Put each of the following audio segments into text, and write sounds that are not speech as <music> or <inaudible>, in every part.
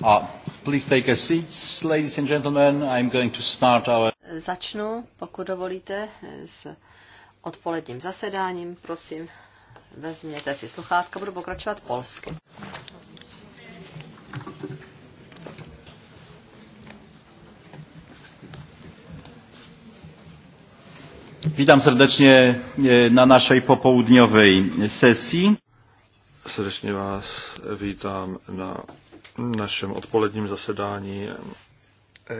Uh, please take a seat, ladies and gentlemen. I'm going to start our... Začnu, pokud dovolíte, s odpoledním zasedáním. Prosím, vezměte si sluchátka, budu pokračovat polsky. Vítám srdečně eh, na naszej popołudniowej sesi. Srdečně vás vítám na našem odpoledním zasedání,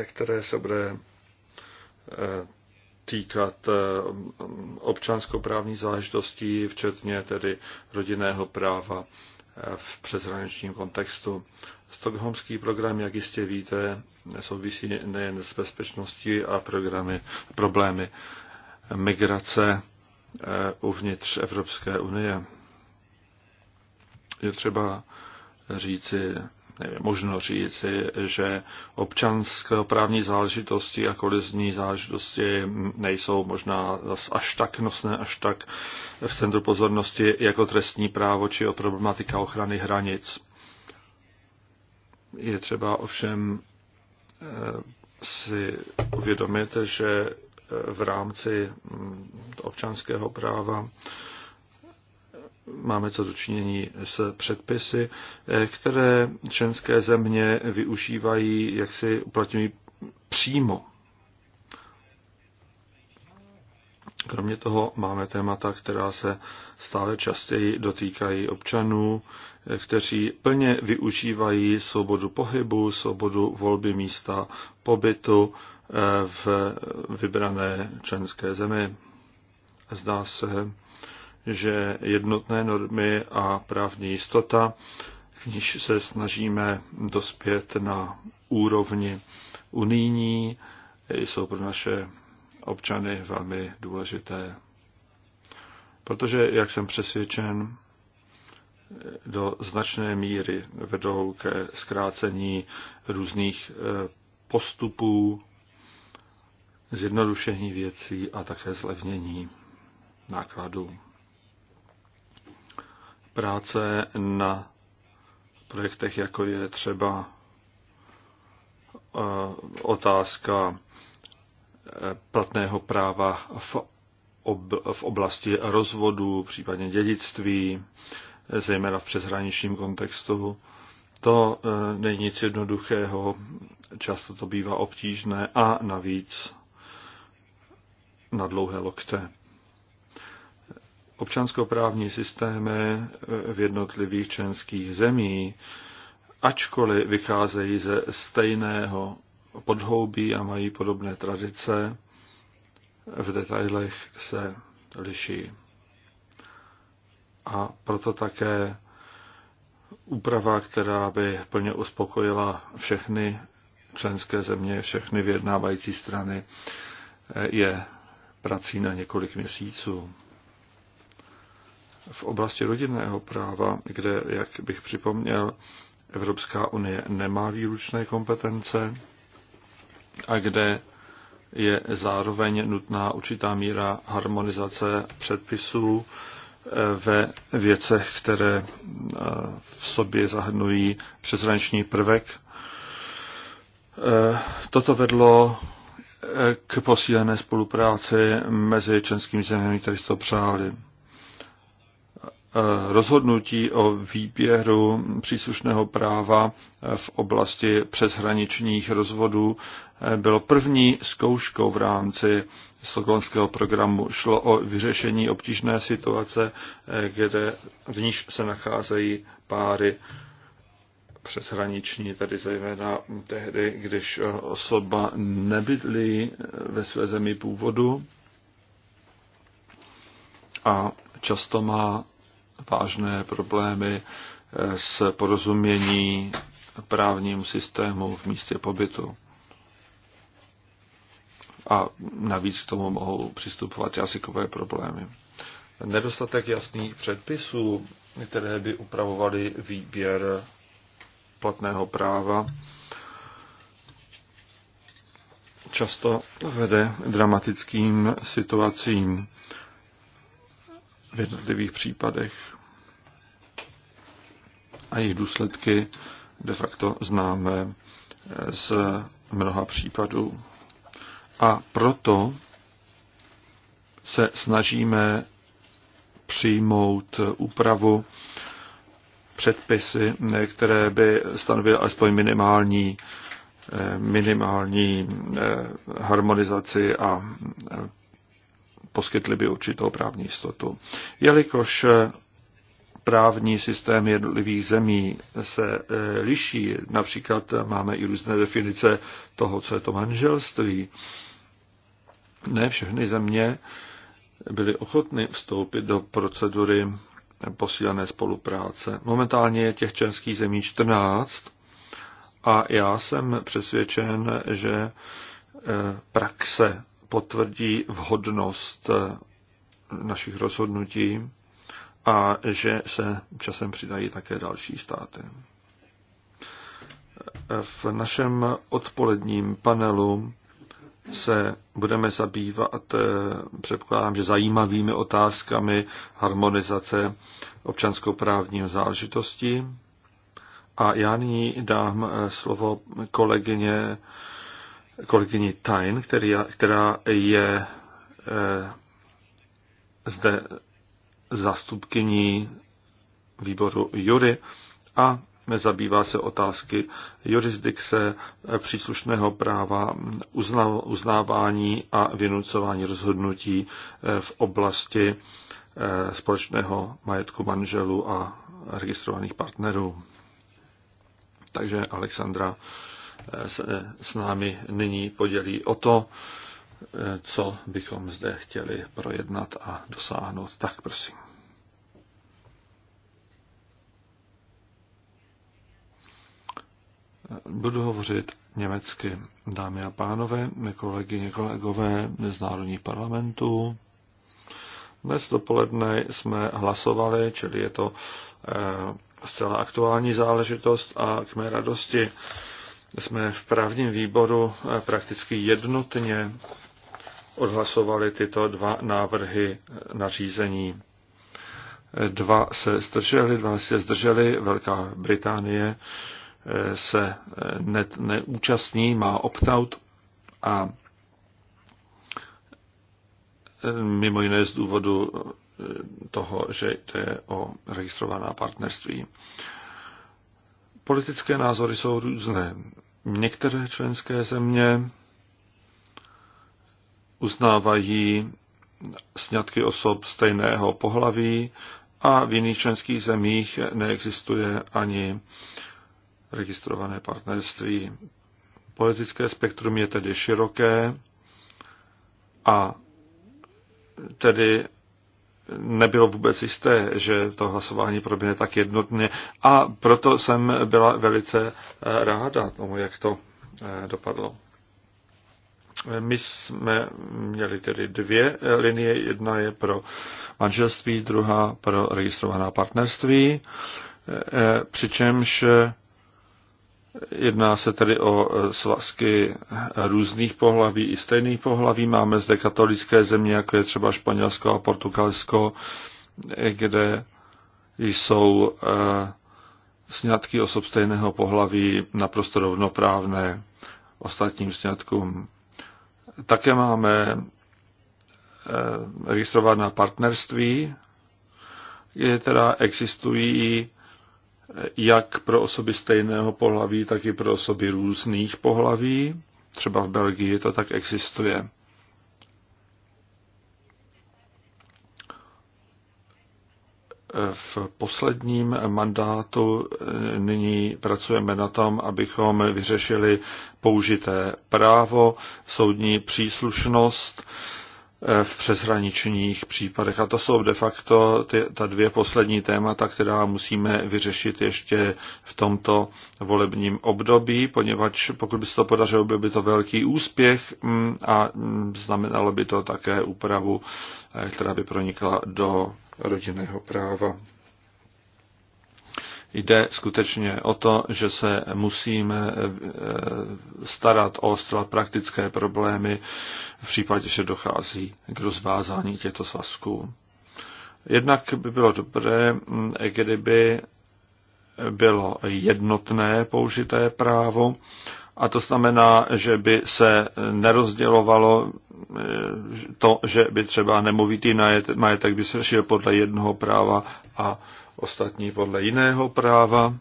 které se bude eh, týkat eh, občanskoprávní záležitostí, včetně tedy rodinného práva eh, v přeshraničním kontextu. Stockholmský program, jak jistě víte, souvisí nejen s bezpečností a programy, problémy migrace uvnitř Evropské unie. Je třeba říci, nevím, možno říci, že občanské právní záležitosti a kolizní záležitosti nejsou možná až tak nosné, až tak v centru pozornosti jako trestní právo či o problematika ochrany hranic. Je třeba ovšem eh, si uvědomit, že eh, v rámci mm, občanského práva máme co dočinění s předpisy, eh, které členské země využívají, jak si uplatňují přímo. Kromě toho máme témata, která se stále častěji dotýkají občanů, eh, kteří plně využívají svobodu pohybu, svobodu volby místa pobytu eh, v vybrané členské zemi. Zdá se, že jednotné normy a právní jistota, k níž se snažíme dospět na úrovni unijní, jsou pro naše občany velmi důležité. Protože, jak jsem přesvědčen, do značné míry vedou ke zkrácení různých eh, postupů, zjednodušení věcí a také zlevnění nákladů práce na projektech, jako je třeba eh, otázka eh, platného práva v, v oblasti rozvodu, případně dědictví, eh, zejména v přeshraničním kontextu. To není nic jednoduchého, často to bývá obtížné a navíc na dlouhé lokte občanskoprávní systémy v jednotlivých členských zemí, ačkoliv vycházejí ze stejného podhoubí a mají podobné tradice, v detailech se liší. A proto také úprava, která by plně uspokojila všechny členské země, všechny vyjednávající strany, je prací na několik měsíců v oblasti rodinného práva, kde, jak bych připomněl, Evropská unie nemá výlučné kompetence a kde je zároveň nutná určitá míra harmonizace předpisů eh, ve věcech, které eh, v sobě zahrnují přeshraniční prvek. Eh, toto vedlo k posílené spolupráci mezi členskými zeměmi, které to přáli. Eh, rozhodnutí o výběru příslušného práva eh, v oblasti přeshraničních rozvodů eh, bylo první zkouškou v rámci stokholmského programu. Šlo o vyřešení obtížné situace, kde v níž se nacházejí páry přeshraniční, tedy zejména tehdy, když osoba nebydlí ve své zemi původu a často má vážné problémy eh, s porozumění právním systému v místě pobytu. A navíc k tomu mohou přistupovat jazykové problémy. Nedostatek jasných předpisů, které by upravovaly výběr platného práva, často vede dramatickým situacím v jednotlivých případech a jejich důsledky de facto známe z mnoha případů. A proto se snažíme přijmout úpravu předpisy, které by stanovily alespoň minimální, eh, minimální eh, harmonizaci a eh, poskytly by určitou právní jistotu. Jelikož právní systém jednotlivých zemí se e, liší. Například máme i různé definice toho, co je to manželství. Ne všechny země byly ochotny vstoupit do procedury posílené spolupráce. Momentálně je těch členských zemí 14 a já jsem přesvědčen, že e, praxe potvrdí vhodnost e, našich rozhodnutí a že se časem přidají také další státy. V našem odpoledním panelu se budeme zabývat, eh, předpokládám, že zajímavými otázkami harmonizace občanskoprávního záležitosti. A já nyní dám eh, slovo kolegyně, kolegyni Tain, která je eh, zde zastupkyní výboru Jury a zabývá se otázky jurisdikce, příslušného práva, uznávání a vynucování rozhodnutí eh, v oblasti eh, společného majetku manželů a registrovaných partnerů. Takže Alexandra eh, se s námi nyní podělí o to, co bychom zde chtěli projednat a dosáhnout. Tak prosím. Budu hovořit německy. Dámy a pánové, mé kolegyně, kolegové z Národní parlamentu, dnes dopoledne jsme hlasovali, čili je to eh, zcela aktuální záležitost a k mé radosti jsme v právním výboru eh, prakticky jednotně odhlasovali tyto dva návrhy nařízení. Dva se zdrželi, dva se zdrželi, Velká Británie eh, se eh, ne, neúčastní, má opt-out a eh, mimo jiné z důvodu toho, že je o registrovaná partnerství. Politické názory jsou různé. Některé členské země uznávají sňatky osob stejného pohlaví a v jiných členských zemích neexistuje ani registrované partnerství. Politické spektrum je tedy široké a tedy nebylo vůbec jisté, že to hlasování proběhne tak jednotně. A proto jsem byla velice eh, ráda tomu, jak to eh, dopadlo. My jsme měli tedy dvě linie. Jedna je pro manželství, druhá pro registrovaná partnerství. E, přičemž jedná se tedy o svazky různých pohlaví i stejných pohlaví. Máme zde katolické země, jako je třeba Španělsko a Portugalsko, kde jsou e, sňatky osob stejného pohlaví naprosto rovnoprávné ostatním sňatkům. Také máme eh, registrovaná partnerství, kde teda existují eh, jak pro osoby stejného pohlaví, tak i pro osoby různých pohlaví. Třeba v Belgii to tak existuje. V posledním mandátu e, nyní pracujeme na tom, abychom vyřešili použité právo, soudní příslušnost e, v přeshraničních případech. A to jsou de facto ty, ta dvě poslední témata, která musíme vyřešit ještě v tomto volebním období, poněvadž pokud by se to podařilo, byl by to velký úspěch mm, a mm, znamenalo by to také úpravu, e, která by pronikla do rodinného práva. Jde skutečně o to, že se musíme eh, starat o zcela praktické problémy v případě, že dochází k rozvázání těchto svazků. Jednak by bylo dobré, hm, kdyby bylo jednotné použité právo a to znamená, že by se nerozdělovalo eh, to, že by třeba nemovitý majetek by se šel podle jednoho práva a ostatní podle jiného práva.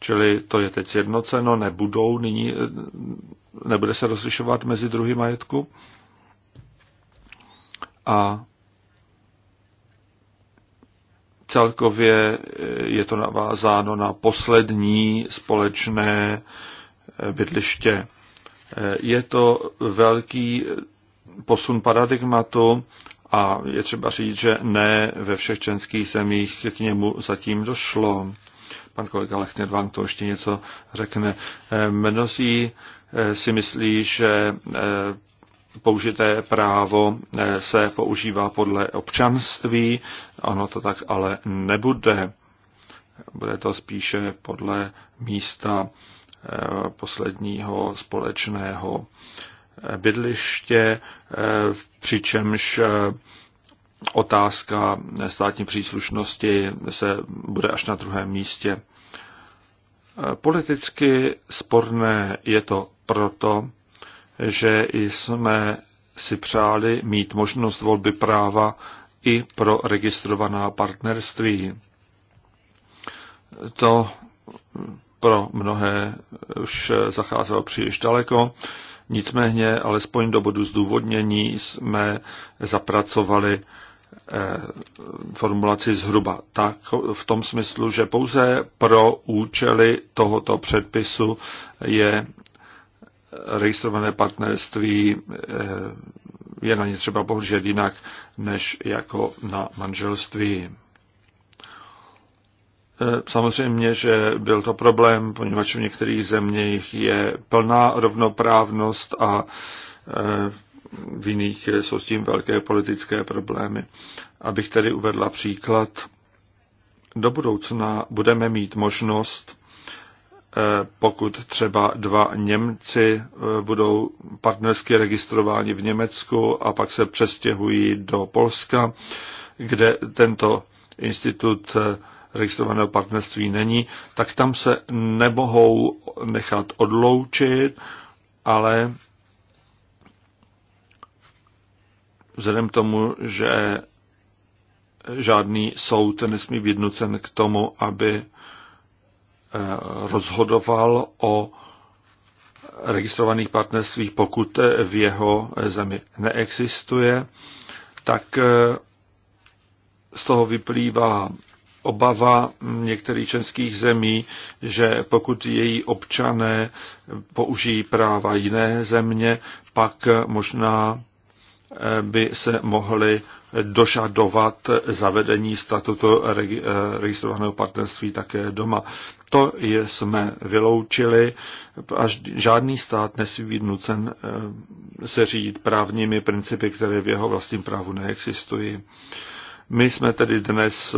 Čili to je teď jednoceno, nebudou nyní, eh, nebude se rozlišovat mezi druhý majetku. A celkově eh, je to navázáno na poslední společné bydliště. Je to velký posun paradigmatu a je třeba říct, že ne ve všech členských zemích k němu zatím došlo. Pan kolega Lechner vám to ještě něco řekne. Mnozí eh, si myslí, že eh, použité právo eh, se používá podle občanství. Ono to tak ale nebude. Bude to spíše podle místa posledního společného bydliště, eh, přičemž eh, otázka státní příslušnosti se bude až na druhém místě. Eh, politicky sporné je to proto, že jsme si přáli mít možnost volby práva i pro registrovaná partnerství. To pro mnohé už zacházelo příliš daleko. Nicméně, alespoň do bodu zdůvodnění jsme zapracovali eh, formulaci zhruba tak, v tom smyslu, že pouze pro účely tohoto předpisu je eh, registrované partnerství eh, je na ně třeba pohlížet jinak než jako na manželství. Eh, samozřejmě, že byl to problém, poněvadž v některých zeměch je plná rovnoprávnost a eh, v jiných jsou s tím velké politické problémy. Abych tedy uvedla příklad, do budoucna budeme mít možnost, eh, pokud třeba dva Němci budou partnersky registrováni v Německu a pak se přestěhují do Polska, kde tento institut registrovaného partnerství není, tak tam se nemohou nechat odloučit, ale vzhledem k tomu, že žádný soud nesmí být nucen k tomu, aby eh, rozhodoval o registrovaných partnerstvích, pokud eh, v jeho eh, zemi neexistuje, tak z toho vyplývá obava některých členských zemí, že pokud její občané použijí práva jiné země, pak možná eh, by se mohli dožadovat zavedení statutu eh, registrovaného partnerství také doma. To je, jsme vyloučili, až žádný stát nesmí být nucen eh, se řídit právními principy, které v jeho vlastním právu neexistují. My jsme tedy dnes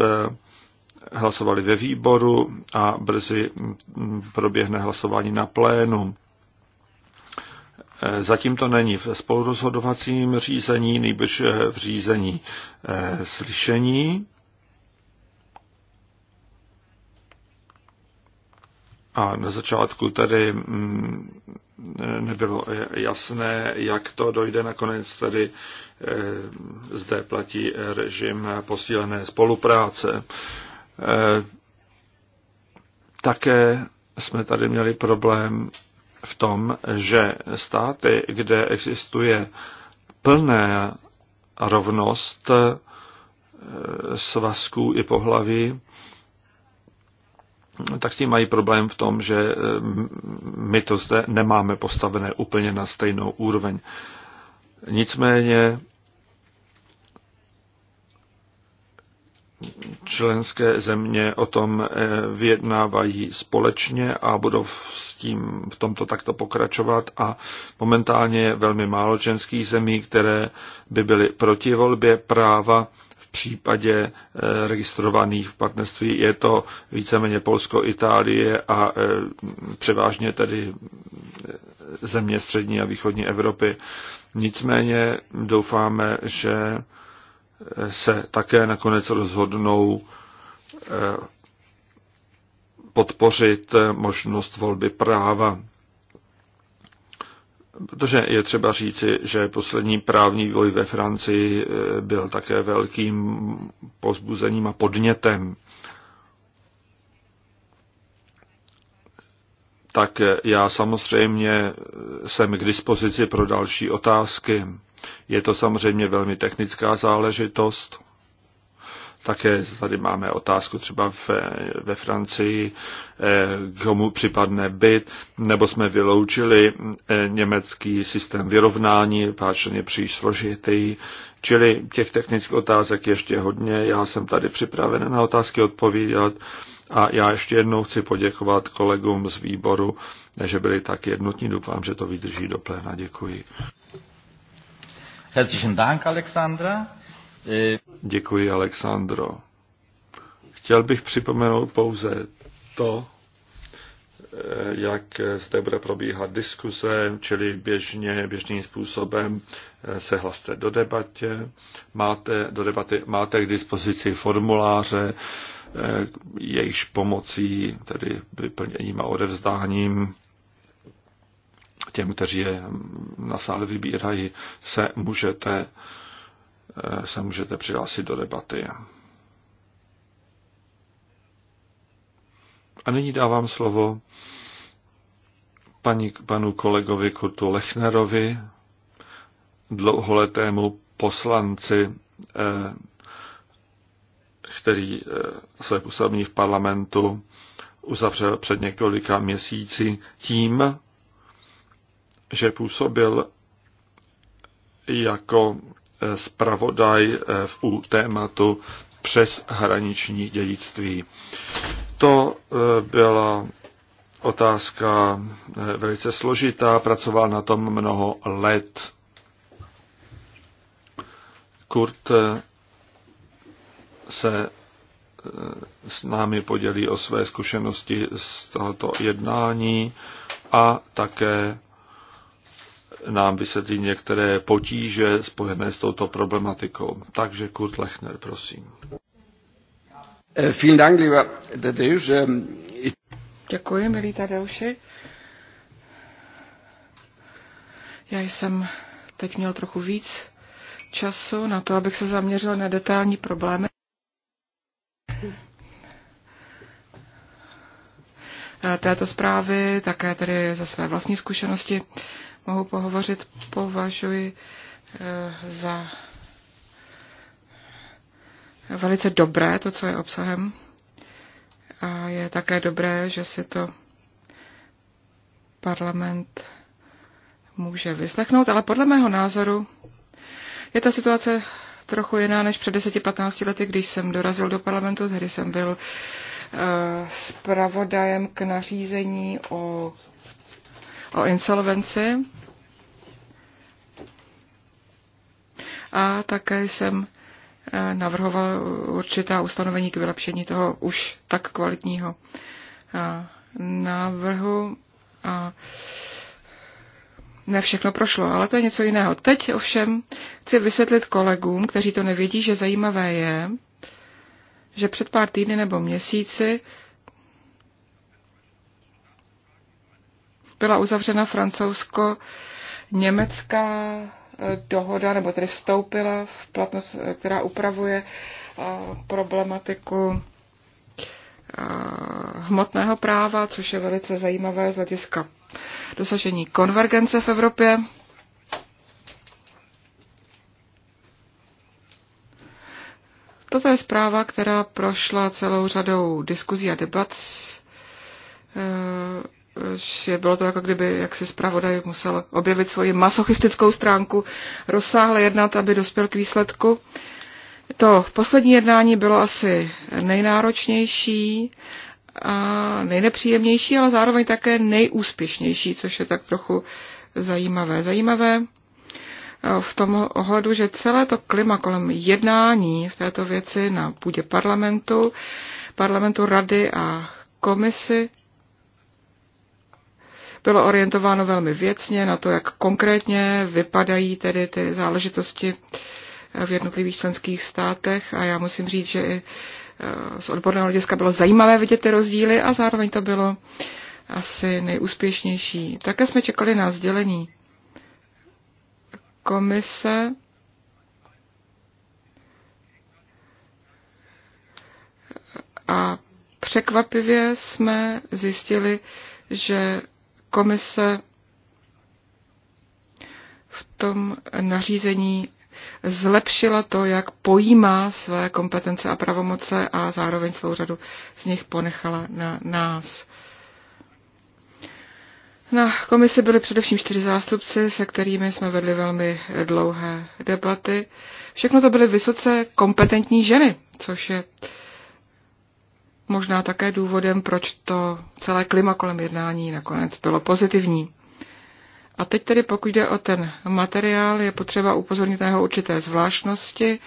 hlasovali ve výboru a brzy proběhne hlasování na plénu. Eh, zatím to není v spolurozhodovacím řízení, nejbrž eh, v řízení eh, slyšení. A na začátku tedy mm, nebylo jasné, jak to dojde nakonec, tedy zde platí režim posílené spolupráce. Eh, také jsme tady měli problém v tom, že státy, kde existuje plná rovnost eh, svazků i pohlaví, tak s tím mají problém v tom, že eh, my to zde nemáme postavené úplně na stejnou úroveň. Nicméně členské země o tom eh, vyjednávají společně a budou s tím v tomto takto pokračovat a momentálně je velmi málo členských zemí, které by byly proti volbě práva v případě eh, registrovaných v partnerství. Je to víceméně Polsko, Itálie a eh, převážně tedy země střední a východní Evropy. Nicméně doufáme, že se také nakonec rozhodnou eh, podpořit eh, možnost volby práva. Protože je třeba říci, že poslední právní vývoj ve Francii eh, byl také velkým pozbuzením a podnětem. Tak já samozřejmě jsem k dispozici pro další otázky. Je to samozřejmě velmi technická záležitost. Také tady máme otázku třeba ve, ve Francii, eh, komu připadne byt, nebo jsme vyloučili eh, německý systém vyrovnání, páčen příliš složitý, čili těch technických otázek ještě hodně. Já jsem tady připraven na otázky odpovídat a já ještě jednou chci poděkovat kolegům z výboru, že byli tak jednotní. Doufám, že to vydrží do pléna. Děkuji. Herzlichen Dank, Alexandra. Eh, Děkuji, Alexandro. Chtěl bych připomenout pouze to, eh, jak zde bude probíhat diskuse, čili běžně, běžným způsobem eh, se hlaste do debatě. Máte, do debaty máte k dispozici formuláře, jejichž pomocí, tedy vyplněním a odevzdáním, těm, kteří je na sále vybírají, se můžete, eh, se můžete přihlásit do debaty. A nyní dávám slovo paní, panu kolegovi Kurtu Lechnerovi, dlouholetému poslanci, eh, který eh, své působní v parlamentu uzavřel před několika měsíci tím, že působil jako eh, zpravodaj eh, v u tématu přes hraniční dědictví. To eh, byla otázka velice složitá, pracoval na tom mnoho let. Kurt se s námi podělí o své zkušenosti z tohoto jednání a také nám vysvětlí některé potíže spojené s touto problematikou. Takže Kurt Lechner, prosím. Eh, ähm, Děkuji, milý Tadeuši. Já jsem teď měl trochu víc času na to, abych se zaměřil na detailní problémy. Eh, této zprávy, také tedy ze své vlastní zkušenosti mohu pohovořit, považuji eh, za velice dobré to, co je obsahem. A je také dobré, že si to parlament může vyslechnout, ale podle mého názoru je ta situace trochu jiná než před 10-15 lety, když jsem dorazil do parlamentu, tehdy jsem byl eh, zpravodajem k nařízení o o insolvenci. A také jsem eh, navrhoval určitá ustanovení k vylepšení toho už tak kvalitního eh, návrhu. A ne všechno prošlo, ale to je něco jiného. Teď ovšem chci vysvětlit kolegům, kteří to nevědí, že zajímavé je, že před pár týdny nebo měsíci byla uzavřena francouzsko-německá eh, dohoda, nebo tedy vstoupila v platnost, eh, která upravuje eh, problematiku hmotného práva, což je velice zajímavé z hlediska dosažení konvergence v Evropě. Toto je zpráva, která prošla celou řadou diskuzí a debat s že bylo to jako kdyby, jak si zpravodaj musel objevit svoji masochistickou stránku, rozsáhle jednat, aby dospěl k výsledku. To poslední jednání bylo asi nejnáročnější a nejnepříjemnější, ale zároveň také nejúspěšnější, což je tak trochu zajímavé. Zajímavé eh, v tom ohledu, že celé to klima kolem jednání v této věci na půdě parlamentu, parlamentu rady a komisy bylo orientováno velmi věcně na to, jak konkrétně vypadají tedy ty záležitosti v jednotlivých členských státech a já musím říct, že i e, z odborného hlediska bylo zajímavé vidět ty rozdíly a zároveň to bylo asi nejúspěšnější. Také jsme čekali na sdělení komise a překvapivě jsme zjistili, že komise v tom nařízení zlepšila to, jak pojímá své kompetence a pravomoce a zároveň celou řadu z nich ponechala na nás. Na komisi byli především čtyři zástupci, se kterými jsme vedli velmi dlouhé debaty. Všechno to byly vysoce kompetentní ženy, což je uh, možná také důvodem, proč to celé klima kolem jednání nakonec bylo pozitivní. A teď tedy, pokud jde o ten materiál, je potřeba upozornit na jeho určité zvláštnosti.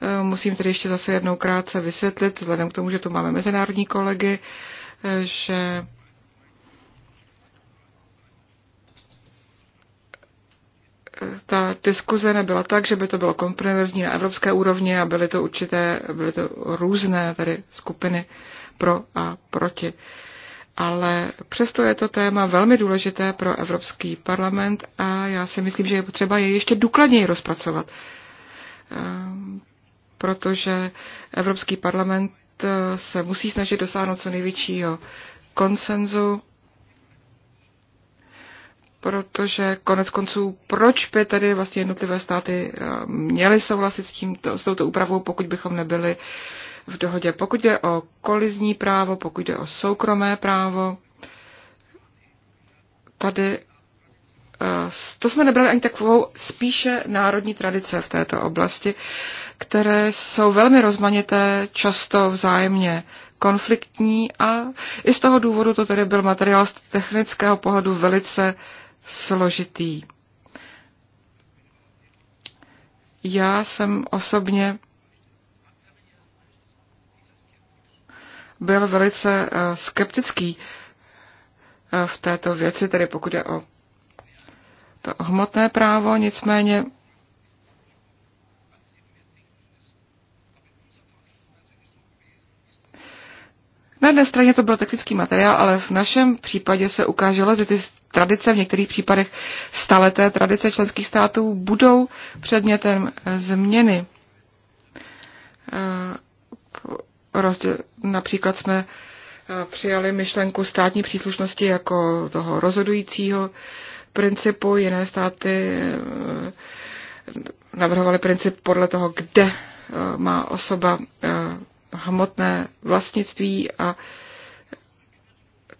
E, musím tedy ještě zase jednou krátce vysvětlit, vzhledem k tomu, že tu máme mezinárodní kolegy, e, že ta diskuze nebyla tak, že by to bylo komprenezní na evropské úrovni a byly to určité, byly to různé tady skupiny pro a proti. Ale přesto je to téma velmi důležité pro Evropský parlament a já si myslím, že je potřeba je ještě důkladněji rozpracovat. Eh, protože Evropský parlament eh, se musí snažit dosáhnout co největšího konsenzu protože konec konců, proč by tedy vlastně jednotlivé státy eh, měly souhlasit s, to, s touto úpravou, pokud bychom nebyli v dohodě. Pokud jde o kolizní právo, pokud jde o soukromé právo, tady eh, to jsme nebrali ani takovou spíše národní tradice v této oblasti, které jsou velmi rozmanité, často vzájemně konfliktní a i z toho důvodu to tedy byl materiál z technického pohledu velice uh, složitý. Já jsem osobně byl velice eh, skeptický eh, v této věci, tedy pokud je o to hmotné právo, nicméně Na jedné straně to byl technický materiál, ale v našem případě se ukázalo, že ty tradice, v některých případech staleté tradice členských států budou předmětem eh, změny. Eh, například jsme eh, přijali myšlenku státní příslušnosti jako toho rozhodujícího principu. Jiné státy navrhovaly princip podle toho, kde má osoba hmotné vlastnictví a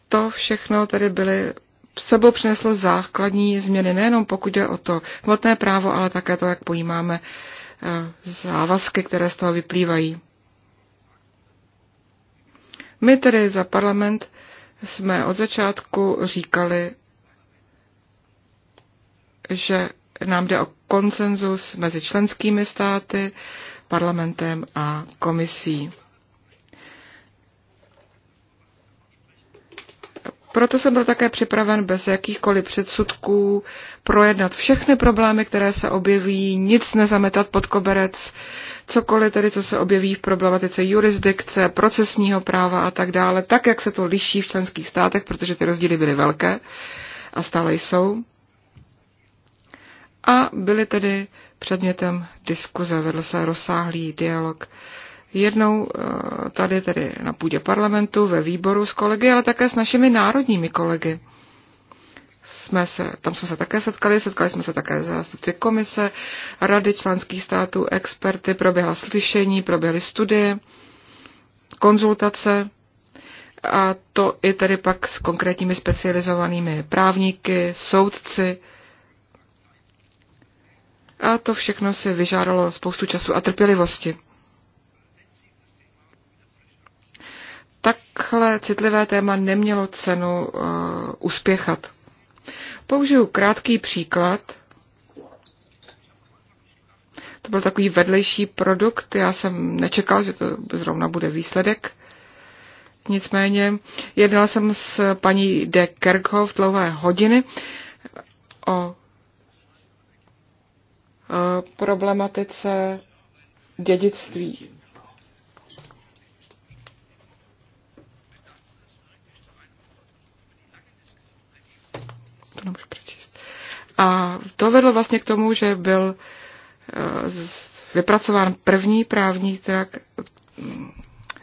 to všechno tedy byly sebou přineslo základní změny, nejenom pokud jde o to hmotné právo, ale také to, jak pojímáme eh, závazky, které z toho vyplývají. My tedy za parlament jsme od začátku říkali, že nám jde o konsenzus mezi členskými státy, parlamentem a komisí. Proto jsem byl také připraven bez jakýchkoliv předsudků projednat všechny problémy, které se objeví, nic nezametat pod koberec, cokoliv tedy, co se objeví v problematice jurisdikce, procesního práva a tak dále, tak, jak se to liší v členských státech, protože ty rozdíly byly velké a stále jsou. A byly tedy předmětem diskuze, vedl se rozsáhlý dialog jednou eh, tady tedy na půdě parlamentu, ve výboru s kolegy, ale také s našimi národními kolegy. Jsme se, tam jsme se také setkali, setkali jsme se také zástupci komise, rady členských států, experty, proběhla slyšení, proběhly studie, konzultace a to i tedy pak s konkrétními specializovanými právníky, soudci, a to všechno si vyžádalo spoustu času a trpělivosti. takhle citlivé téma nemělo cenu uh, uspěchat. Použiju krátký příklad. To byl takový vedlejší produkt. Já jsem nečekal, že to zrovna bude výsledek. Nicméně jednala jsem s paní de Kerkhoff dlouhé hodiny o uh, problematice dědictví to nemůžu přečíst. A to vedlo vlastně k tomu, že byl eh, vypracován první právní trak,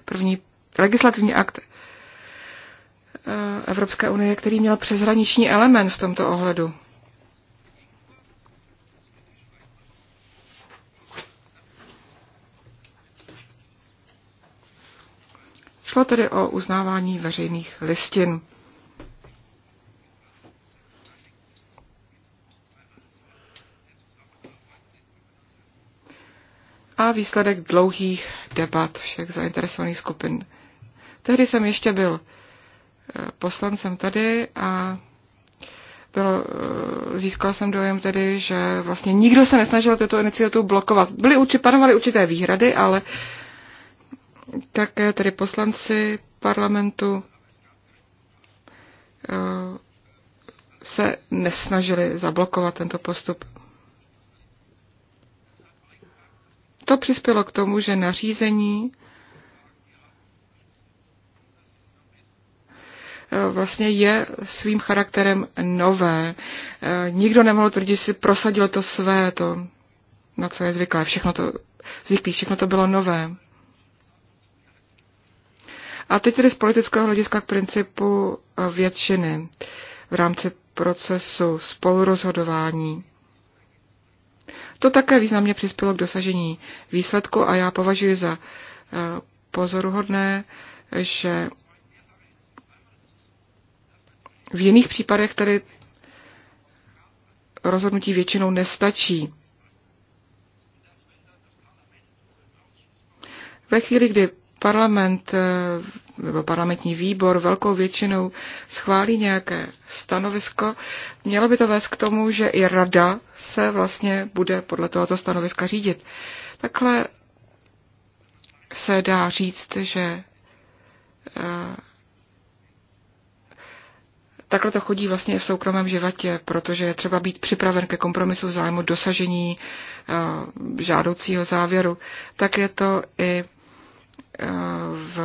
první legislativní akt eh, Evropské unie, který měl přeshraniční element v tomto ohledu. Šlo tedy o uznávání veřejných listin. výsledek dlouhých debat všech zainteresovaných skupin. Tehdy jsem ještě byl eh, poslancem tady a bylo, eh, získal jsem dojem tedy, že vlastně nikdo se nesnažil tuto iniciativu blokovat. Byly uči, panovaly určité výhrady, ale také tedy poslanci parlamentu eh, se nesnažili zablokovat tento postup. To přispělo k tomu, že nařízení eh, vlastně je svým charakterem nové. Eh, nikdo nemohl tvrdit, že si prosadil to své, to, na co je zvyklé. Všechno to, zvyklý, všechno to bylo nové. A teď tedy z politického hlediska k principu eh, většiny v rámci procesu spolurozhodování. To také významně přispělo k dosažení výsledku a já považuji za eh, pozoruhodné, že v jiných případech tedy rozhodnutí většinou nestačí. Ve chvíli, kdy parlament eh, nebo parlamentní výbor velkou většinou schválí nějaké stanovisko, mělo by to vést k tomu, že i rada se vlastně bude podle tohoto stanoviska řídit. Takhle se dá říct, že eh, takhle to chodí vlastně v soukromém životě, protože je třeba být připraven ke kompromisu v zájmu dosažení eh, žádoucího závěru. Tak je to i v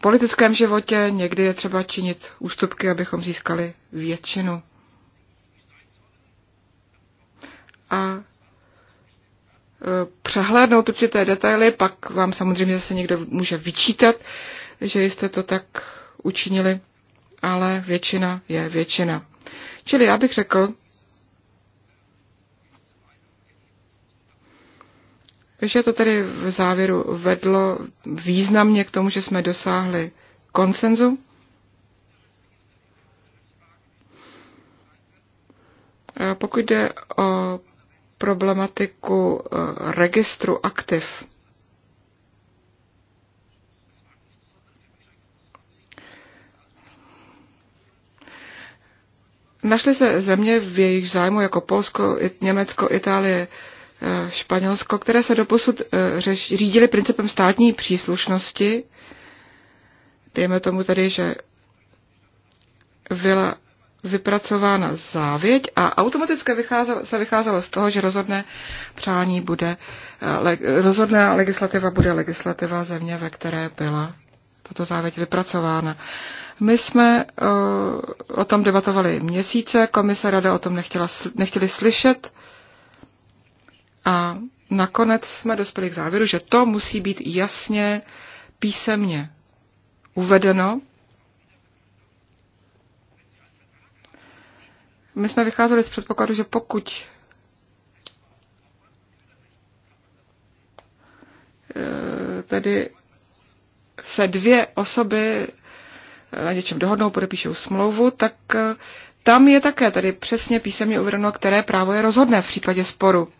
politickém životě někdy je třeba činit ústupky, abychom získali většinu. A e, přehlédnout určité detaily, pak vám samozřejmě zase někdo může vyčítat, že jste to tak učinili, ale většina je většina. Čili já bych řekl, Takže to tedy v závěru vedlo významně k tomu, že jsme dosáhli konsenzu. Eh, pokud jde o problematiku eh, registru aktiv, Našly se země v jejich zájmu jako Polsko, Německo, Itálie, Eh, Španělsko, které se doposud eh, řídili principem státní příslušnosti. Dejme tomu tedy, že byla vypracována závěť a automaticky vycházelo, se vycházelo z toho, že rozhodné přání bude, eh, le, rozhodná legislativa bude legislativa země, ve které byla tato závěť vypracována. My jsme uh, o tom debatovali měsíce, komise rada o tom nechtěla, nechtěli slyšet, a nakonec jsme dospěli k závěru, že to musí být jasně písemně uvedeno. My jsme vycházeli z předpokladu, že pokud eh, tedy se dvě osoby na něčem dohodnou, podepíšou smlouvu, tak eh, tam je také tady přesně písemně uvedeno, které právo je rozhodné v případě sporu.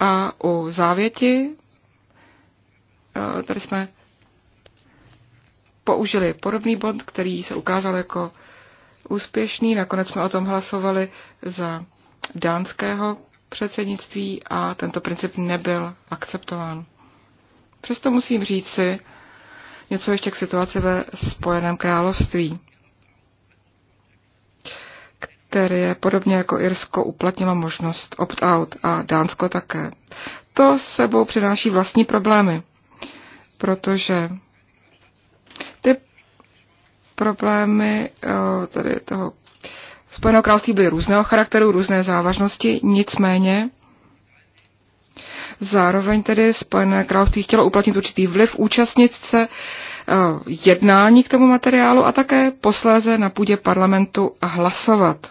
A u závěti, eh, tady jsme použili podobný bod, který se ukázal jako úspěšný. Nakonec jsme o tom hlasovali za dánského předsednictví a tento princip nebyl akceptován. Přesto musím říct si něco ještě k situaci ve Spojeném království které podobně jako Irsko uplatnila možnost opt-out a Dánsko také. To sebou přináší vlastní problémy, protože ty problémy eh, tady toho Spojeného království byly různého charakteru, různé závažnosti, nicméně zároveň tedy Spojené království chtělo uplatnit určitý vliv účastnit se eh, jednání k tomu materiálu a také posléze na půdě parlamentu a hlasovat.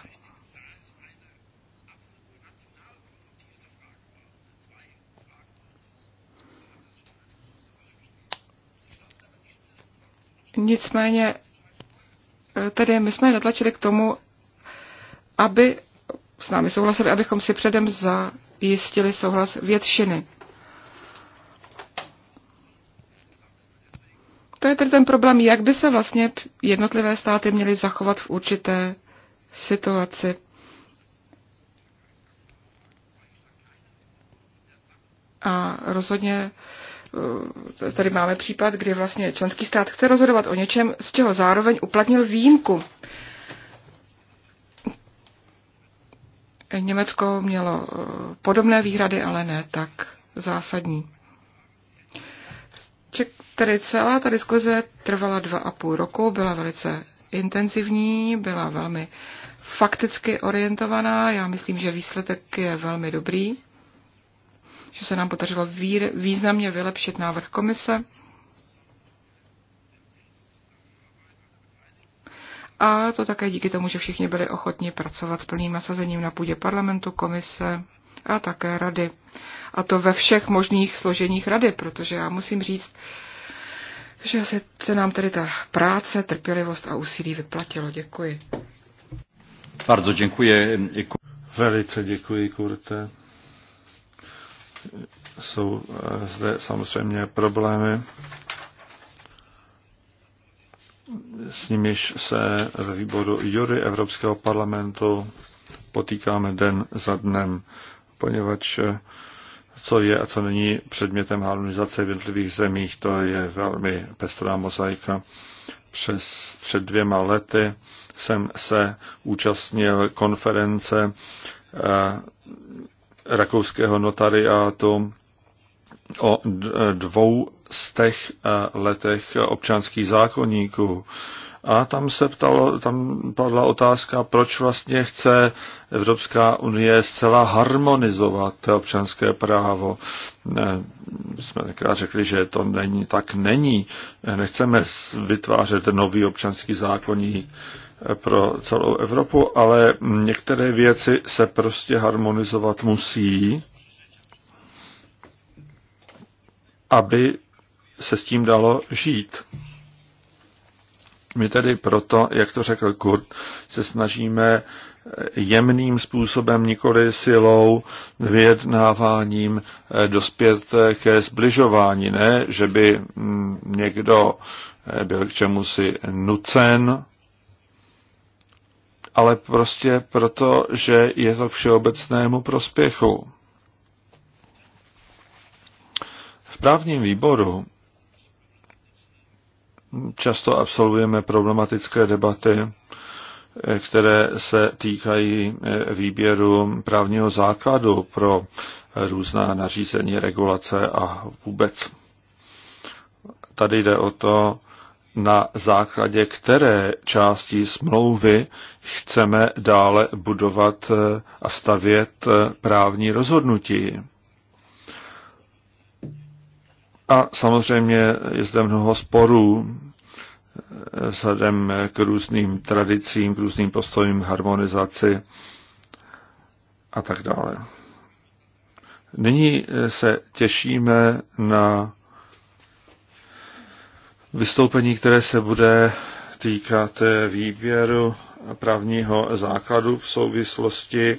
Nicméně, e, tedy my jsme je netlačili k tomu, aby s námi souhlasili, abychom si předem zajistili souhlas většiny. To je tedy ten problém, jak by se vlastně jednotlivé státy měly zachovat v určité situaci. A rozhodně Eh, tady máme případ, kdy vlastně členský stát chce rozhodovat o něčem, z čeho zároveň uplatnil výjimku. Německo mělo eh, podobné výhrady, ale ne tak zásadní. Ček, tedy celá ta diskuze trvala dva a půl roku, byla velice intenzivní, byla velmi fakticky orientovaná. Já myslím, že výsledek je velmi dobrý že se nám podařilo významně vylepšit návrh komise. A to také díky tomu, že všichni byli ochotni pracovat s plným nasazením na půdě parlamentu, komise a také rady. A to ve všech možných složeních rady, protože já musím říct, že se, nám tedy ta práce, trpělivost a úsilí vyplatilo. Děkuji. Bardzo děkuji. Velice děkuji, Kurte jsou eh, zde samozřejmě problémy, s nimiž se ve výboru Jury Evropského parlamentu potýkáme den za dnem, poněvadž eh, co je a co není předmětem harmonizace v jednotlivých zemích, to je velmi pestrá mozaika. Přes, před dvěma lety jsem se účastnil konference eh, rakouského notariátu o dvou stech eh, letech občanských zákonníků. A tam se ptalo, tam padla otázka, proč vlastně chce Evropská unie zcela harmonizovat občanské právo. My eh, jsme tenkrát řekli, že to není, tak není. Nechceme vytvářet nový občanský zákonník pro celou Evropu, ale některé věci se prostě harmonizovat musí, aby se s tím dalo žít. My tedy proto, jak to řekl Kurt, se snažíme jemným způsobem, nikoli silou, vyjednáváním dospět ke zbližování. Ne, že by mm, někdo eh, byl k čemu si nucen, ale prostě proto, že je to k všeobecnému prospěchu. V právním výboru často absolvujeme problematické debaty, které se týkají výběru právního základu pro různá nařízení, regulace a vůbec. Tady jde o to, na základě které části smlouvy chceme dále budovat eh, a stavět eh, právní rozhodnutí. A samozřejmě je zde mnoho sporů eh, vzhledem k různým tradicím, k různým postojům, harmonizaci a tak dále. Nyní se těšíme na vystoupení, které se bude týkat eh, výběru právního základu v souvislosti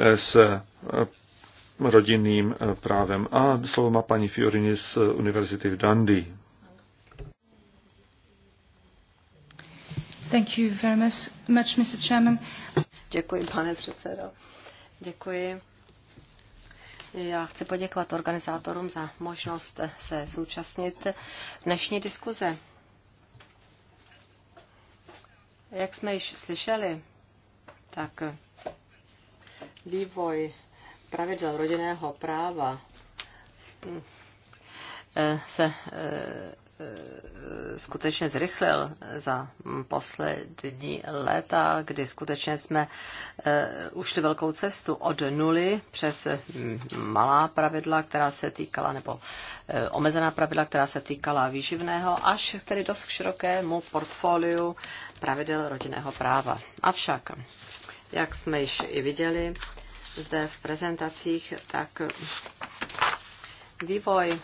eh, s eh, rodinným právem. A slovo má paní Fiorini z Univerzity v Dundee. Thank you very much, Mr. Chairman. Děkuji, pane předsedo. Děkuji já chci poděkovat organizátorům za možnost se zúčastnit dnešní diskuze. Jak jsme již slyšeli, tak vývoj pravidel rodinného práva mm, eh, se eh, Eh, skutečně zrychlil za poslední léta, kdy skutečně jsme eh, ušli velkou cestu od nuly přes mm, malá pravidla, která se týkala, nebo eh, omezená pravidla, která se týkala výživného, až tedy dost k širokému portfoliu pravidel rodinného práva. Avšak, jak jsme již i viděli zde v prezentacích, tak vývoj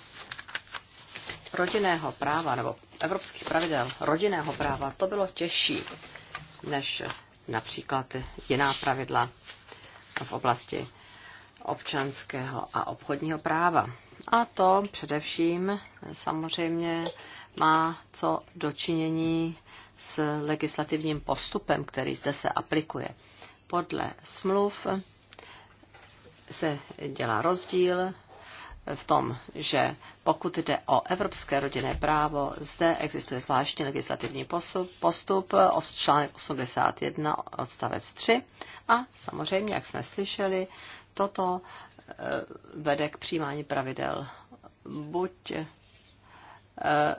rodinného práva nebo evropských pravidel rodinného práva, to bylo těžší než například jiná pravidla v oblasti občanského a obchodního práva. A to především samozřejmě má co dočinění s legislativním postupem, který zde se aplikuje. Podle smluv se dělá rozdíl v tom, že pokud jde o evropské rodinné právo, zde existuje zvláštní legislativní postup, postup článek 81 odstavec 3 a samozřejmě, jak jsme slyšeli, toto eh, vede k přijímání pravidel buď Eh,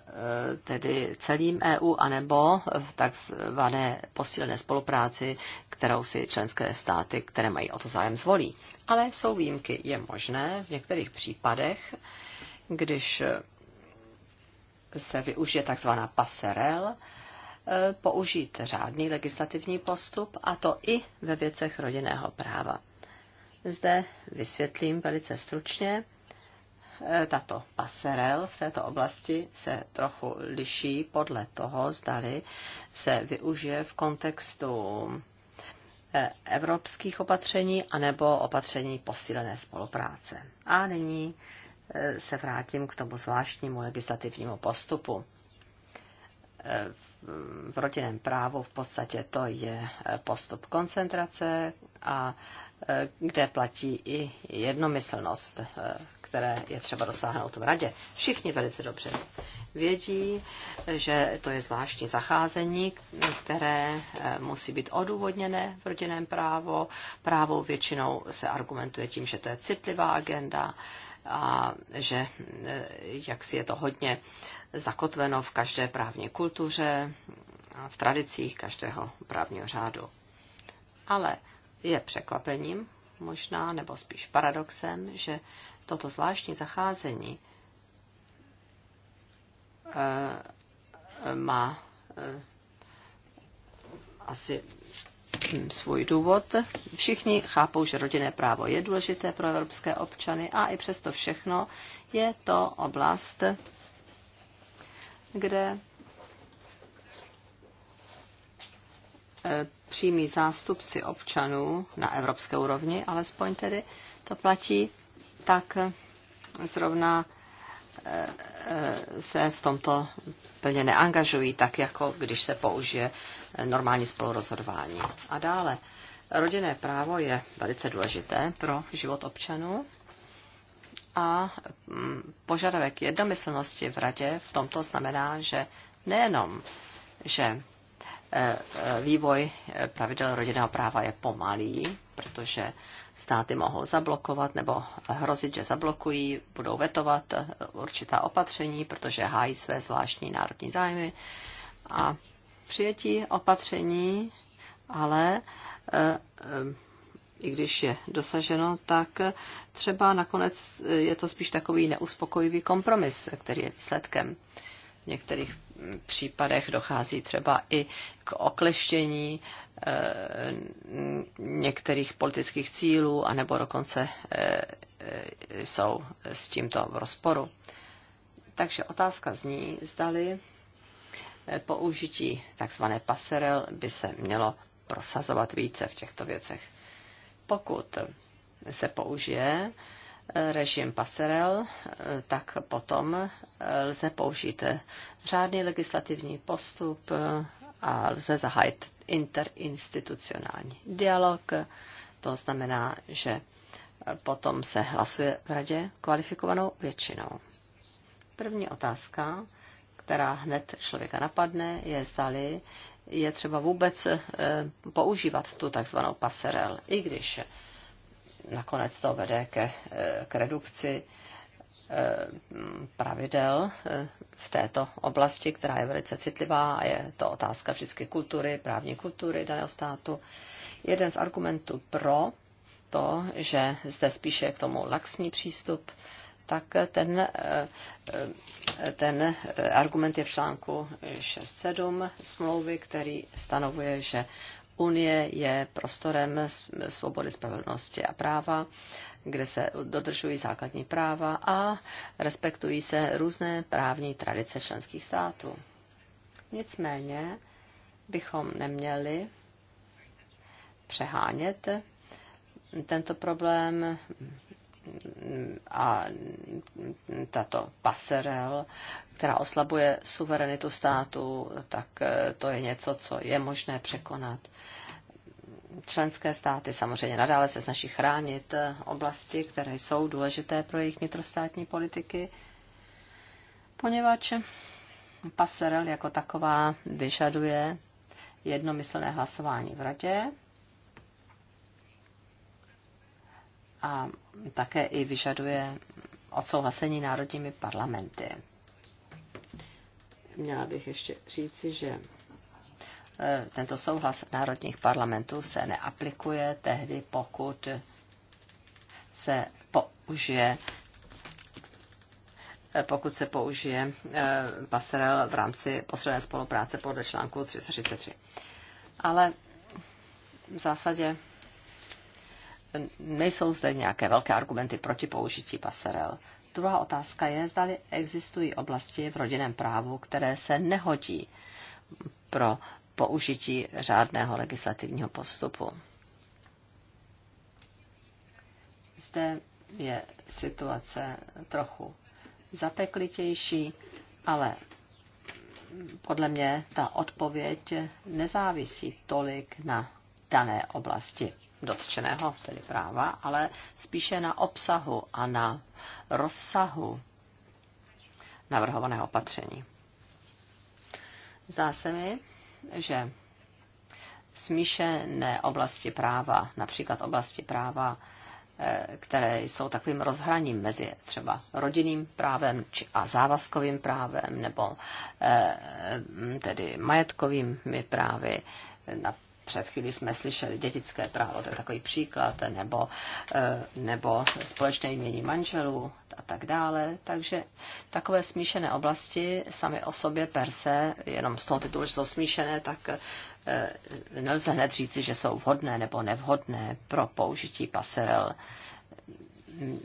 tedy celým EU, anebo v takzvané posílené spolupráci, kterou si členské státy, které mají o to zájem, zvolí. Ale jsou výjimky. Je možné v některých případech, když se využije takzvaná paserel, eh, použít řádný legislativní postup, a to i ve věcech rodinného práva. Zde vysvětlím velice stručně, Eh, tato paserel v této oblasti se trochu liší podle toho, zdali se využije v kontextu eh, evropských opatření anebo opatření posílené spolupráce. A nyní eh, se vrátím k tomu zvláštnímu legislativnímu postupu. V rodinném právu v podstatě to je postup koncentrace, a kde platí i jednomyslnost které je třeba dosáhnout v radě. Všichni velice dobře vědí, že to je zvláštní zacházení, které eh, musí být odůvodněné v rodinném právo. Právou většinou se argumentuje tím, že to je citlivá agenda a že eh, jak si je to hodně zakotveno v každé právní kultuře, v tradicích každého právního řádu. Ale je překvapením možná, nebo spíš paradoxem, že toto zvláštní zacházení eh, má eh, asi hm, svůj důvod. Všichni chápou, že rodinné právo je důležité pro evropské občany a i přesto všechno je to oblast, kde eh, přímí zástupci občanů na evropské úrovni, alespoň tedy to platí, tak zrovna eh, eh, se v tomto plně neangažují, tak jako když se použije normální spolurozhodování. A dále, rodinné právo je velice důležité pro život občanů a mm, požadavek jednomyslnosti v radě v tomto znamená, že nejenom, že vývoj pravidel rodinného práva je pomalý, protože státy mohou zablokovat nebo hrozit, že zablokují, budou vetovat určitá opatření, protože hájí své zvláštní národní zájmy. A přijetí opatření, ale eh, i když je dosaženo, tak třeba nakonec je to spíš takový neuspokojivý kompromis, který je výsledkem. V některých případech dochází třeba i k okleštění eh, některých politických cílů, anebo dokonce eh, eh, jsou s tímto v rozporu. Takže otázka zní, zdali použití tzv. paserel by se mělo prosazovat více v těchto věcech. Pokud se použije, režim Passerel, tak potom eh, lze použít řádný legislativní postup eh, a lze zahájit interinstitucionální dialog. To znamená, že potom se hlasuje v radě kvalifikovanou většinou. První otázka, která hned člověka napadne, je zdali je třeba vůbec eh, používat tu takzvanou paserel, i když nakonec to vede ke, eh, k redukci eh, pravidel eh, v této oblasti, která je velice citlivá a je to otázka vždycky kultury, právní kultury daného státu. Jeden z argumentů pro to, že zde spíše k tomu laxní přístup, tak ten, ten argument je v článku 6.7 smlouvy, který stanovuje, že Unie je prostorem svobody, spravedlnosti a práva, kde se dodržují základní práva a respektují se různé právní tradice členských států. Nicméně bychom neměli přehánět tento problém a tato paserel, která oslabuje suverenitu státu, tak eh, to je něco, co je možné překonat. Členské státy samozřejmě nadále se snaží chránit eh, oblasti, které jsou důležité pro jejich vnitrostátní politiky, poněvadž paserel jako taková vyžaduje jednomyslné hlasování v radě a také i vyžaduje odsouhlasení národními parlamenty. Měla bych ještě říci, že e, tento souhlas národních parlamentů se neaplikuje tehdy, pokud se použije e, pokud se použije e, pasarel v rámci posledné spolupráce podle článku 333. Ale v zásadě nejsou zde nějaké velké argumenty proti použití paserel. Druhá otázka je, zda existují oblasti v rodinném právu, které se nehodí pro použití řádného legislativního postupu. Zde je situace trochu zapeklitější, ale podle mě ta odpověď nezávisí tolik na dané oblasti dotčeného, tedy práva, ale spíše na obsahu a na rozsahu navrhovaného opatření. Zdá se mi, že smíšené oblasti práva, například oblasti práva, eh, které jsou takovým rozhraním mezi třeba rodinným právem a závazkovým právem nebo eh, tedy majetkovými právy, před chvíli jsme slyšeli dětické právo, to je takový příklad, nebo, eh, nebo společné jmění manželů a tak dále. Takže takové smíšené oblasti sami o sobě per se, jenom z toho titulu, že jsou smíšené, tak eh, nelze hned říci, že jsou vhodné nebo nevhodné pro použití paserel.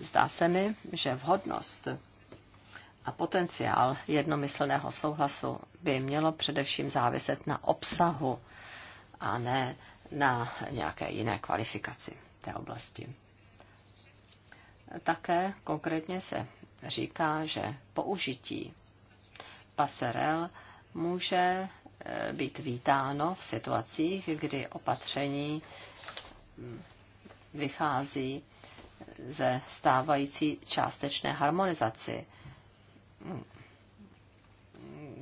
Zdá se mi, že vhodnost a potenciál jednomyslného souhlasu by mělo především záviset na obsahu a ne na nějaké jiné kvalifikaci té oblasti. Také konkrétně se říká, že použití paserel může e, být vítáno v situacích, kdy opatření mm, vychází ze stávající částečné harmonizaci mm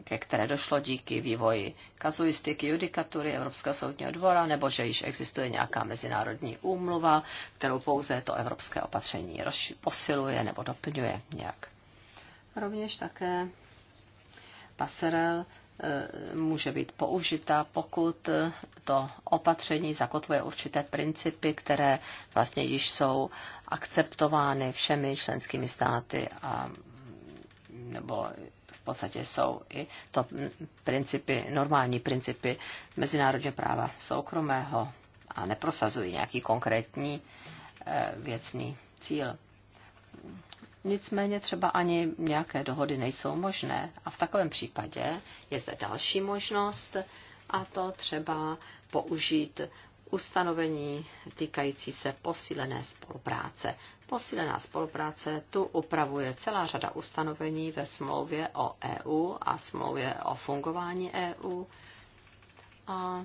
ke které došlo díky vývoji kazuistiky judikatury Evropského soudního dvora, nebo že již existuje nějaká mezinárodní úmluva, kterou pouze to evropské opatření posiluje nebo doplňuje nějak. Rovněž také paserel eh, může být použita, pokud to opatření zakotvuje určité principy, které vlastně již jsou akceptovány všemi členskými státy a nebo podstatě jsou i to principy, normální principy mezinárodně práva soukromého a neprosazují nějaký konkrétní eh, věcný cíl. Nicméně třeba ani nějaké dohody nejsou možné. A v takovém případě je zde další možnost, a to třeba použít ustanovení týkající se posílené spolupráce. Posílená spolupráce tu upravuje celá řada ustanovení ve smlouvě o EU a smlouvě o fungování EU. A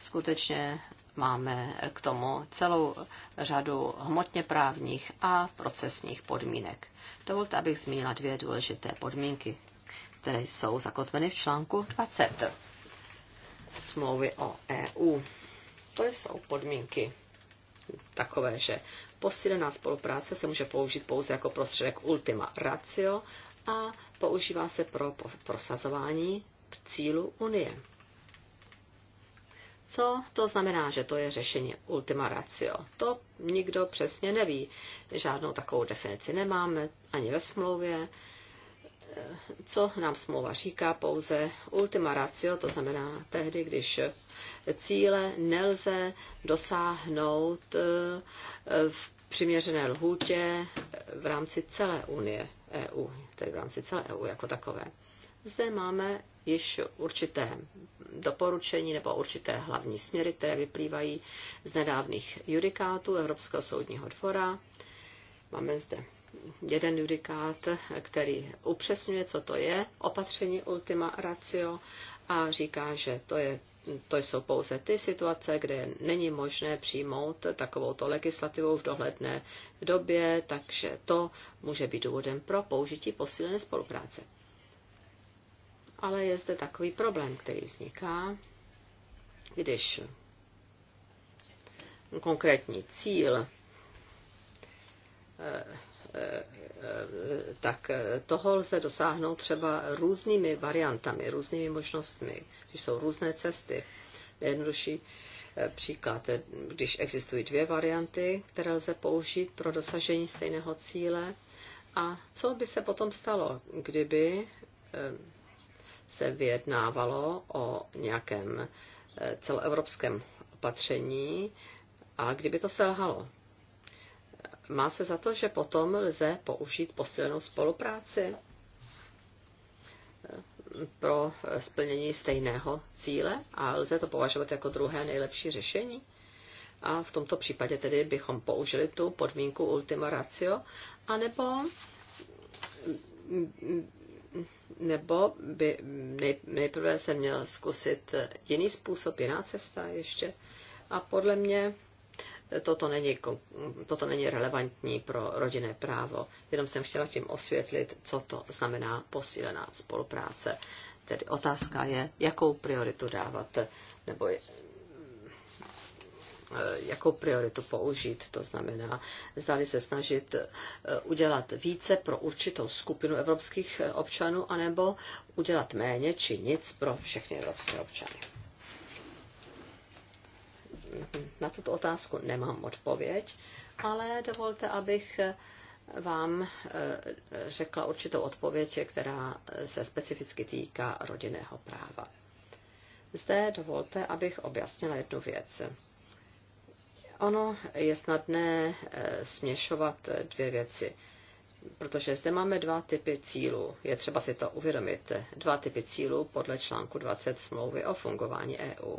skutečně máme k tomu celou řadu hmotně právních a procesních podmínek. Dovolte, abych zmínila dvě důležité podmínky, které jsou zakotveny v článku 20 smlouvy o EU. To jsou podmínky takové, že posílená spolupráce se může použít pouze jako prostředek ultima ratio a používá se pro prosazování cílu Unie. Co to znamená, že to je řešení ultima ratio? To nikdo přesně neví. Žádnou takovou definici nemáme ani ve smlouvě. Co nám smlouva říká pouze ultima ratio, to znamená tehdy, když cíle nelze dosáhnout eh, v přiměřené lhůtě eh, v rámci celé Unie EU, tedy v rámci celé EU jako takové. Zde máme již určité doporučení nebo určité hlavní směry, které vyplývají z nedávných judikátů Evropského soudního dvora. Máme zde jeden judikát, který upřesňuje, co to je opatření ultima ratio a říká, že to je to jsou pouze ty situace, kde není možné přijmout takovouto legislativou v dohledné době, takže to může být důvodem pro použití posílené spolupráce. Ale je zde takový problém, který vzniká, když konkrétní cíl eh, tak toho lze dosáhnout třeba různými variantami, různými možnostmi, když jsou různé cesty. Jednodušší eh, příklad, eh, když existují dvě varianty, které lze použít pro dosažení stejného cíle. A co by se potom stalo, kdyby eh, se vyjednávalo o nějakém celoevropském opatření a kdyby to selhalo? má se za to, že potom lze použít posilnou spolupráci pro splnění stejného cíle a lze to považovat jako druhé nejlepší řešení. A v tomto případě tedy bychom použili tu podmínku ultima ratio, anebo nebo by nejprve se měl zkusit jiný způsob, jiná cesta ještě. A podle mě toto není, toto není relevantní pro rodinné právo. Jenom jsem chtěla tím osvětlit, co to znamená posílená spolupráce. Tedy otázka je, jakou prioritu dávat, nebo eh, jakou prioritu použít. To znamená, zdali se snažit eh, udělat více pro určitou skupinu evropských eh, občanů, anebo udělat méně či nic pro všechny evropské občany na tuto otázku nemám odpověď, ale dovolte, abych vám eh, řekla určitou odpověď, která se specificky týká rodinného práva. Zde dovolte, abych objasnila jednu věc. Ono je snadné eh, směšovat dvě věci, protože zde máme dva typy cílů. Je třeba si to uvědomit. Dva typy cílů podle článku 20 smlouvy o fungování EU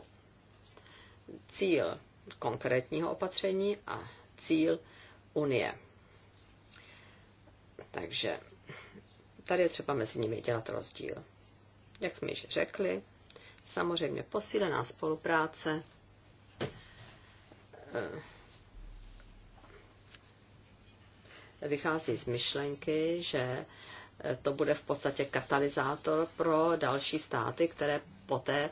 cíl konkrétního opatření a cíl Unie. Takže tady je třeba mezi nimi dělat rozdíl. Jak jsme již řekli, samozřejmě posílená spolupráce eh, vychází z myšlenky, že eh, to bude v podstatě katalyzátor pro další státy, které poté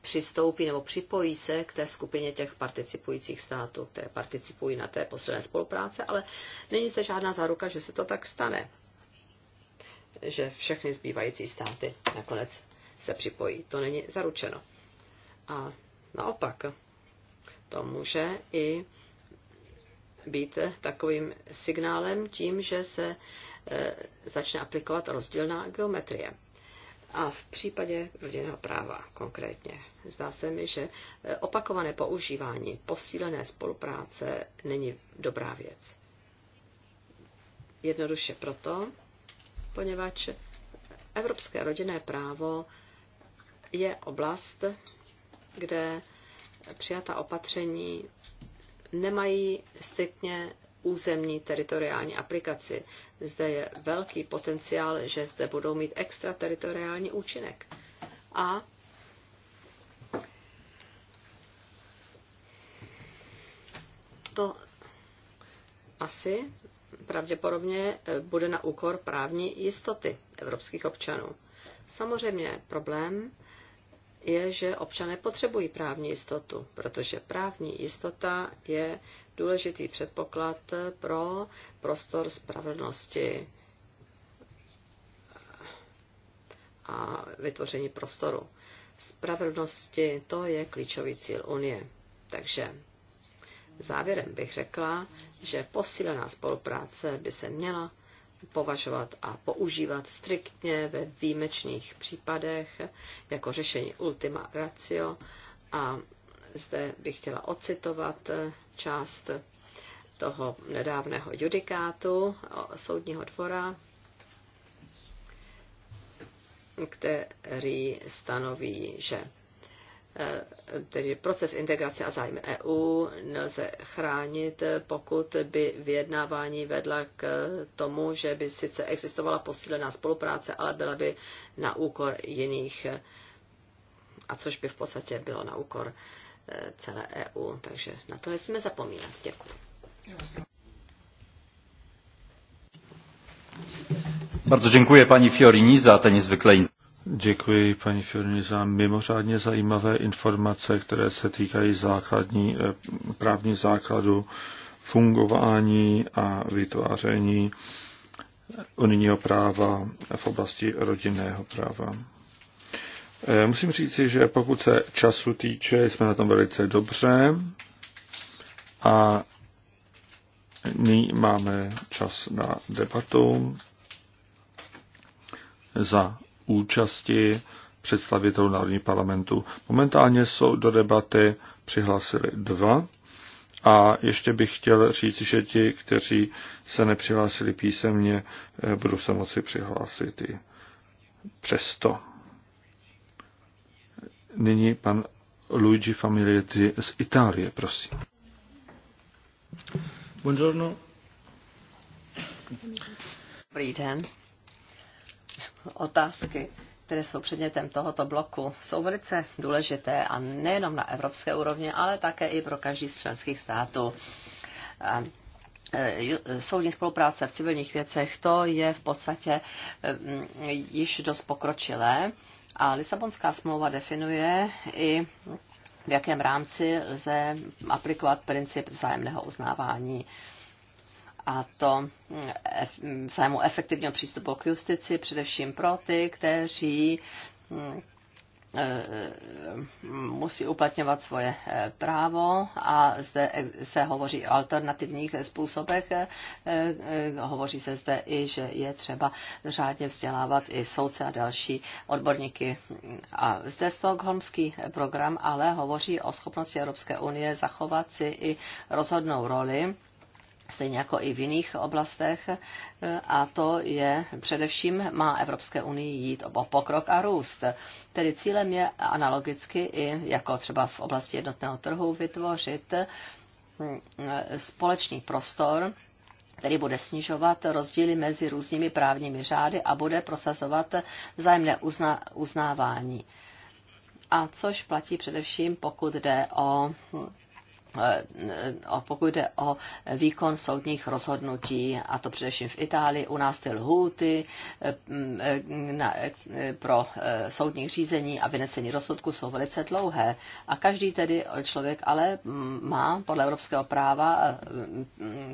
přistoupí nebo připojí se k té skupině těch participujících států, které participují na té posílené spolupráce, ale není zde žádná záruka, že se to tak stane, že všechny zbývající státy nakonec se připojí. To není zaručeno. A naopak, to může i být takovým signálem tím, že se eh, začne aplikovat rozdílná geometrie. A v případě rodinného práva konkrétně zdá se mi, že eh, opakované používání posílené spolupráce není dobrá věc. Jednoduše proto, poněvadž evropské rodinné právo je oblast, kde přijatá opatření nemají striktně územní teritoriální aplikaci. Zde je velký potenciál, že zde budou mít extrateritoriální účinek. A to asi pravděpodobně eh, bude na úkor právní jistoty evropských občanů. Samozřejmě problém je, že občané potřebují právní jistotu, protože právní jistota je důležitý předpoklad pro prostor spravedlnosti a vytvoření prostoru. Spravedlnosti to je klíčový cíl Unie. Takže závěrem bych řekla, že posílená spolupráce by se měla považovat a používat striktně ve výjimečných případech jako řešení ultima ratio. A zde bych chtěla ocitovat část toho nedávného judikátu soudního dvora, který stanoví, že Eh, tedy proces integrace a zájem EU nelze chránit, pokud by vyjednávání vedla k tomu, že by sice existovala posílená spolupráce, ale byla by na úkor jiných, a což by v podstatě bylo na úkor eh, celé EU. Takže na to jsme zapomínat. Děkuji. Bardzo dziękuję pani Fiorini za te niezwykle Děkuji paní Firni za mimořádně zajímavé informace, které se týkají základní eh, právní základu fungování a vytváření unijního práva v oblasti rodinného práva. Eh, musím říci, že pokud se času týče, jsme na tom velice dobře a nyní máme čas na debatu. Za účasti představitelů Národních parlamentů. Momentálně jsou do debaty přihlásili dva. A ještě bych chtěl říct, že ti, kteří se nepřihlásili písemně, eh, budou se moci přihlásit i přesto. Nyní pan Luigi Familietti z Itálie, prosím. Buongiorno. Dobrý den otázky, které jsou předmětem tohoto bloku, jsou velice důležité a nejenom na evropské úrovni, ale také i pro každý z členských států. E, soudní spolupráce v civilních věcech, to je v podstatě e, již dost pokročilé a Lisabonská smlouva definuje i v jakém rámci lze aplikovat princip vzájemného uznávání a to mm, mm, svému efektivního přístupu k justici, především pro ty, kteří mm, e, e, musí uplatňovat svoje e, právo a zde se hovoří o alternativních způsobech. Hovoří se zde i, že je třeba řádně vzdělávat i soudce a další odborníky. A zde Stockholmský program ale hovoří o schopnosti Evropské unie zachovat si i rozhodnou roli stejně jako i v jiných oblastech, a to je především má Evropské unii jít o pokrok a růst. Tedy cílem je analogicky i jako třeba v oblasti jednotného trhu vytvořit mm, společný prostor, který bude snižovat rozdíly mezi různými právními řády a bude prosazovat vzájemné uzna, uznávání. A což platí především, pokud jde o mm, a eh, pokud jde o výkon soudních rozhodnutí, a to především v Itálii, u nás ty lhůty eh, eh, pro soudní řízení a vynesení rozsudku jsou velice dlouhé. A každý tedy člověk ale má podle evropského práva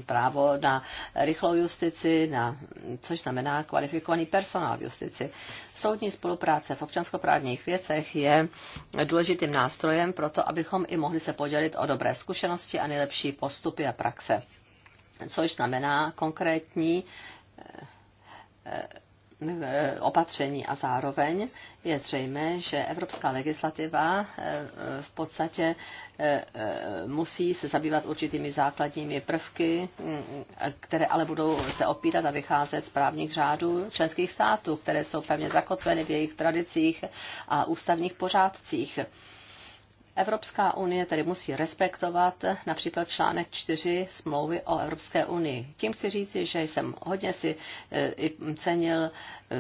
právo na rychlou justici, na, což znamená kvalifikovaný personál v justici. Soudní spolupráce v občanskoprávních věcech je důležitým nástrojem pro to, abychom i mohli se podělit o dobré zkušenosti zkušenosti a nejlepší postupy a praxe. Což znamená konkrétní eh, eh, opatření a zároveň je zřejmé, že evropská legislativa eh, v podstatě musí se zabývat určitými základními prvky, mm, které ale budou se opírat a vycházet z právních řádů členských států, které jsou pevně zakotveny v jejich tradicích a ústavních pořádcích. Evropská unie tedy musí respektovat například článek 4 smlouvy o Evropské unii. Tím chci říci, že jsem hodně si eh, cenil eh,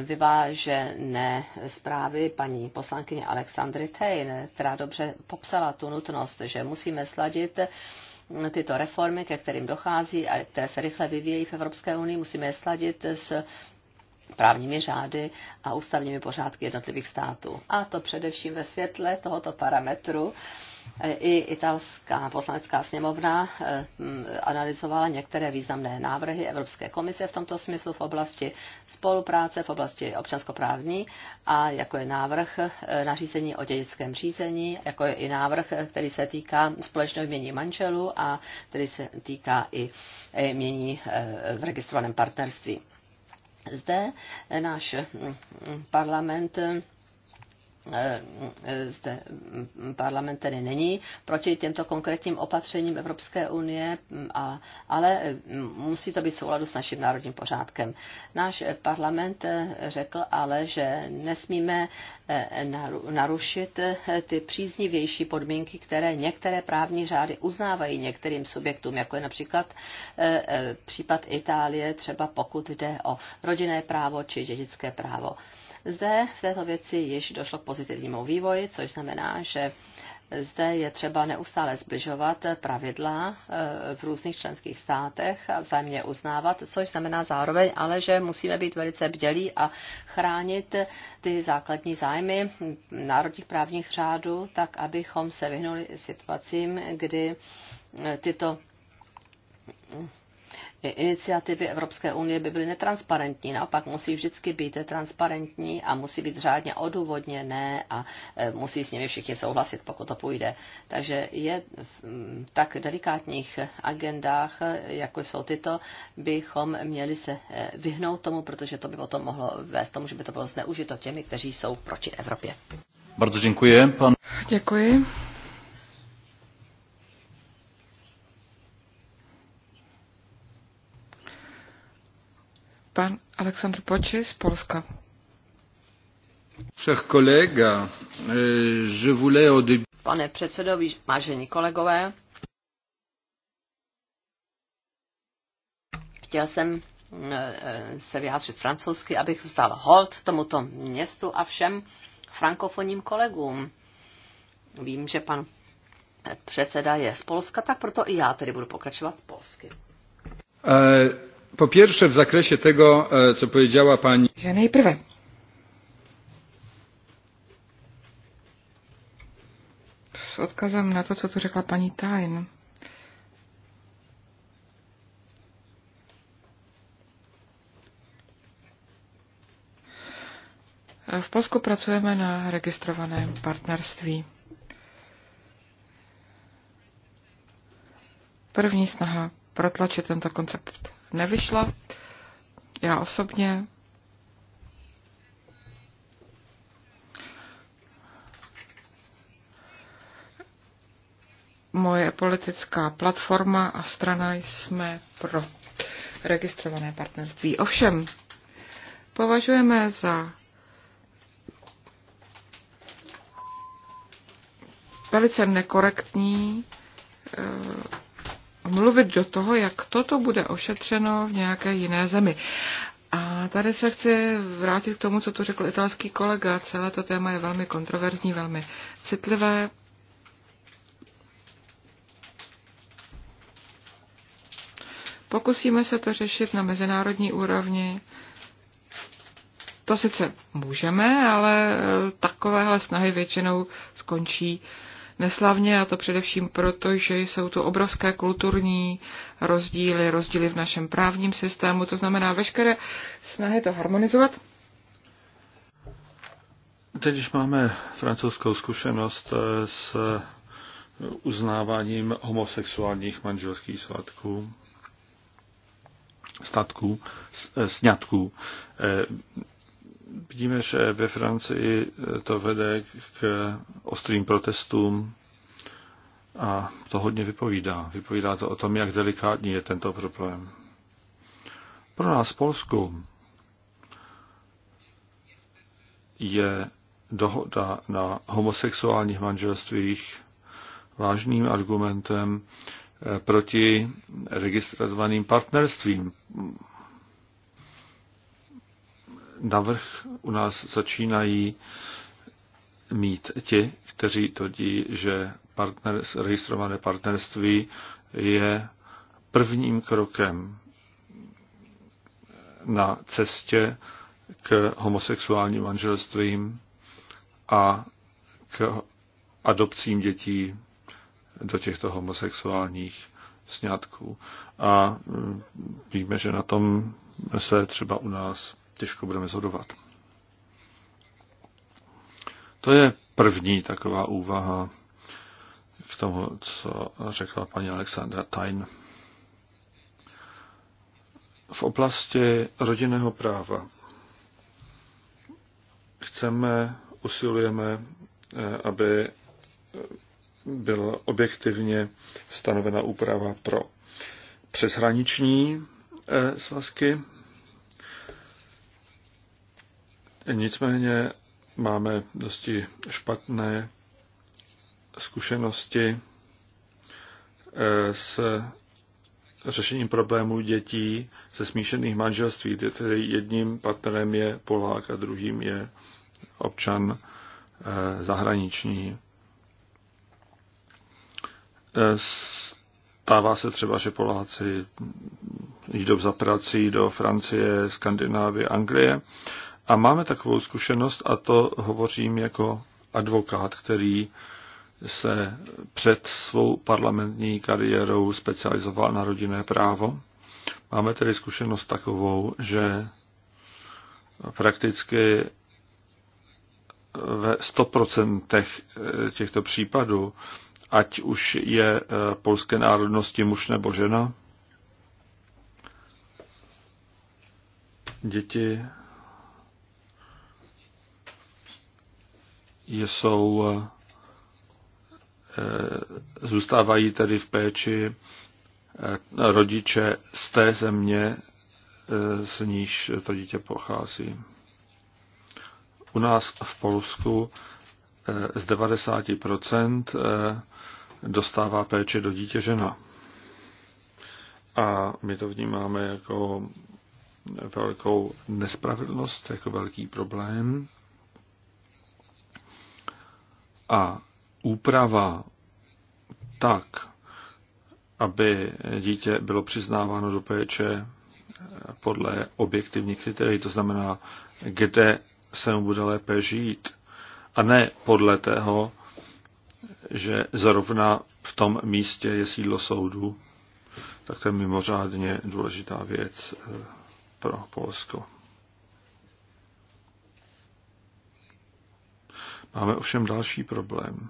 vyvážené zprávy paní poslankyně Alexandry Tejn, která dobře popsala tu nutnost, že musíme sladit eh, tyto reformy, ke kterým dochází a které se rychle vyvíjejí v Evropské unii, musíme je sladit s právními řády a ústavními pořádky jednotlivých států. A to především ve světle tohoto parametru eh, i italská poslanecká sněmovna eh, analyzovala některé významné návrhy Evropské komise v tomto smyslu v oblasti spolupráce, v oblasti občanskoprávní a jako je návrh eh, nařízení o dědickém řízení, jako je i návrh, který se týká společného mění manželů a který se týká i mění v registrovaném partnerství. Zde náš mm, mm, parlament Eh, eh, zde mm, parlament tedy není proti těmto konkrétním opatřením Evropské unie, mm, a, ale eh, musí to být souladu s naším národním pořádkem. Náš parlament řekl ale, že nesmíme narušit ty příznivější podmínky, které některé právní řády uznávají některým subjektům, jako je například případ Itálie, třeba pokud jde o rodinné právo či dědické právo. Zde v této věci již došlo k pozitivnímu vývoji, což znamená, že zde je třeba neustále zbližovat pravidla eh, v různých členských státech a vzájemně uznávat, což znamená zároveň, ale že musíme být velice bdělí a chránit ty základní zájmy národních právních řádů, tak abychom se vyhnuli situacím, kdy eh, tyto iniciativy Evropské unie by byly netransparentní. Naopak musí vždycky být transparentní a musí být řádně odůvodněné a e, musí s nimi všichni souhlasit, pokud to půjde. Takže je v tak delikátních agendách, e, jako jsou tyto, bychom měli se e, vyhnout tomu, protože to by potom mohlo vést tomu, že by to bylo zneužito těmi, kteří jsou proti Evropě. Bardzo dziękuję. Pan... Děkuji. Pan Aleksandr Poči z Polska. Všech kolega, e, že voulais od... Pane předsedo, vážení kolegové, chtěl jsem e, e, se vyjádřit francouzsky, abych vzdal hold tomuto městu a všem frankofonním kolegům. Vím, že pan předseda je z Polska, tak proto i já tedy budu pokračovat polsky. Uh... Po pierwsze w zakresie tego, e, co powiedziała pani. Že nejprve. S odkazem na to, co tu řekla paní Tain. V Polsku pracujeme na registrovaném partnerství. První snaha protlačit tento koncept nevyšla. Já osobně moje politická platforma a strana jsme pro registrované partnerství. Ovšem, považujeme za velice nekorektní eh, mluvit do toho, jak toto bude ošetřeno v nějaké jiné zemi. A tady se chci vrátit k tomu, co tu řekl italský kolega. Celé to téma je velmi kontroverzní, velmi citlivé. Pokusíme se to řešit na mezinárodní úrovni. To sice můžeme, ale takovéhle snahy většinou skončí neslavně a to především proto, že jsou tu obrovské kulturní rozdíly, rozdíly v našem právním systému, to znamená veškeré snahy to harmonizovat. Teď, když máme francouzskou zkušenost s uznáváním homosexuálních manželských svatků, statků, sňatků. Eh, Vidíme, že ve Francii to vede k ostrým protestům a to hodně vypovídá. Vypovídá to o tom, jak delikátní je tento problém. Pro nás v Polsku je dohoda na homosexuálních manželstvích vážným argumentem eh, proti registrovaným partnerstvím navrh u nás začínají mít ti, kteří tvrdí, že partner, registrované partnerství je prvním krokem na cestě k homosexuálním manželstvím a k adopcím dětí do těchto homosexuálních sňatků. A víme, že na tom se třeba u nás těžko budeme zhodovat. To je první taková úvaha k tomu, co řekla paní Alexandra Tain. V oblasti rodinného práva chceme, usilujeme, eh, aby byla objektivně stanovena úprava pro přeshraniční eh, svazky Nicméně máme dosti špatné zkušenosti eh, s řešením problémů dětí se smíšených manželství, kde tedy jedním partnerem je Polák a druhým je občan eh, zahraniční. Eh, stává se třeba, že Poláci jdou za prací do Francie, Skandinávie, Anglie a máme takovou zkušenost, a to hovořím jako advokát, který se před svou parlamentní kariérou specializoval na rodinné právo. Máme tedy zkušenost takovou, že prakticky ve 100% eh, těchto případů, ať už je eh, polské národnosti muž nebo žena, děti jsou, eh, eh, zůstávají tedy v péči eh, rodiče z té země, z níž to dítě pochází. U nás v Polsku z 90% dostává péči do dítě žena. A my to vnímáme jako velkou nespravedlnost, jako velký problém a úprava tak, aby dítě bylo přiznáváno do péče eh, podle objektivních kritérií, to znamená, kde se mu bude lépe žít, a ne podle toho, že zrovna v tom místě je sídlo soudu, tak to je mimořádně důležitá věc eh, pro Polsko. Máme ovšem další problém.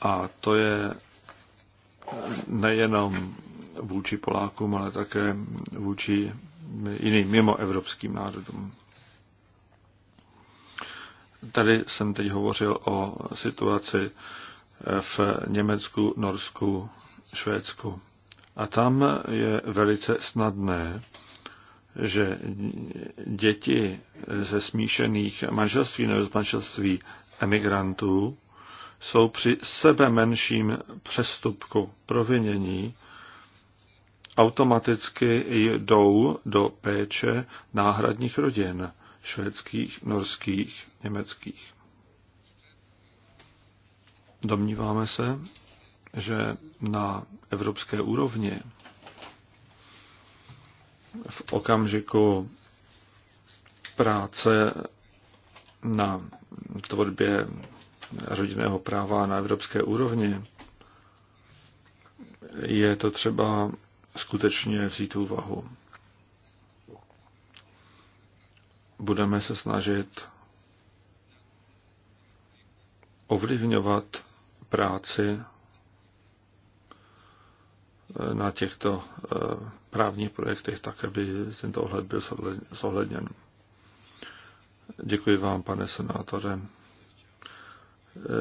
A to je nejenom vůči Polákům, ale také vůči jiným mimoevropským národům. Tady jsem teď hovořil o situaci v Německu, Norsku, Švédsku. A tam je velice snadné že děti ze smíšených manželství nebo z manželství emigrantů jsou při sebe menším přestupku provinění, automaticky jdou do péče náhradních rodin švédských, norských, německých. Domníváme se, že na evropské úrovni v okamžiku práce na tvorbě rodinného práva na evropské úrovni, je to třeba skutečně vzít úvahu. Budeme se snažit ovlivňovat práci na těchto eh, právních projektech, tak aby tento ohled byl zohledněn. Děkuji vám, pane senátore.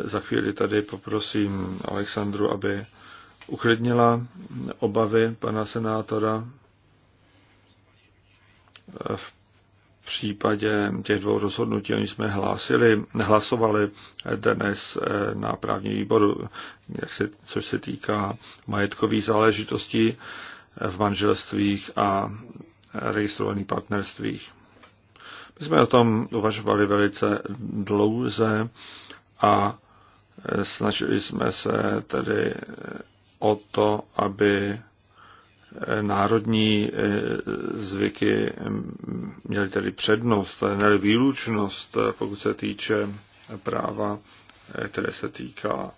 Za chvíli tady poprosím Alexandru, aby uklidnila obavy pana senátora v případě těch dvou rozhodnutí, oni jsme hlásili, hlasovali dnes eh, na právní výboru, jak se, což se týká majetkových záležitostí v manželstvích a registrovaných partnerstvích. My jsme o tom uvažovali velice dlouze a snažili jsme se tedy o to, aby národní eh, zvyky měly tedy přednost, ne výlučnost, eh, pokud se týče práva, eh, které se týká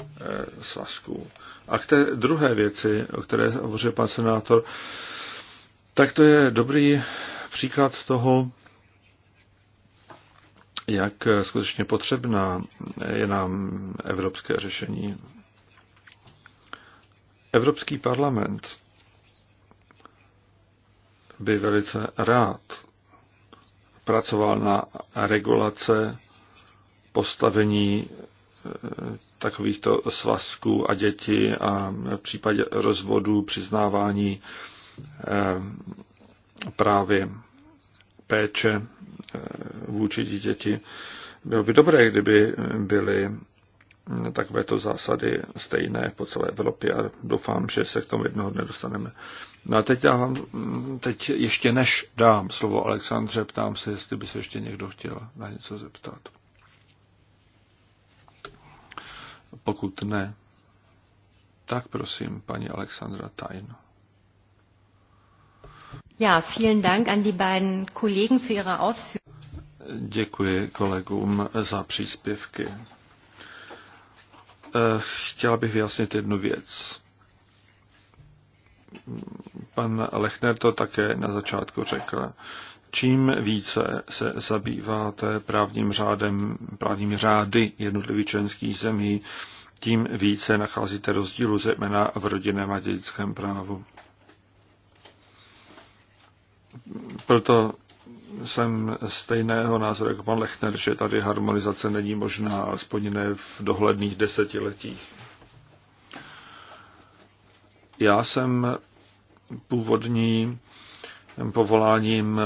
Eh, svazků. A k té druhé věci, o které hovořil pan senátor, tak to je dobrý příklad toho, jak skutečně potřebná je nám evropské řešení. Evropský parlament by velice rád pracoval na regulace postavení takovýchto svazků a děti a v případě rozvodu přiznávání eh, právě péče eh, vůči děti Bylo by dobré, kdyby byly mm, takovéto zásady stejné po celé Evropě a doufám, že se k tomu jednoho dne dostaneme. No a teď, vám mm, teď ještě než dám slovo Alexandře, ptám se, jestli by se ještě někdo chtěl na něco zeptat. Pokud ne, tak prosím, paní Alexandra Tajn. Ja, vielen Dank an die beiden Kollegen für ihre Ausführungen. Děkuji kolegům za příspěvky. Eh, chtěla bych vyjasnit jednu věc. Pan Lechner to také na začátku řekl čím více se zabýváte právním řádem, právními řády jednotlivých členských zemí, tím více nacházíte rozdílu zejména v rodinném a dědickém právu. Proto jsem stejného názoru jako pan Lechner, že tady harmonizace není možná, alespoň ne v dohledných desetiletích. Já jsem původní povoláním eh,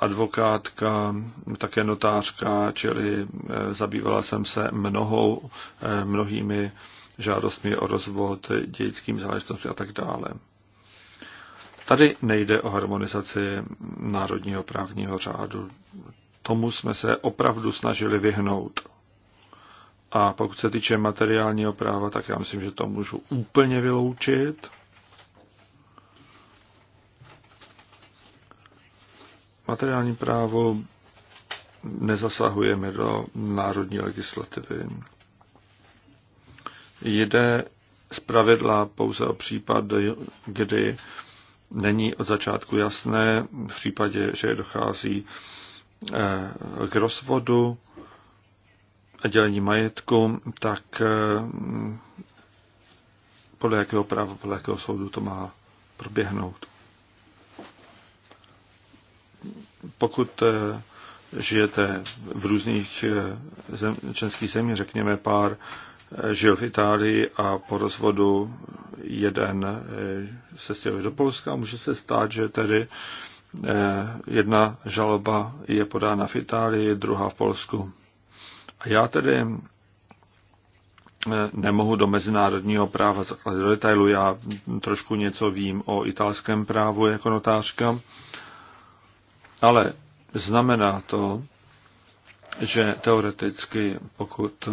advokátka, také notářka, čili eh, zabývala jsem se mnohou, eh, mnohými žádostmi o rozvod, dětským záležitostmi a tak dále. Tady nejde o harmonizaci národního právního řádu. Tomu jsme se opravdu snažili vyhnout. A pokud se týče materiálního práva, tak já myslím, že to můžu úplně vyloučit. materiální právo nezasahujeme do národní legislativy. Jde z pravidla pouze o případ, kdy není od začátku jasné, v případě, že dochází eh, k rozvodu a dělení majetku, tak eh, podle jakého práva, podle jakého soudu to má proběhnout. pokud eh, žijete v různých eh, zem, českých zemích, řekněme pár eh, žil v Itálii a po rozvodu jeden se stěhuje do Polska, může se stát, že tedy jedna žaloba je podána v Itálii, druhá v Polsku. A já tedy nemohu do mezinárodního práva do detailu, já trošku něco vím o italském právu jako notářka, ale znamená to, že teoreticky, pokud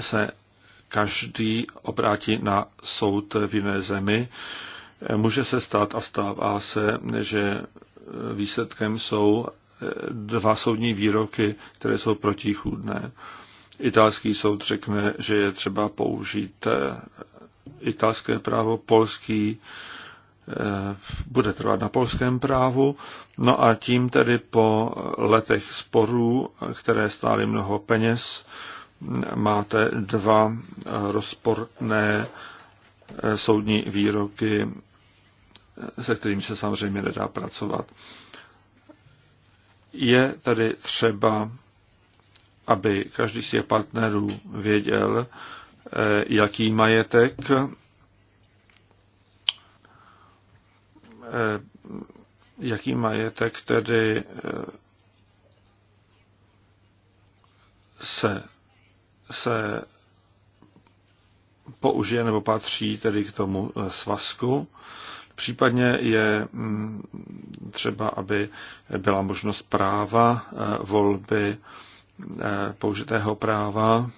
se každý obrátí na soud v jiné zemi, může se stát a stává se, že výsledkem jsou dva soudní výroky, které jsou protichůdné. Italský soud řekne, že je třeba použít italské právo, polský Eh, bude trvat na polském právu, no a tím tedy po letech sporů, které stály mnoho peněz, máte dva rozporné eh, soudní výroky, eh, se kterými se samozřejmě nedá pracovat. Je tady třeba, aby každý z těch partnerů věděl, jaký majetek Eh, jaký majetek tedy eh, se, se použije nebo patří tedy k tomu eh, svazku. Případně je mm, třeba, aby byla možnost práva volby použitého práva,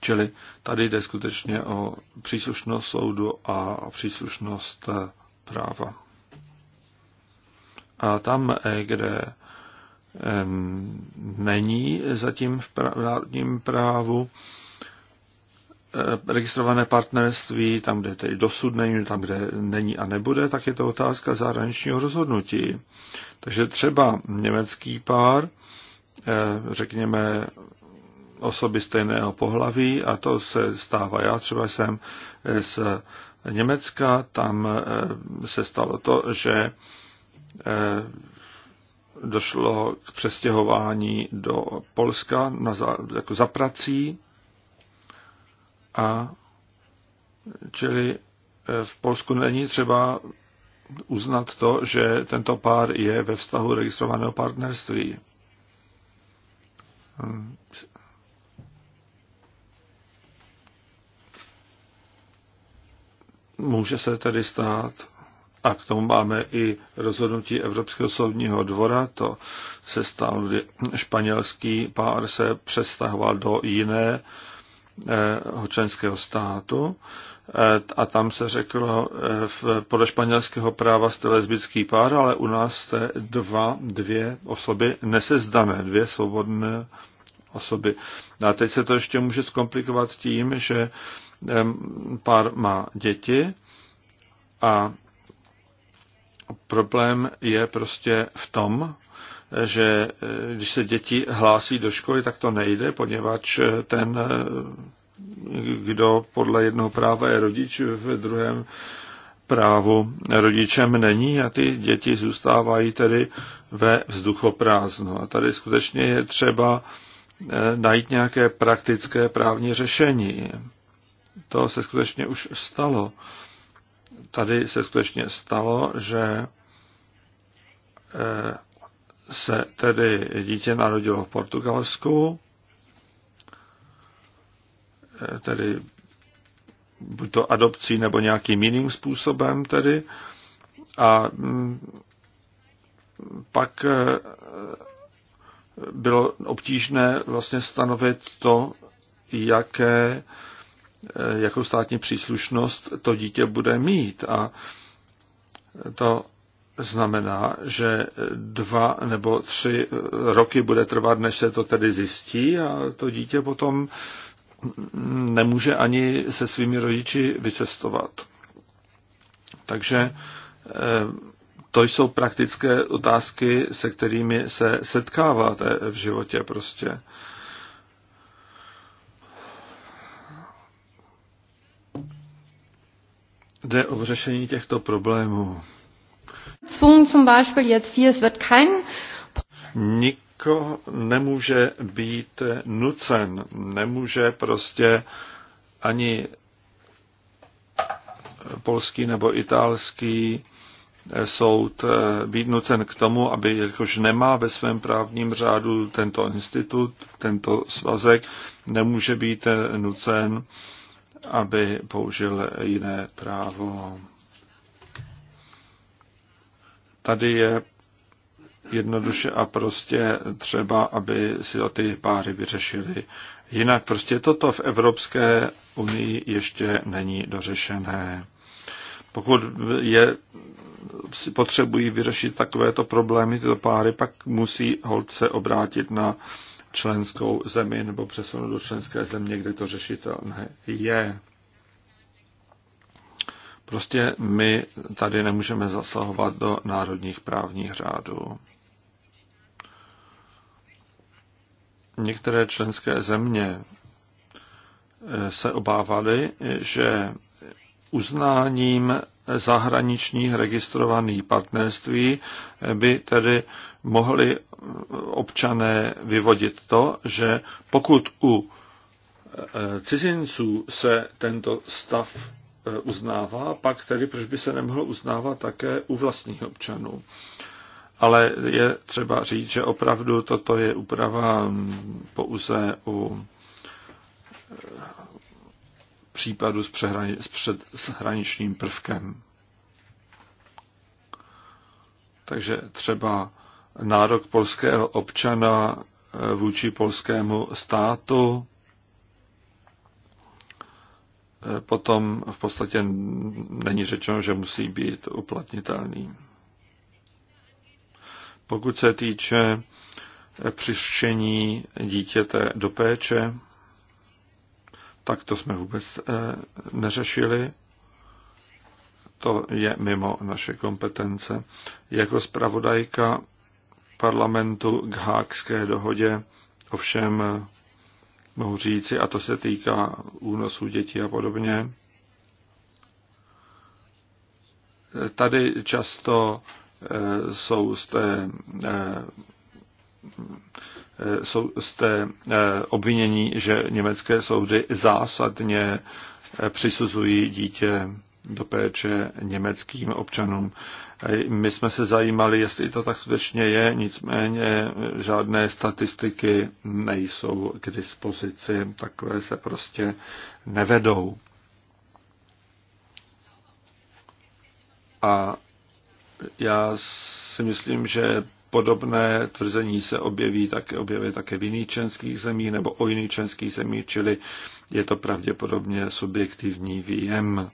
čili tady jde skutečně o příslušnost soudu a příslušnost práva. A tam, eh, kde není zatím v právním právu eh, registrované partnerství, tam, kde tedy dosud není, tam, kde není a nebude, tak je to otázka zahraničního rozhodnutí. Takže třeba německý pár, eh, řekněme, osoby stejného pohlaví a to se stává. Já třeba jsem s Německa, tam eh, se stalo to, že eh, došlo k přestěhování do Polska na za, jako za prací a čili eh, v Polsku není třeba uznat to, že tento pár je ve vztahu registrovaného partnerství. Může se tedy stát, a k tomu máme i rozhodnutí Evropského soudního dvora, to se stalo, kdy španělský pár se přestahoval do jiné eh, členského státu eh, a tam se řeklo, eh, podle španělského práva jste lesbický pár, ale u nás jste dva, dvě osoby nesezdané, dvě svobodné osoby. A teď se to ještě může zkomplikovat tím, že pár má děti a problém je prostě v tom, že eh, když se děti hlásí do školy, tak to nejde, poněvadž eh, ten, eh, kdo podle jednoho práva je rodič, v druhém právu rodičem není a ty děti zůstávají tedy ve vzduchoprázdno. A tady skutečně je třeba najít nějaké praktické právní řešení to se skutečně už stalo. Tady se skutečně stalo, že eh, se tedy dítě narodilo v Portugalsku, eh, tedy buď to adopcí nebo nějakým jiným způsobem tedy. A mm, pak eh, bylo obtížné vlastně stanovit to, jaké Eh, jakou státní příslušnost to dítě bude mít. A to znamená, že dva nebo tři roky bude trvat, než se to tedy zjistí a to dítě potom nemůže ani se svými rodiči vycestovat. Takže eh, to jsou praktické otázky, se kterými se setkáváte v životě prostě. jde o řešení těchto problémů. Zum Beispiel jetzt hier, es wird kein... Niko nemůže být nucen, nemůže prostě ani polský nebo italský soud být nucen k tomu, aby, jakož nemá ve svém právním řádu tento institut, tento svazek, nemůže být nucen aby použil jiné právo. Tady je jednoduše a prostě třeba, aby si to ty páry vyřešili. Jinak prostě toto v Evropské unii ještě není dořešené. Pokud je, si potřebují vyřešit takovéto problémy, tyto páry pak musí holce obrátit na členskou zemi nebo přesunout do členské země, kde to řešitelné je. Prostě my tady nemůžeme zasahovat do národních právních řádů. Některé členské země eh, se obávaly, že uznáním zahraničních registrovaných partnerství by tedy mohli občané vyvodit to, že pokud u e, cizinců se tento stav e, uznává, pak tedy proč by se nemohl uznávat také u vlastních občanů. Ale je třeba říct, že opravdu toto je úprava pouze u případu s, přehrani- s předhraničním prvkem. Takže třeba nárok polského občana eh, vůči polskému státu, eh, potom v podstatě není řečeno, že musí být uplatnitelný. Pokud se týče eh, přištění dítěte do péče, tak to jsme vůbec eh, neřešili. To je mimo naše kompetence. Jako zpravodajka parlamentu k hákské dohodě ovšem eh, mohu říci, a to se týká únosů dětí a podobně, eh, tady často jsou z té Eh, jsou, jste eh, obvinění, že německé soudy zásadně eh, přisuzují dítě do péče německým občanům. My jsme se zajímali, jestli to tak skutečně je, nicméně žádné statistiky nejsou k dispozici, takové se prostě nevedou. A já si myslím, že podobné tvrzení se objeví také, objeví také v jiných členských zemích nebo o jiných členských zemích, čili je to pravděpodobně subjektivní výjem.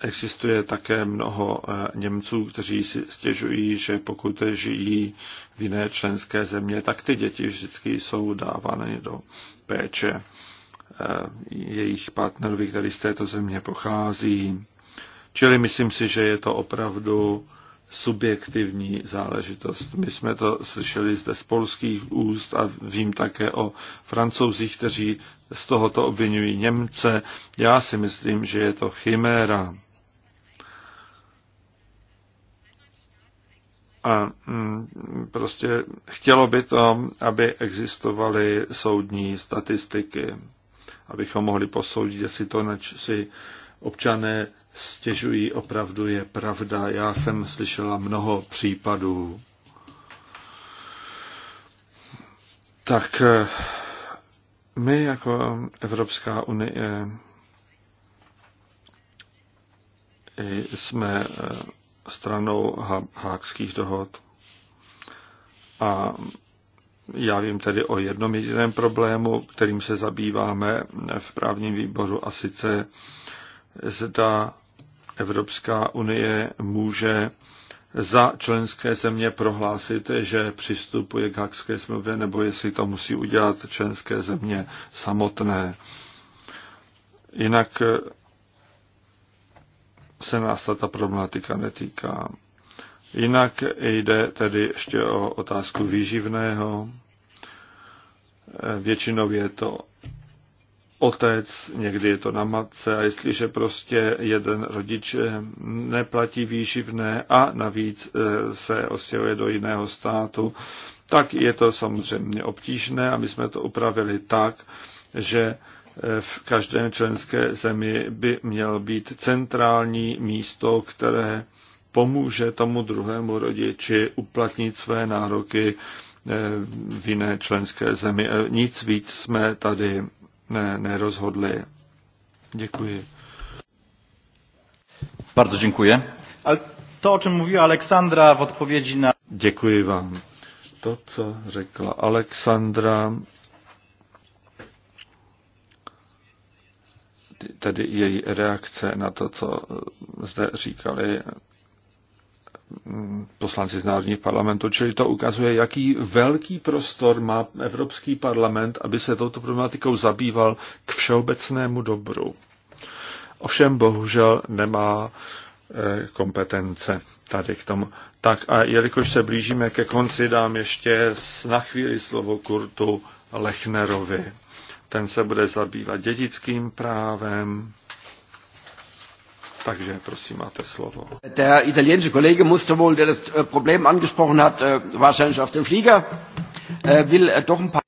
Existuje také mnoho eh, Němců, kteří si stěžují, že pokud žijí v jiné členské země, tak ty děti vždycky jsou dávány do péče eh, jejich partnerů, který z této země pochází. Čili myslím si, že je to opravdu subjektivní záležitost. My jsme to slyšeli zde z polských úst a vím také o francouzích, kteří z tohoto obvinují Němce. Já si myslím, že je to chiméra. A mm, prostě chtělo by to, aby existovaly soudní statistiky, abychom mohli posoudit, jestli to, na si občané stěžují, opravdu je pravda. Já jsem slyšela mnoho případů. Tak eh, my jako Evropská unie eh, jsme eh, stranou hákských dohod a já vím tedy o jednom jediném problému, kterým se zabýváme v právním výboru a sice zda Evropská unie může za členské země prohlásit, že přistupuje k Hakské smlouvě, nebo jestli to musí udělat členské země samotné. Jinak se nás ta problematika netýká. Jinak jde tedy ještě o otázku výživného. Většinou je to otec, někdy je to na matce a jestliže prostě jeden rodič eh, neplatí výživné a navíc eh, se ostěhuje do jiného státu, tak je to samozřejmě obtížné a my jsme to upravili tak, že eh, v každém členské zemi by měl být centrální místo, které pomůže tomu druhému rodiči uplatnit své nároky v jiné členské zemi. Nic víc jsme tady ne, nerozhodli. Děkuji. Bardzo dziękuję. Ale to, o czym mówiła Aleksandra w odpowiedzi na... Děkuji vám. To, co řekla Alexandra, tedy její reakce na to, co zde říkali poslanci z národních parlamentů, čili to ukazuje, jaký velký prostor má Evropský parlament, aby se touto problematikou zabýval k všeobecnému dobru. Ovšem bohužel nemá eh, kompetence tady k tomu. Tak a jelikož se blížíme ke konci, dám ještě na chvíli slovo Kurtu Lechnerovi. Ten se bude zabývat dědickým právem takže prosím, máte slovo. Der italienische Kollege musste wohl, der das äh, Problem angesprochen hat, äh, wahrscheinlich auf dem Flieger, äh, will doch ein paar...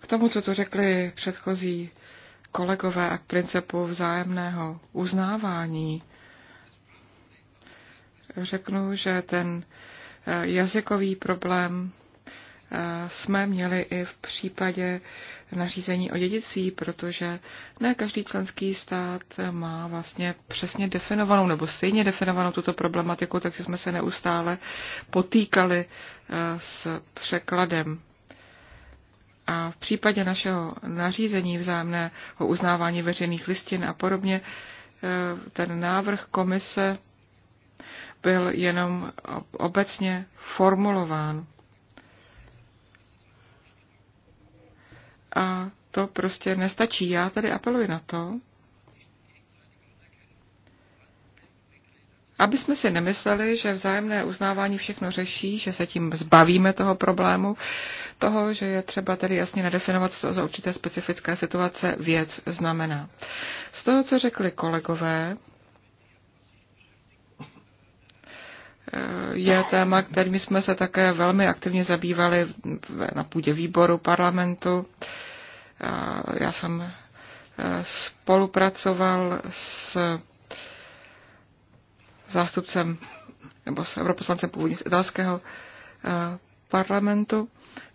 K tomu, co tu řekli předchozí kolegové a k principu vzájemného uznávání, řeknu, že ten jazykový problém jsme měli i v případě nařízení o dědictví, protože ne každý členský stát má vlastně přesně definovanou nebo stejně definovanou tuto problematiku, takže jsme se neustále potýkali e, s překladem. A v případě našeho nařízení vzájemného uznávání veřejných listin a podobně, e, ten návrh komise byl jenom obecně formulován. a to prostě nestačí. Já tady apeluji na to, Aby jsme si nemysleli, že vzájemné uznávání všechno řeší, že se tím zbavíme toho problému, toho, že je třeba tedy jasně nadefinovat, co za určité specifické situace věc znamená. Z toho, co řekli kolegové, je téma, kterým jsme se také velmi aktivně zabývali na půdě výboru parlamentu. Já jsem e, spolupracoval s zástupcem nebo s europoslancem původně z italského e, parlamentu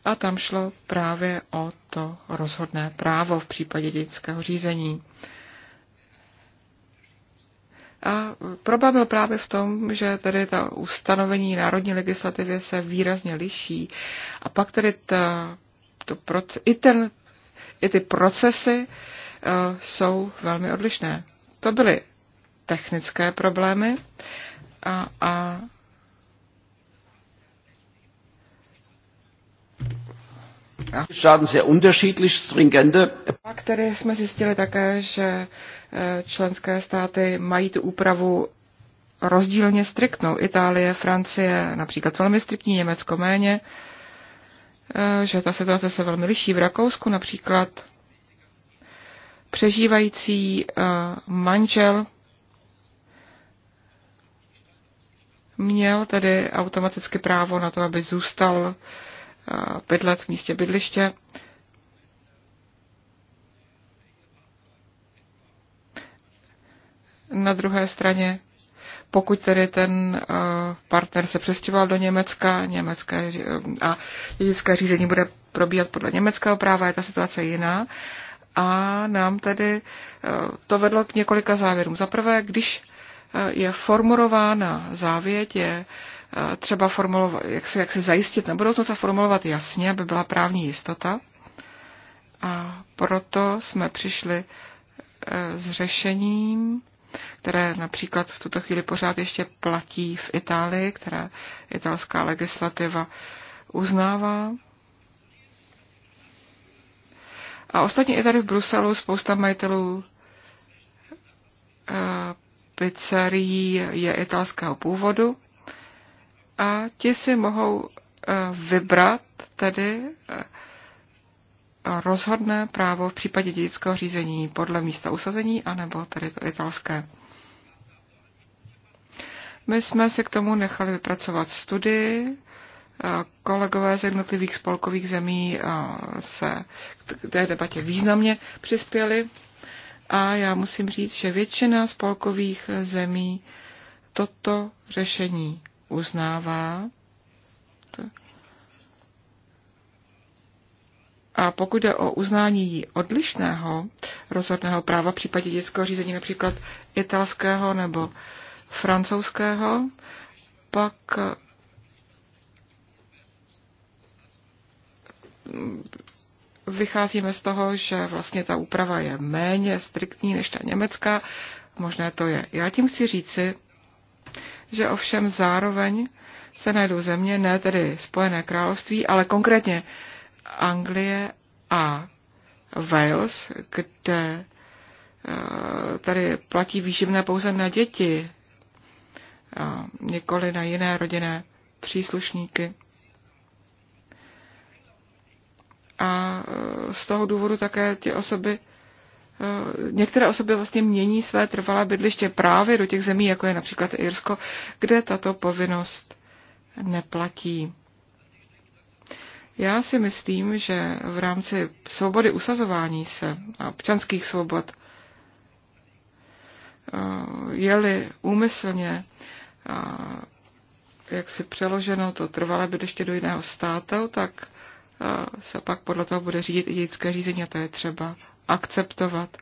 a tam šlo právě o to rozhodné právo v případě dětského řízení. A problém byl právě v tom, že tedy ta ustanovení národní legislativy se výrazně liší a pak tedy ta, to proces, i ten i ty procesy eh, jsou velmi odlišné. To byly technické problémy a, a Schaden sehr unterschiedlich, stringente. Pak tedy jsme zjistili také, že eh, členské státy mají tu úpravu rozdílně striktnou. Itálie, Francie například velmi striktní, Německo méně. Uh, Eh, že ta situace se velmi liší. V Rakousku například přežívající eh, manžel měl tedy automaticky právo na to, aby zůstal bydlet eh, v místě bydliště. Na druhé straně pokud tedy ten eh, partner se přestěhoval do Německa německé, eh, a dědické řízení bude probíhat podle německého práva, je ta situace jiná. A nám tedy eh, to vedlo k několika závěrům. Za prvé, když je formulována závěť, je třeba formulovat, jak se, jak se zajistit na budoucnost a formulovat jasně, aby byla právní jistota. A proto jsme přišli s řešením, které například v tuto chvíli pořád ještě platí v Itálii, které italská legislativa uznává. A ostatně i tady v Bruselu spousta majitelů eh, pizzerií je italského původu a ti si mohou eh, vybrat tedy eh, rozhodné právo v případě dědického řízení podle místa usazení, anebo tedy to italské. My jsme se k tomu nechali vypracovat studii, kolegové z jednotlivých spolkových zemí eh, se k té debatě významně přispěli a já musím říct, že většina spolkových zemí toto řešení uznává. A pokud jde o uznání odlišného rozhodného práva v případě dětského řízení, například italského nebo francouzského, pak mm, vycházíme z toho, že vlastně ta úprava je méně striktní než ta německá. Možné to je. Já tím chci říci, že ovšem zároveň se najdou země, ne tedy Spojené království, ale konkrétně Anglie a Wales, kde eh, tady platí výživné pouze na děti, nikoli na jiné rodinné příslušníky. A eh, z toho důvodu také ty osoby, eh, některé osoby vlastně mění své trvalé bydliště právě do těch zemí, jako je například Irsko, kde tato povinnost neplatí. Já si myslím, že v rámci svobody usazování se a občanských svobod, eh, jeli úmyslně eh, jak si přeloženo to trvalé bydliště do jiného státu, tak eh, se pak podle toho bude řídit i dětské řízení a to je třeba akceptovat.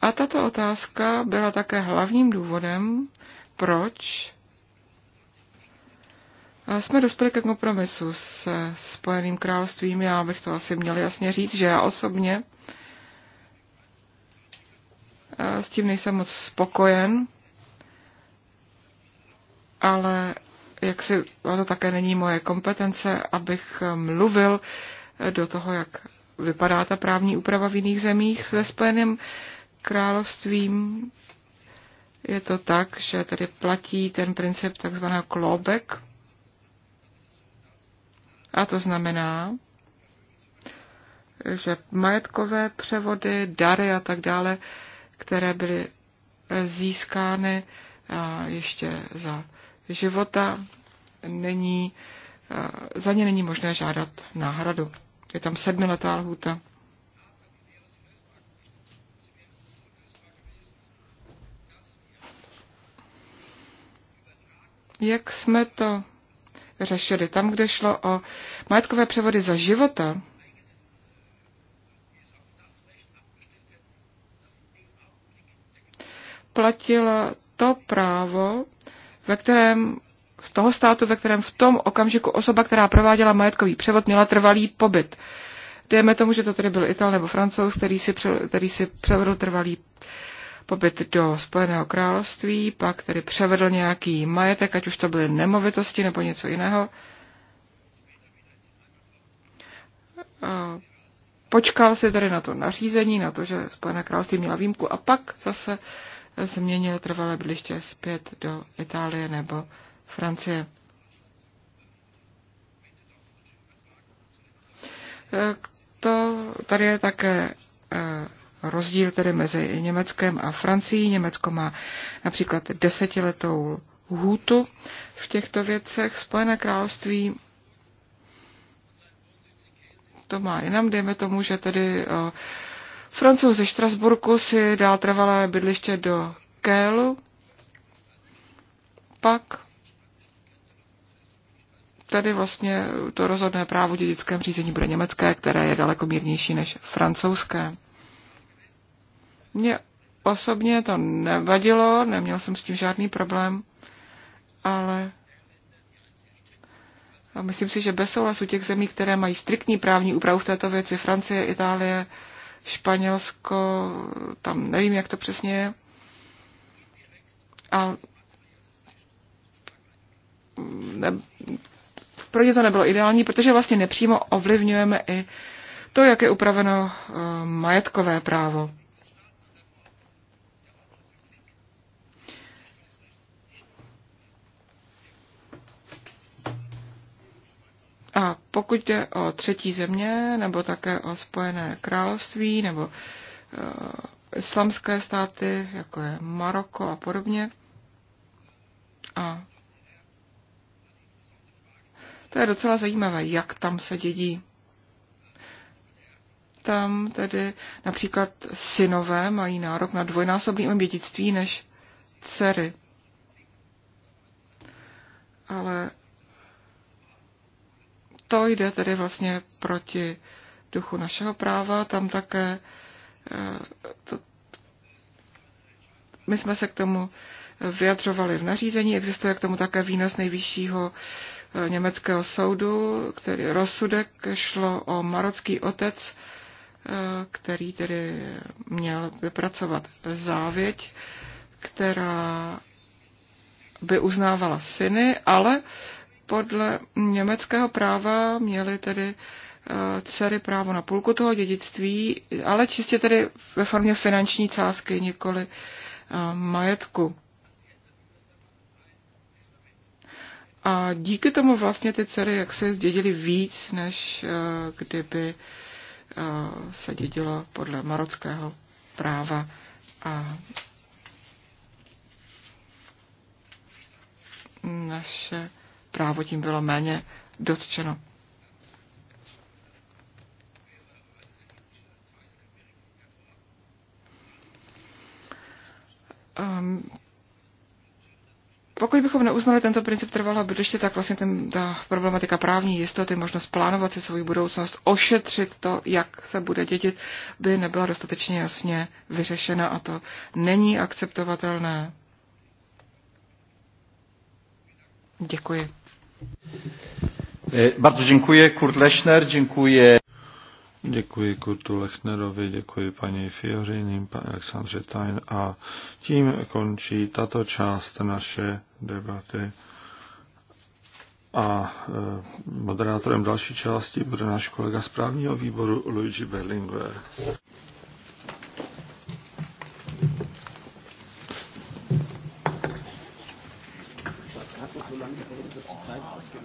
A tato otázka byla také hlavním důvodem, proč jsme dospěli ke kompromisu s Spojeným královstvím. Já bych to asi měl jasně říct, že já osobně eh, s tím nejsem moc spokojen, ale jak si, ale to také není moje kompetence, abych eh, mluvil eh, do toho, jak vypadá ta právní úprava v jiných zemích. Ve Spojeném královstvím je to tak, že tady platí ten princip takzvaného clawback, a to znamená, že majetkové převody, dary a tak dále, které byly získány ještě za života, není, za ně není možné žádat náhradu. Je tam sedmiletá lhůta. Jak jsme to řešili. Tam, kde šlo o majetkové převody za života, platilo to právo, ve kterém v toho státu, ve kterém v tom okamžiku osoba, která prováděla majetkový převod, měla trvalý pobyt. Dejme tomu, že to tedy byl Ital nebo Francouz, který si, který si převedl trvalý pobyt do Spojeného království, pak tedy převedl nějaký majetek, ať už to byly nemovitosti nebo něco jiného. Počkal si tedy na to nařízení, na to, že Spojené království měla výjimku a pak zase změnil trvalé bydliště zpět do Itálie nebo Francie. E, to tady je také e, rozdíl tedy mezi Německem a Francií. Německo má například desetiletou hůtu v těchto věcech. Spojené království to má jenom, dejme tomu, že tedy eh, Francouz ze Štrasburku si dal trvalé bydliště do Kélu, pak tady vlastně to rozhodné právo dědickém řízení bude německé, které je daleko mírnější než francouzské. Mně osobně to nevadilo, neměl jsem s tím žádný problém, ale a myslím si, že bez souhlasu těch zemí, které mají striktní právní úpravu v této věci, Francie, Itálie, Španělsko, tam nevím, jak to přesně je, a ne, pro ně to nebylo ideální, protože vlastně nepřímo ovlivňujeme i to, jak je upraveno eh, majetkové právo. A pokud jde o třetí země, nebo také o Spojené království, nebo e, islamské státy, jako je Maroko a podobně, a to je docela zajímavé, jak tam se dědí. Tam tedy například synové mají nárok na dvojnásobný dědictví, než dcery. Ale to jde tedy vlastně proti duchu našeho práva, tam také eh, to, my jsme se k tomu vyjadřovali v nařízení, existuje k tomu také výnos nejvyššího eh, německého soudu, který rozsudek šlo o marocký otec, eh, který tedy měl vypracovat závěť, která by uznávala syny, ale podle německého práva měly tedy eh, dcery právo na půlku toho dědictví, ale čistě tedy ve formě finanční cásky, nikoli eh, majetku. A díky tomu vlastně ty dcery se zdědily víc, než eh, kdyby se dědilo podle marockého práva. A naše právo tím bylo méně dotčeno. Um, pokud bychom neuznali tento princip trvalého bydliště, tak vlastně ten, ta problematika právní jistoty, možnost plánovat si svou budoucnost, ošetřit to, jak se bude dědit, by nebyla dostatečně jasně vyřešena a to není akceptovatelné. Děkuji. Eh, bardzo dziękuję Kurt Lechner, dziękuję. Děkuji Kurtu Lechnerovi, děkuji paní Fiorini, paní Alexandře Tajn a tím končí tato část naše debaty. A eh, moderátorem další části bude náš kolega z právního výboru Luigi Berlinguer.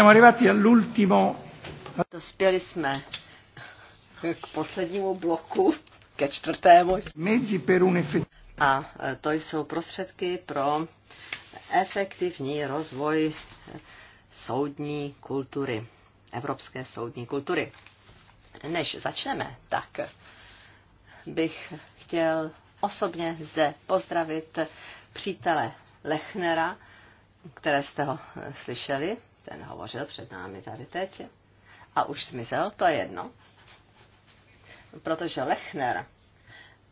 Siamo arrivati all'ultimo. Dospěli jsme k poslednímu bloku, ke čtvrtému. Mezi per un A e, to jsou prostředky pro efektivní rozvoj soudní kultury, evropské soudní kultury. Než začneme, tak bych chtěl osobně zde pozdravit přítele Lechnera, které jste ho slyšeli ten hovořil před námi tady teď a už zmizel, to je jedno. Protože Lechner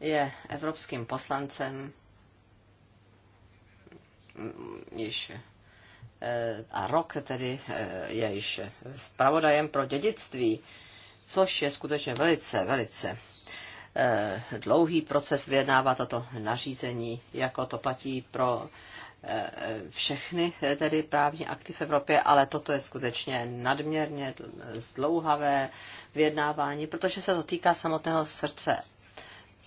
je evropským poslancem mm, již eh, a rok tedy eh, je již zpravodajem pro dědictví, což je skutečně velice, velice eh, dlouhý proces vyjednávat toto nařízení, jako to platí pro všechny tedy právní akty v Evropě, ale toto je skutečně nadměrně zdlouhavé vyjednávání, protože se to týká samotného srdce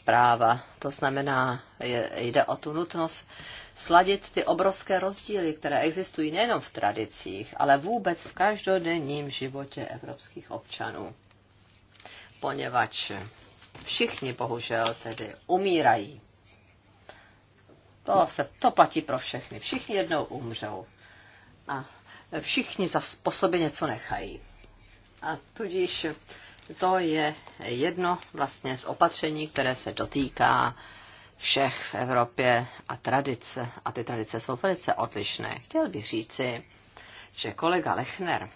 práva. To znamená, je, jde o tu nutnost sladit ty obrovské rozdíly, které existují nejenom v tradicích, ale vůbec v každodenním životě evropských občanů. Poněvadž všichni bohužel tedy umírají to, se, to platí pro všechny. Všichni jednou umřou. A všichni za, po sobě něco nechají. A tudíž to je jedno vlastně z opatření, které se dotýká všech v Evropě a tradice. A ty tradice jsou velice odlišné. Chtěl bych říci, že kolega Lechner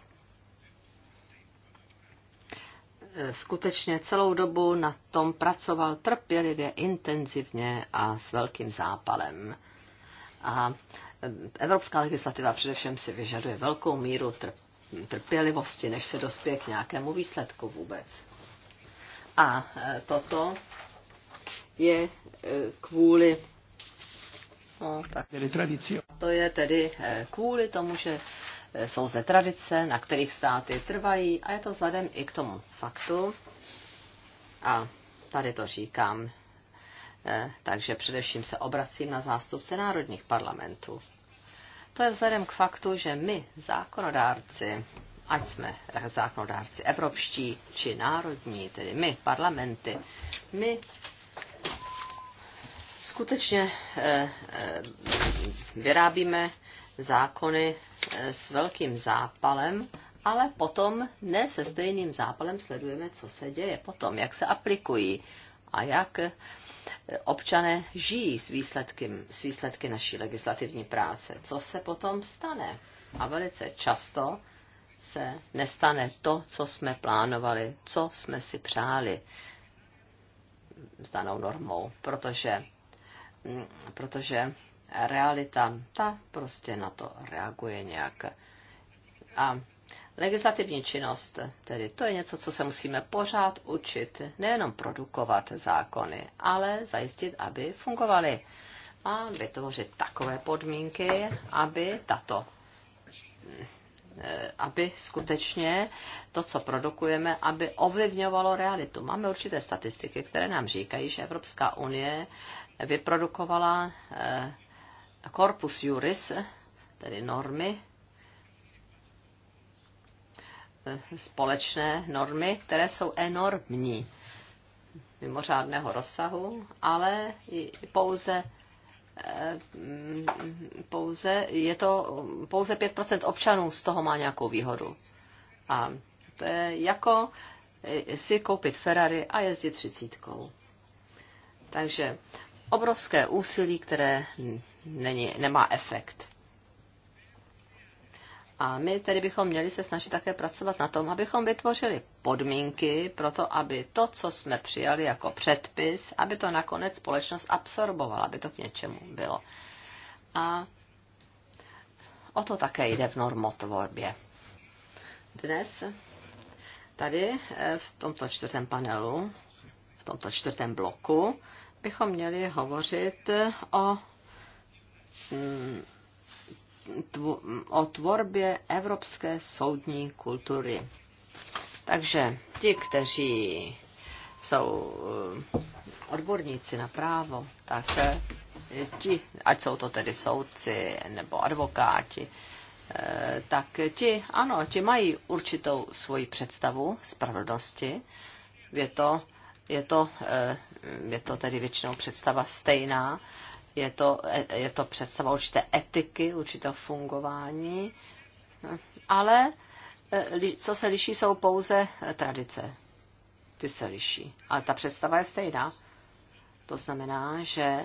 skutečně celou dobu na tom pracoval trpělivě, intenzivně a s velkým zápalem. A eh, evropská legislativa především si vyžaduje velkou míru trpělivosti, než se dospěje k nějakému výsledku vůbec. A eh, toto je eh, kvůli No, tak. To je tedy kvůli tomu, že jsou zde tradice, na kterých státy trvají a je to vzhledem i k tomu faktu. A tady to říkám, eh, takže především se obracím na zástupce národních parlamentů. To je vzhledem k faktu, že my, zákonodárci, ať jsme zákonodárci evropští či národní, tedy my, parlamenty, my skutečně eh, eh, vyrábíme zákony eh, s velkým zápalem, ale potom ne se stejným zápalem sledujeme, co se děje potom, jak se aplikují a jak eh, občané žijí s výsledky, s výsledky naší legislativní práce. Co se potom stane? A velice často se nestane to, co jsme plánovali, co jsme si přáli s danou normou, protože, mm, protože realita, ta prostě na to reaguje nějak. A legislativní činnost, tedy to je něco, co se musíme pořád učit, nejenom produkovat zákony, ale zajistit, aby fungovaly a vytvořit takové podmínky, aby tato eh, aby skutečně to, co produkujeme, aby ovlivňovalo realitu. Máme určité statistiky, které nám říkají, že Evropská unie vyprodukovala eh, corpus juris, tedy normy, eh, společné normy, které jsou enormní, mimořádného rozsahu, ale pouze eh, pouze je to pouze 5% občanů z toho má nějakou výhodu. A to je jako eh, si koupit Ferrari a jezdit třicítkou. Takže obrovské úsilí, které není, nemá efekt. A my tedy bychom měli se snažit také pracovat na tom, abychom vytvořili podmínky pro to, aby to, co jsme přijali jako předpis, aby to nakonec společnost absorbovala, aby to k něčemu bylo. A o to také jde v normotvorbě. Dnes tady eh, v tomto čtvrtém panelu, v tomto čtvrtém bloku, bychom měli hovořit o, mm, o tvorbě evropské soudní kultury. Takže ti, kteří jsou mm, odborníci na právo, tak eh, ti, ať jsou to tedy soudci nebo advokáti, eh, tak ti, ano, ti mají určitou svoji představu spravedlnosti. Je to je to, eh, je to tedy většinou představa stejná, je to, eh, je to představa určité etiky, určitého fungování, ale eh, co se liší, jsou pouze tradice. Ty se liší. Ale ta představa je stejná. To znamená, že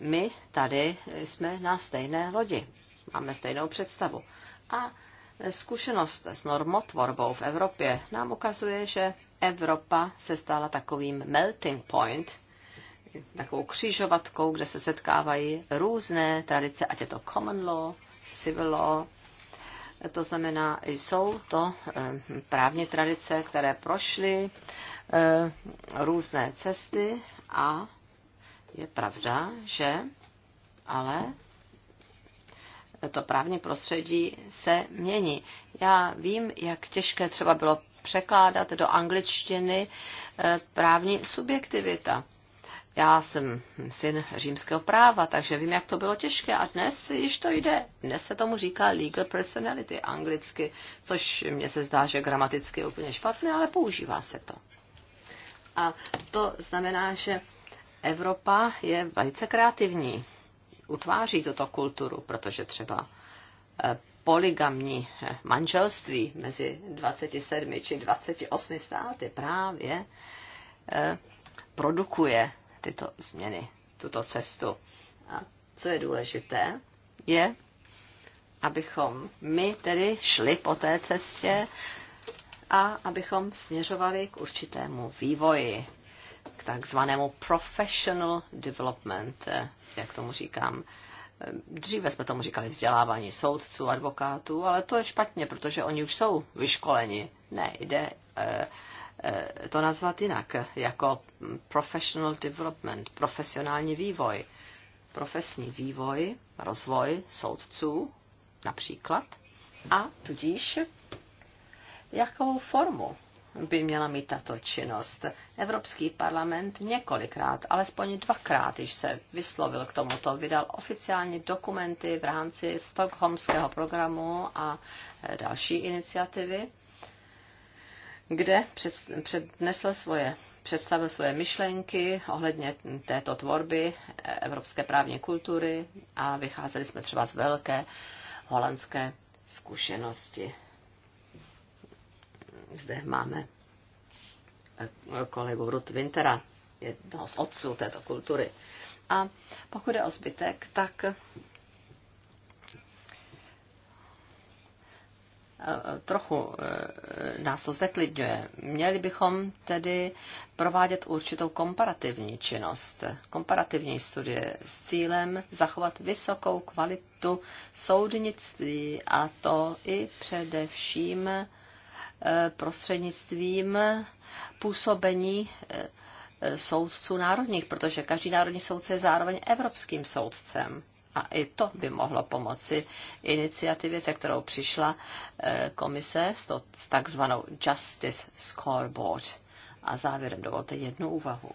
my tady jsme na stejné lodi. Máme stejnou představu. A zkušenost s normotvorbou v Evropě nám ukazuje, že Evropa se stala takovým melting point, takovou křižovatkou, kde se setkávají různé tradice, ať je to common law, civil law, to znamená, jsou to eh, právní tradice, které prošly eh, různé cesty a je pravda, že ale to právní prostředí se mění. Já vím, jak těžké třeba bylo překládat do angličtiny eh, právní subjektivita. Já jsem syn římského práva, takže vím, jak to bylo těžké. A dnes již to jde. Dnes se tomu říká legal personality anglicky, což mně se zdá, že gramaticky je úplně špatné, ale používá se to. A to znamená, že Evropa je velice kreativní. Utváří toto kulturu, protože třeba eh, poligamní manželství mezi 27 či 28 státy právě eh, produkuje tyto změny, tuto cestu. A co je důležité, je, abychom my tedy šli po té cestě a abychom směřovali k určitému vývoji, k takzvanému professional development, eh, jak tomu říkám, Dříve jsme tomu říkali vzdělávání soudců, advokátů, ale to je špatně, protože oni už jsou vyškoleni. Ne, jde eh, eh, to nazvat jinak, jako professional development, profesionální vývoj. Profesní vývoj, rozvoj soudců například. A tudíž, jakou formu by měla mít tato činnost. Evropský parlament několikrát, alespoň dvakrát, již se vyslovil k tomuto, vydal oficiální dokumenty v rámci Stockholmského programu a eh, další iniciativy, kde přednesl svoje představil svoje myšlenky ohledně této tvorby eh, evropské právní kultury a vycházeli jsme třeba z velké holandské zkušenosti zde máme eh, kolegu Ruth Wintera, jednoho z otců této kultury. A pokud je o zbytek, tak eh, eh, trochu nás to zeklidňuje. Měli bychom tedy provádět určitou komparativní činnost, komparativní studie s cílem zachovat vysokou kvalitu soudnictví a to i především Eh, prostřednictvím působení eh, soudců národních, protože každý národní soudce je zároveň evropským soudcem. A i to by mohlo pomoci iniciativě, se kterou přišla eh, komise s, takzvanou Justice Scoreboard. A závěrem dovolte jednu úvahu.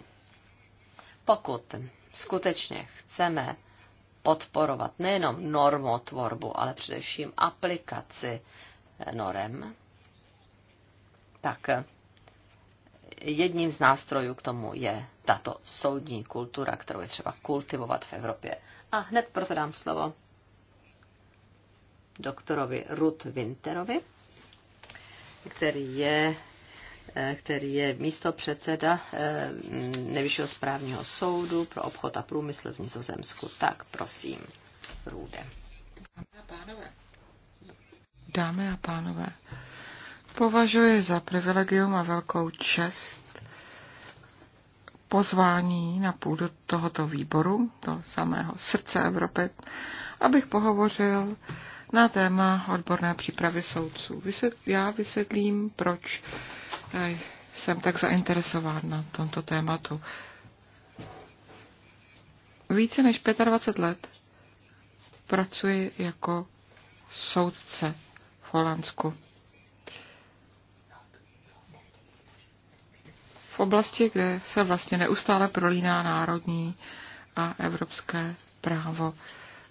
Pokud skutečně chceme podporovat nejenom normotvorbu, ale především aplikaci norem, tak jedním z nástrojů k tomu je tato soudní kultura, kterou je třeba kultivovat v Evropě. A hned proto dám slovo doktorovi Ruth Winterovi, který je, který je místo předseda eh, Nejvyššího správního soudu pro obchod a průmysl v Nizozemsku. Tak prosím, Rude. Dámy a pánové, Dámy a pánové, Považuji za privilegium a velkou čest pozvání na půdu tohoto výboru, do samého srdce Evropy, abych pohovořil na téma odborné přípravy soudců. já vysvětlím, proč eh, jsem tak zainteresován na tomto tématu. Více než 25 let pracuji jako soudce v Holandsku. v oblasti, kde se vlastně neustále prolíná národní a evropské právo.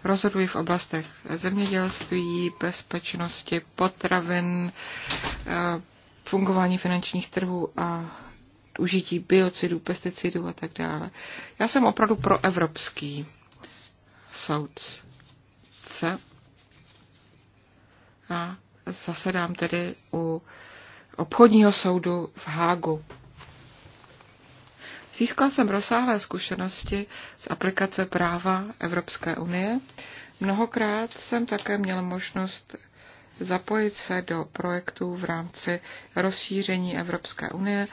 Rozhodují v oblastech zemědělství, bezpečnosti, potravin, eh, fungování finančních trhů a užití biocidů, pesticidů a tak dále. Já jsem opravdu proevropský soudce a zasedám tedy u obchodního soudu v Hágu Získal jsem rozsáhlé zkušenosti z aplikace práva Evropské unie. Mnohokrát jsem také měl možnost zapojit se do projektů v rámci rozšíření Evropské unie.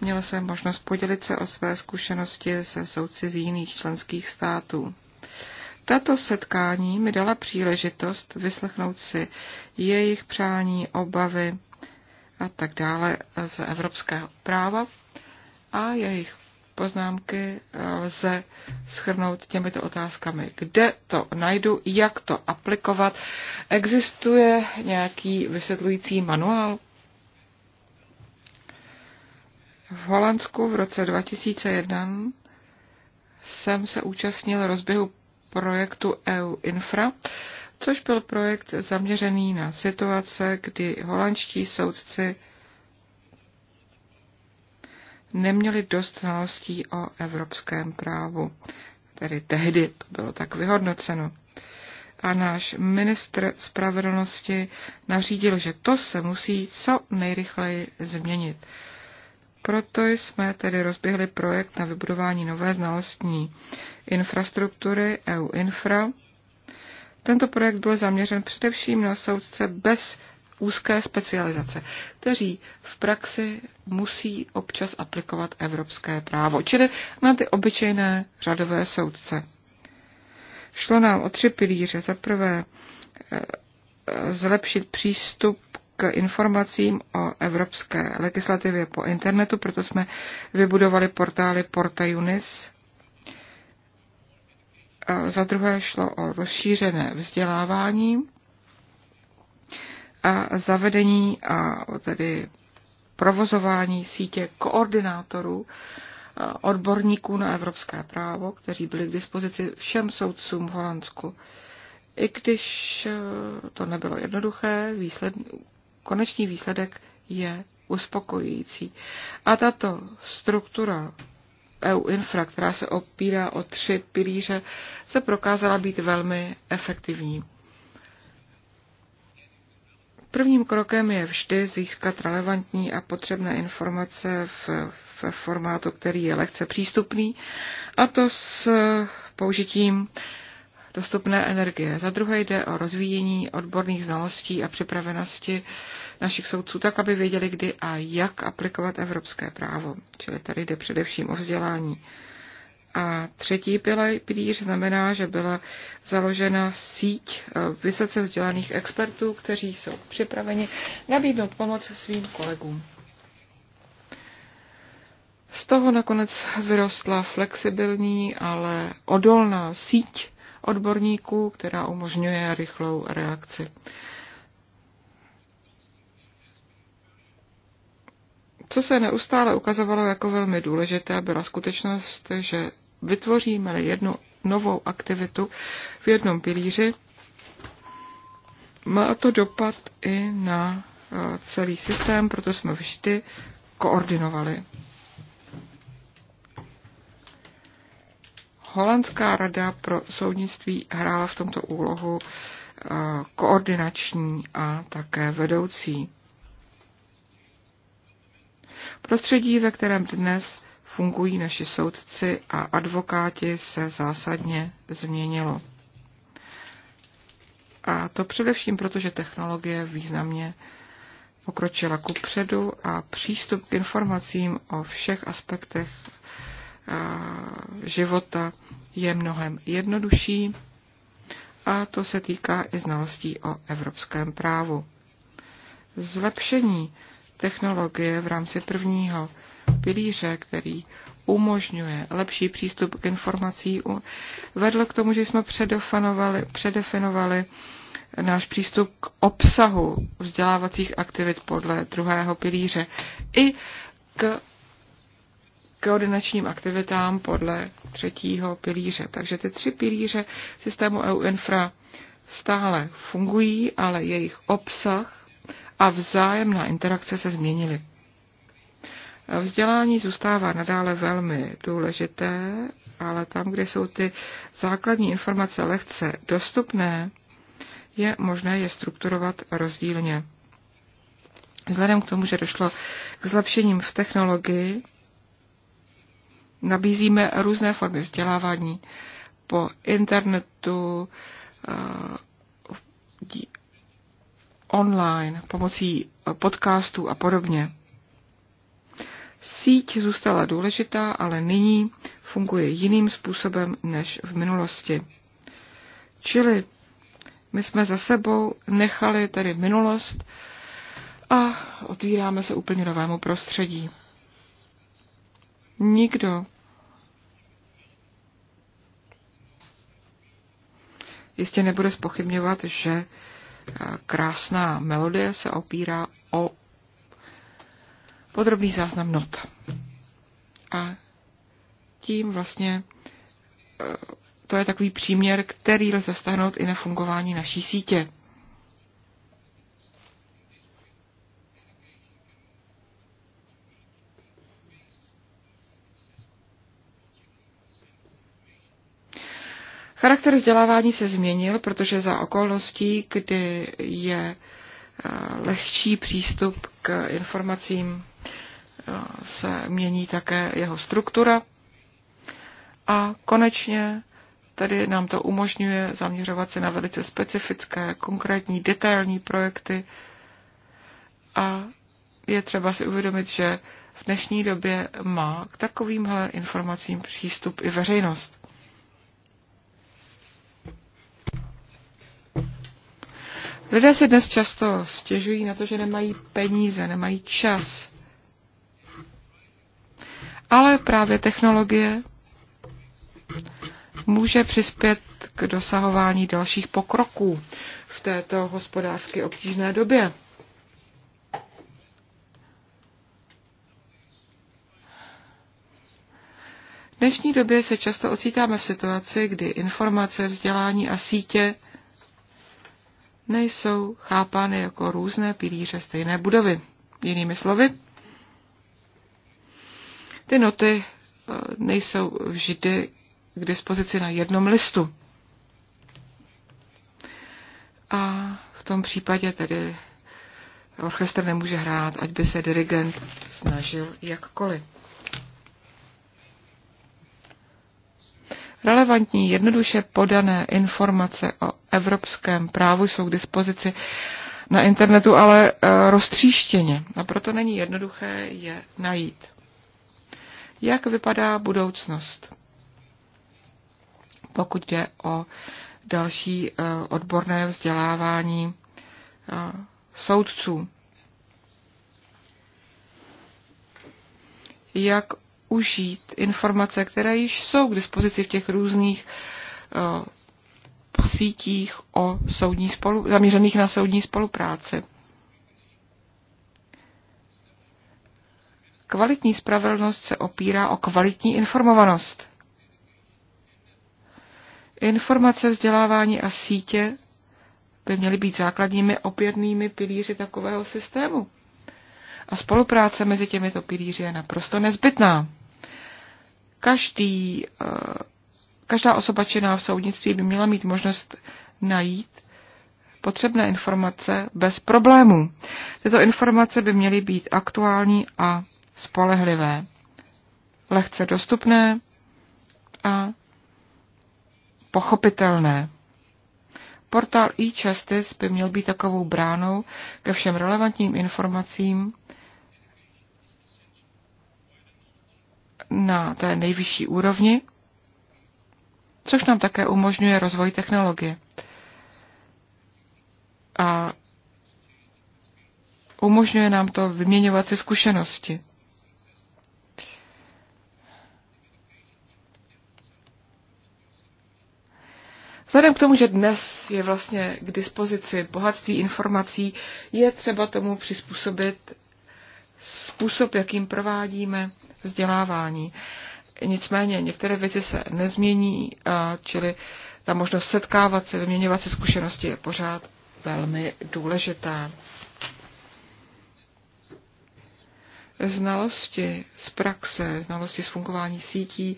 Měl jsem možnost podělit se o své zkušenosti se soudci z jiných členských států. Tato setkání mi dala příležitost vyslechnout si jejich přání, obavy a tak dále z evropského práva a jejich poznámky eh, lze schrnout těmito otázkami. Kde to najdu, jak to aplikovat? Existuje nějaký vysvětlující manuál? V Holandsku v roce 2001 jsem se účastnil rozběhu projektu EU Infra, což byl projekt zaměřený na situace, kdy holandští soudci neměli dost znalostí o evropském právu. Tedy tehdy to bylo tak vyhodnoceno. A náš ministr spravedlnosti nařídil, že to se musí co nejrychleji změnit. Proto jsme tedy rozběhli projekt na vybudování nové znalostní infrastruktury EU Infra. Tento projekt byl zaměřen především na soudce bez úzké specializace, kteří v praxi musí občas aplikovat evropské právo, čili na ty obyčejné řadové soudce. Šlo nám o tři pilíře. Za prvé eh, zlepšit přístup k informacím o evropské legislativě po internetu, proto jsme vybudovali portály Porta Unis. Eh, za druhé šlo o rozšířené vzdělávání a zavedení a tedy provozování sítě koordinátorů odborníků na evropské právo, kteří byli k dispozici všem soudcům v Holandsku. I když e, to nebylo jednoduché, výsled, konečný výsledek je uspokojující. A tato struktura EU Infra, která se opírá o tři pilíře, se prokázala být velmi efektivní. Prvním krokem je vždy získat relevantní a potřebné informace v, v formátu, který je lehce přístupný, a to s použitím dostupné energie. Za druhé jde o rozvíjení odborných znalostí a připravenosti našich soudců tak, aby věděli, kdy a jak aplikovat evropské právo. Čili tady jde především o vzdělání. A třetí pilíř znamená, že byla založena síť eh, vysoce vzdělaných expertů, kteří jsou připraveni nabídnout pomoc svým kolegům. Z toho nakonec vyrostla flexibilní, ale odolná síť odborníků, která umožňuje rychlou reakci. Co se neustále ukazovalo jako velmi důležité, byla skutečnost, že vytvoříme jednu novou aktivitu v jednom pilíři, má to dopad i na eh, celý systém, proto jsme vždy koordinovali. Holandská rada pro soudnictví hrála v tomto úlohu eh, koordinační a také vedoucí. Prostředí, ve kterém dnes fungují naši soudci a advokáti, se zásadně změnilo. A to především proto, že technologie významně pokročila ku předu a přístup k informacím o všech aspektech života je mnohem jednodušší a to se týká i znalostí o evropském právu. Zlepšení technologie v rámci prvního pilíře, který umožňuje lepší přístup k informací, vedl k tomu, že jsme předefinovali, předefinovali náš přístup k obsahu vzdělávacích aktivit podle druhého pilíře i k koordinačním aktivitám podle třetího pilíře. Takže ty tři pilíře systému EU Infra stále fungují, ale jejich obsah a vzájemná interakce se změnily. Vzdělání zůstává nadále velmi důležité, ale tam, kde jsou ty základní informace lehce dostupné, je možné je strukturovat rozdílně. Vzhledem k tomu, že došlo k zlepšením v technologii, nabízíme různé formy vzdělávání po internetu, eh, online, pomocí podcastů a podobně. Síť zůstala důležitá, ale nyní funguje jiným způsobem než v minulosti. Čili my jsme za sebou nechali tedy minulost a otvíráme se úplně novému prostředí. Nikdo jistě nebude spochybňovat, že krásná melodie se opírá o podrobný záznam not. A tím vlastně eh, to je takový příměr, který lze stáhnout i na fungování naší sítě. Charakter vzdělávání se změnil, protože za okolností, kdy je uh, Eh, lehčí přístup k informacím eh, se mění také jeho struktura. A konečně tedy nám to umožňuje zaměřovat se na velice specifické, konkrétní, detailní projekty. A je třeba si uvědomit, že v dnešní době má k takovýmhle informacím přístup i veřejnost. Lidé se dnes často stěžují na to, že nemají peníze, nemají čas. Ale právě technologie může přispět k dosahování dalších pokroků v této hospodářsky obtížné době. V dnešní době se často ocitáme v situaci, kdy informace, vzdělání a sítě nejsou chápány jako různé pilíře stejné budovy. Jinými slovy, ty noty eh, nejsou vždy k dispozici na jednom listu. A v tom případě tedy orchestr nemůže hrát, ať by se dirigent snažil jakkoliv. relevantní, jednoduše podané informace o evropském právu jsou k dispozici na internetu, ale eh, roztříštěně a proto není jednoduché je najít. Jak vypadá budoucnost? Pokud jde o další eh, odborné vzdělávání eh, soudců. Jak užít informace, které již jsou k dispozici v těch různých eh, sítích o soudní spolu, zaměřených na soudní spolupráci. Kvalitní spravedlnost se opírá o kvalitní informovanost. Informace, vzdělávání a sítě by měly být základními opěrnými pilíři takového systému. A spolupráce mezi těmito pilíři je naprosto nezbytná každý, eh, každá osoba činná v soudnictví by měla mít možnost najít potřebné informace bez problémů. Tyto informace by měly být aktuální a spolehlivé, lehce dostupné a pochopitelné. Portál e-Justice by měl být takovou bránou ke všem relevantním informacím, na té nejvyšší úrovni, což nám také umožňuje rozvoj technologie. A umožňuje nám to vyměňovat si zkušenosti. Vzhledem k tomu, že dnes je vlastně k dispozici bohatství informací, je třeba tomu přizpůsobit způsob, jakým provádíme vzdělávání. Nicméně některé věci se nezmění, čili ta možnost setkávat se, vyměňovat se zkušenosti je pořád velmi důležitá. Znalosti z praxe, znalosti z fungování sítí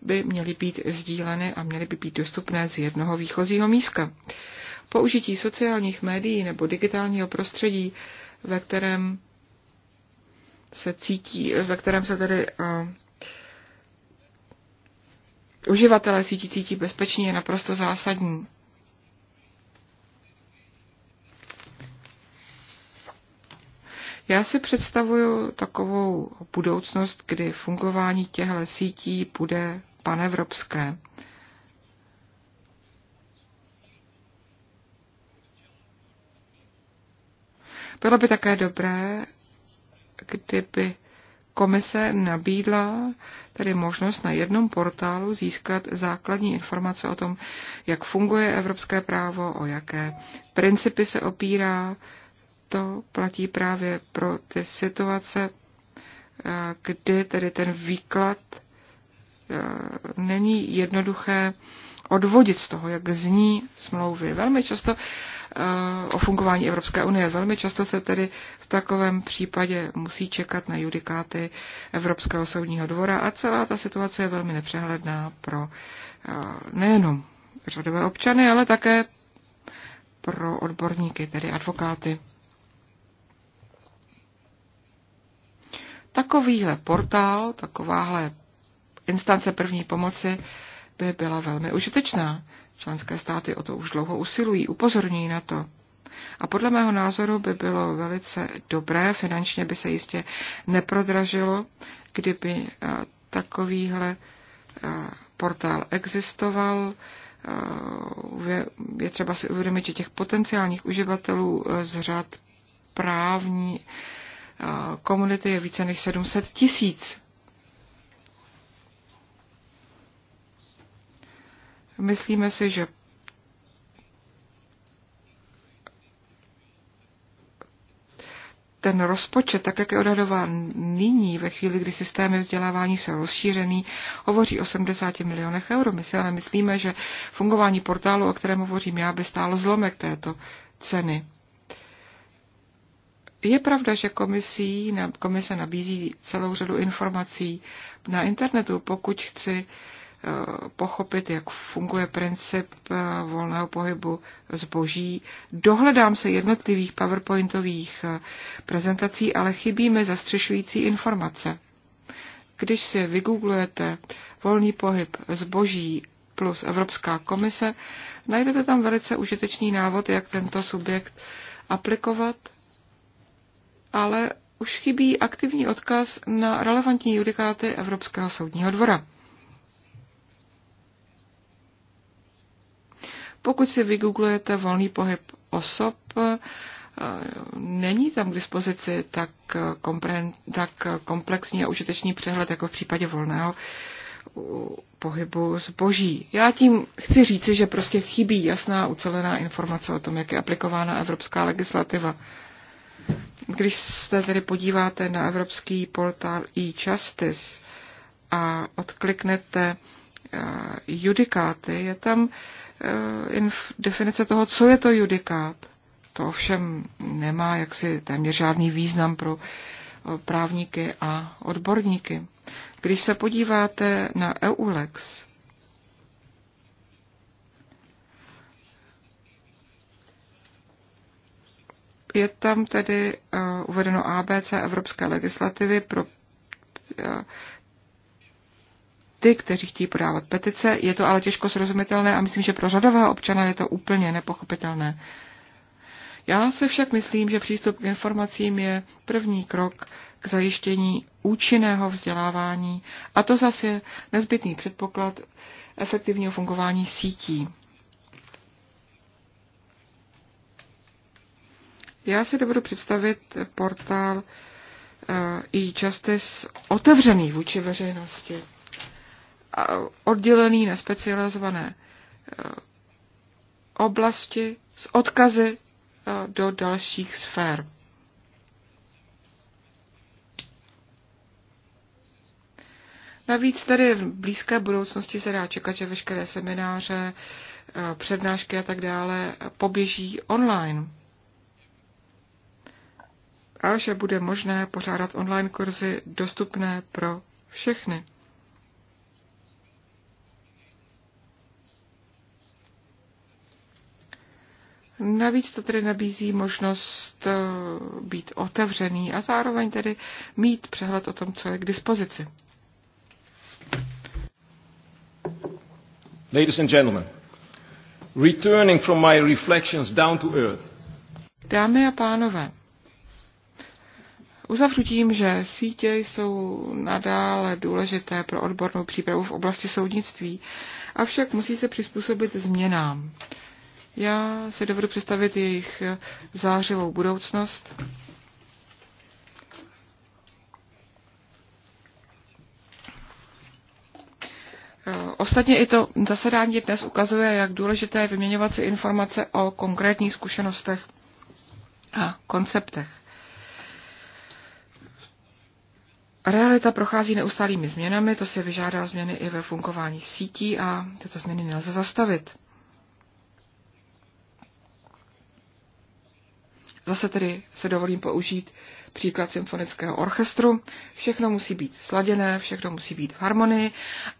by měly být sdíleny a měly by být dostupné z jednoho výchozího místa. Použití sociálních médií nebo digitálního prostředí, ve kterém se cítí, ve kterém se tedy uh, uživatelé sítí cítí bezpečně, je naprosto zásadní. Já si představuju takovou budoucnost, kdy fungování těchto sítí bude panevropské. Bylo by také dobré, kdyby komise nabídla tedy možnost na jednom portálu získat základní informace o tom, jak funguje evropské právo, o jaké principy se opírá. To platí právě pro ty situace, eh, kdy tedy ten výklad eh, není jednoduché odvodit z toho, jak zní smlouvy. Velmi často Eh, o fungování Evropské unie. Velmi často se tedy v takovém případě musí čekat na judikáty Evropského soudního dvora a celá ta situace je velmi nepřehledná pro eh, nejenom řadové občany, ale také pro odborníky, tedy advokáty. Takovýhle portál, takováhle instance první pomoci by byla velmi užitečná. Členské státy o to už dlouho usilují, upozorňují na to. A podle mého názoru by bylo velice dobré, finančně by se jistě neprodražilo, kdyby eh, takovýhle eh, portál existoval. Eh, je třeba si uvědomit, že těch potenciálních uživatelů z řad právní komunity je více než 700 tisíc. Myslíme si, že ten rozpočet, tak jak je odhadován nyní, ve chvíli, kdy systémy vzdělávání jsou rozšířený, hovoří o 70 milionech euro. My si ale myslíme, že fungování portálu, o kterém hovořím já, by stálo zlomek této ceny. Je pravda, že komisí, komise nabízí celou řadu informací na internetu. Pokud chci uh, pochopit, jak funguje princip eh, volného pohybu zboží. Dohledám se jednotlivých PowerPointových eh, prezentací, ale chybí mi zastřešující informace. Když si vygooglujete volný pohyb zboží plus Evropská komise, najdete tam velice užitečný návod, jak tento subjekt aplikovat, ale už chybí aktivní odkaz na relevantní judikáty Evropského soudního dvora. Pokud si vygooglujete volný pohyb osob, není tam k dispozici tak, tak komplexní a užitečný přehled jako v případě volného pohybu zboží. Já tím chci říci, že prostě chybí jasná ucelená informace o tom, jak je aplikována evropská legislativa. Když se tedy podíváte na evropský portál e-justice a odkliknete eh, judikáty, je tam Eh, definice toho, co je to judikát. To ovšem nemá jaksi téměř žádný význam pro eh, právníky a odborníky. Když se podíváte na EULEX, je tam tedy eh, uvedeno ABC Evropské legislativy pro ty, kteří chtějí podávat petice. Je to ale těžko srozumitelné a myslím, že pro řadového občana je to úplně nepochopitelné. Já se však myslím, že přístup k informacím je první krok k zajištění účinného vzdělávání a to zase je nezbytný předpoklad efektivního fungování sítí. Já si dobudu představit portál e-justice eh, otevřený vůči veřejnosti oddělený na specializované eh, oblasti s odkazy eh, do dalších sfér. Navíc tady v blízké budoucnosti se dá čekat, že veškeré semináře, eh, přednášky a tak dále poběží online. A že bude možné pořádat online kurzy dostupné pro všechny. Navíc to tedy nabízí možnost eh, být otevřený a zároveň tedy mít přehled o tom, co je k dispozici. Ladies and gentlemen, returning from my reflections down to earth. Dámy a pánové, uzavřu tím, že sítě jsou nadále důležité pro odbornou přípravu v oblasti soudnictví, avšak musí se přizpůsobit změnám já si dovedu představit jejich zářivou budoucnost. Ostatně i to zasedání dnes ukazuje, jak důležité je vyměňovat si informace o konkrétních zkušenostech a konceptech. Realita prochází neustálými změnami, to se vyžádá změny i ve fungování sítí a tyto změny nelze zastavit. Zase tedy se dovolím použít příklad symfonického orchestru. Všechno musí být sladěné, všechno musí být v harmonii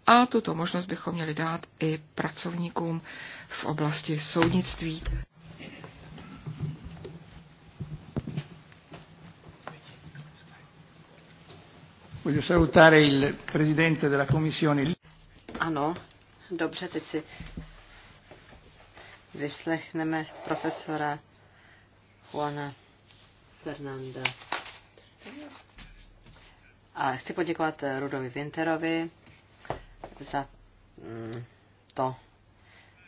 a tuto možnost bychom měli dát i pracovníkům v oblasti soudnictví. Ano, dobře, teď si vyslechneme profesora Juana Fernanda. A chci poděkovat eh, Rudovi Winterovi za mm, to,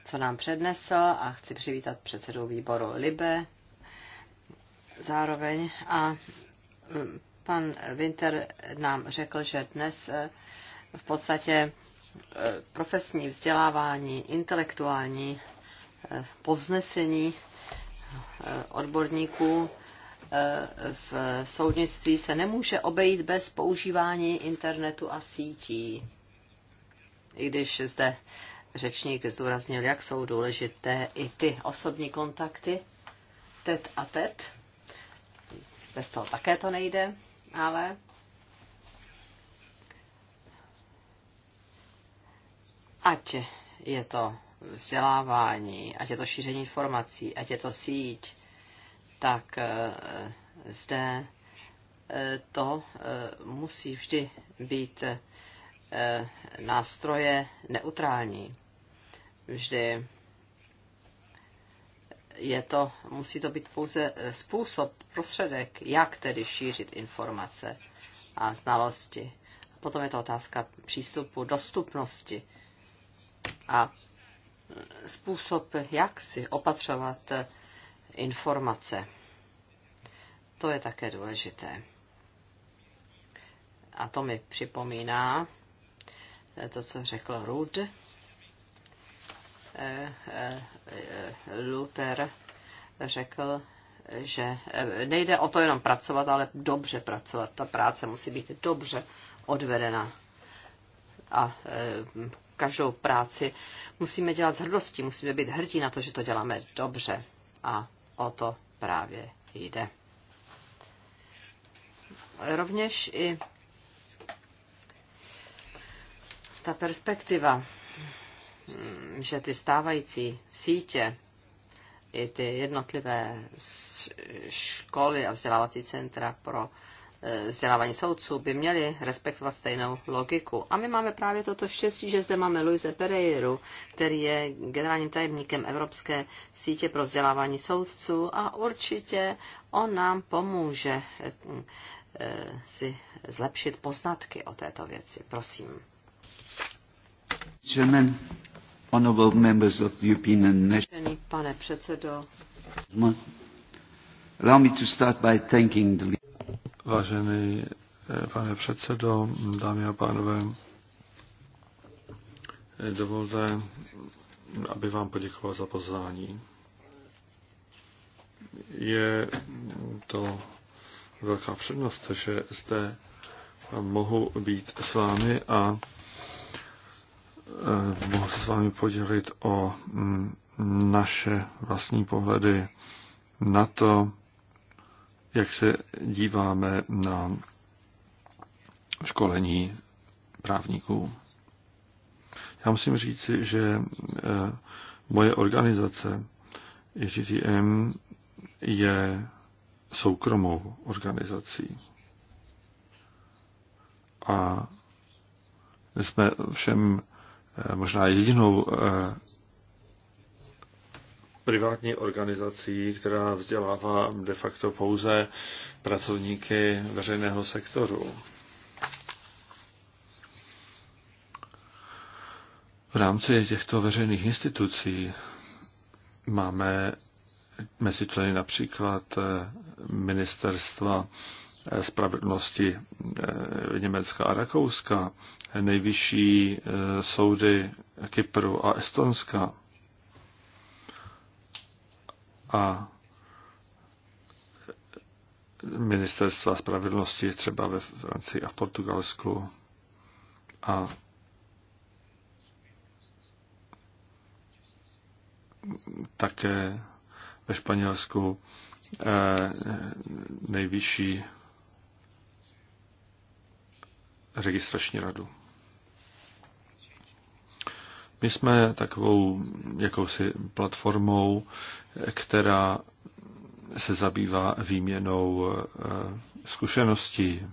co nám přednesl a chci přivítat předsedu výboru Libe zároveň a mm, pan Winter nám řekl, že dnes eh, v podstatě eh, profesní vzdělávání, intelektuální povznesení Eh, odborníků eh, v soudnictví se nemůže obejít bez používání internetu a sítí. I když zde řečník zdůraznil, jak jsou důležité i ty osobní kontakty, tet a tet. Bez toho také to nejde, ale ať je to vzdělávání, ať je to šíření informací, ať je to síť, tak eh, zde eh, to eh, musí vždy být nástroje neutrální. Vždy je to, musí to být pouze způsob, prostředek, jak tedy šířit informace a znalosti. Potom je to otázka přístupu, dostupnosti. A způsob, jak si opatřovat informace. To je také důležité. A to mi připomíná to, co řekl Rud. Eh, eh, eh, Luther řekl, že nejde o to jenom pracovat, ale dobře pracovat. Ta práce musí být dobře odvedena. A každou práci musíme dělat s hrdostí, musíme být hrdí na to, že to děláme dobře. A o to právě jde. Rovněž i ta perspektiva, že ty stávající sítě, i ty jednotlivé školy a vzdělávací centra pro vzdělávání soudců by měli respektovat stejnou logiku. A my máme právě toto štěstí, že zde máme Luise Pereiru, který je generálním tajemníkem Evropské sítě pro vzdělávání soudců a určitě on nám pomůže eh, si zlepšit poznatky o této věci. Prosím. Chairman, honorable members of the European National... Pane předsedo, Allow me to start by thanking the Vážený eh, pane předsedo, dámy a pánové, eh, dovolte, aby vám poděkoval za pozvání. Je to velká přednost, že zde mohu být s vámi a eh, mohu se s vámi podělit o mm, naše vlastní pohledy na to, jak se díváme na školení právníků. Já musím říci, že e, moje organizace IGTM je soukromou organizací. A jsme všem e, možná jedinou e, privátní organizací, která vzdělává de facto pouze pracovníky veřejného sektoru. V rámci těchto veřejných institucí máme mezi členy například eh, ministerstva eh, spravedlnosti eh, Německa a Rakouska, nejvyšší soudy Kypru a Estonska a ministerstva spravedlnosti třeba ve Francii a v Portugalsku a také ve Španělsku eh, nejvyšší registrační radu. My jsme takovou jakousi platformou, která se zabývá výměnou eh, zkušeností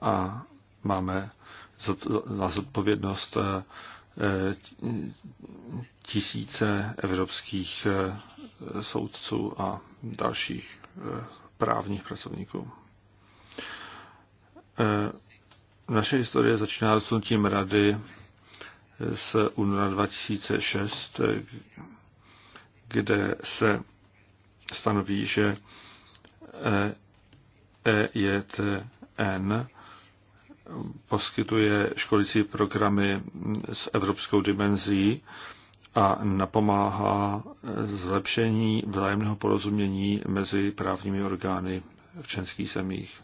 a máme za zodpovědnost eh, tisíce evropských eh, soudců a dalších právních pracovníků. Naše historie začíná rozhodnutím rady z února 2006, kde se stanoví, že EJTN e poskytuje školicí programy s evropskou dimenzí a napomáhá zlepšení vzájemného porozumění mezi právními orgány v členských zemích.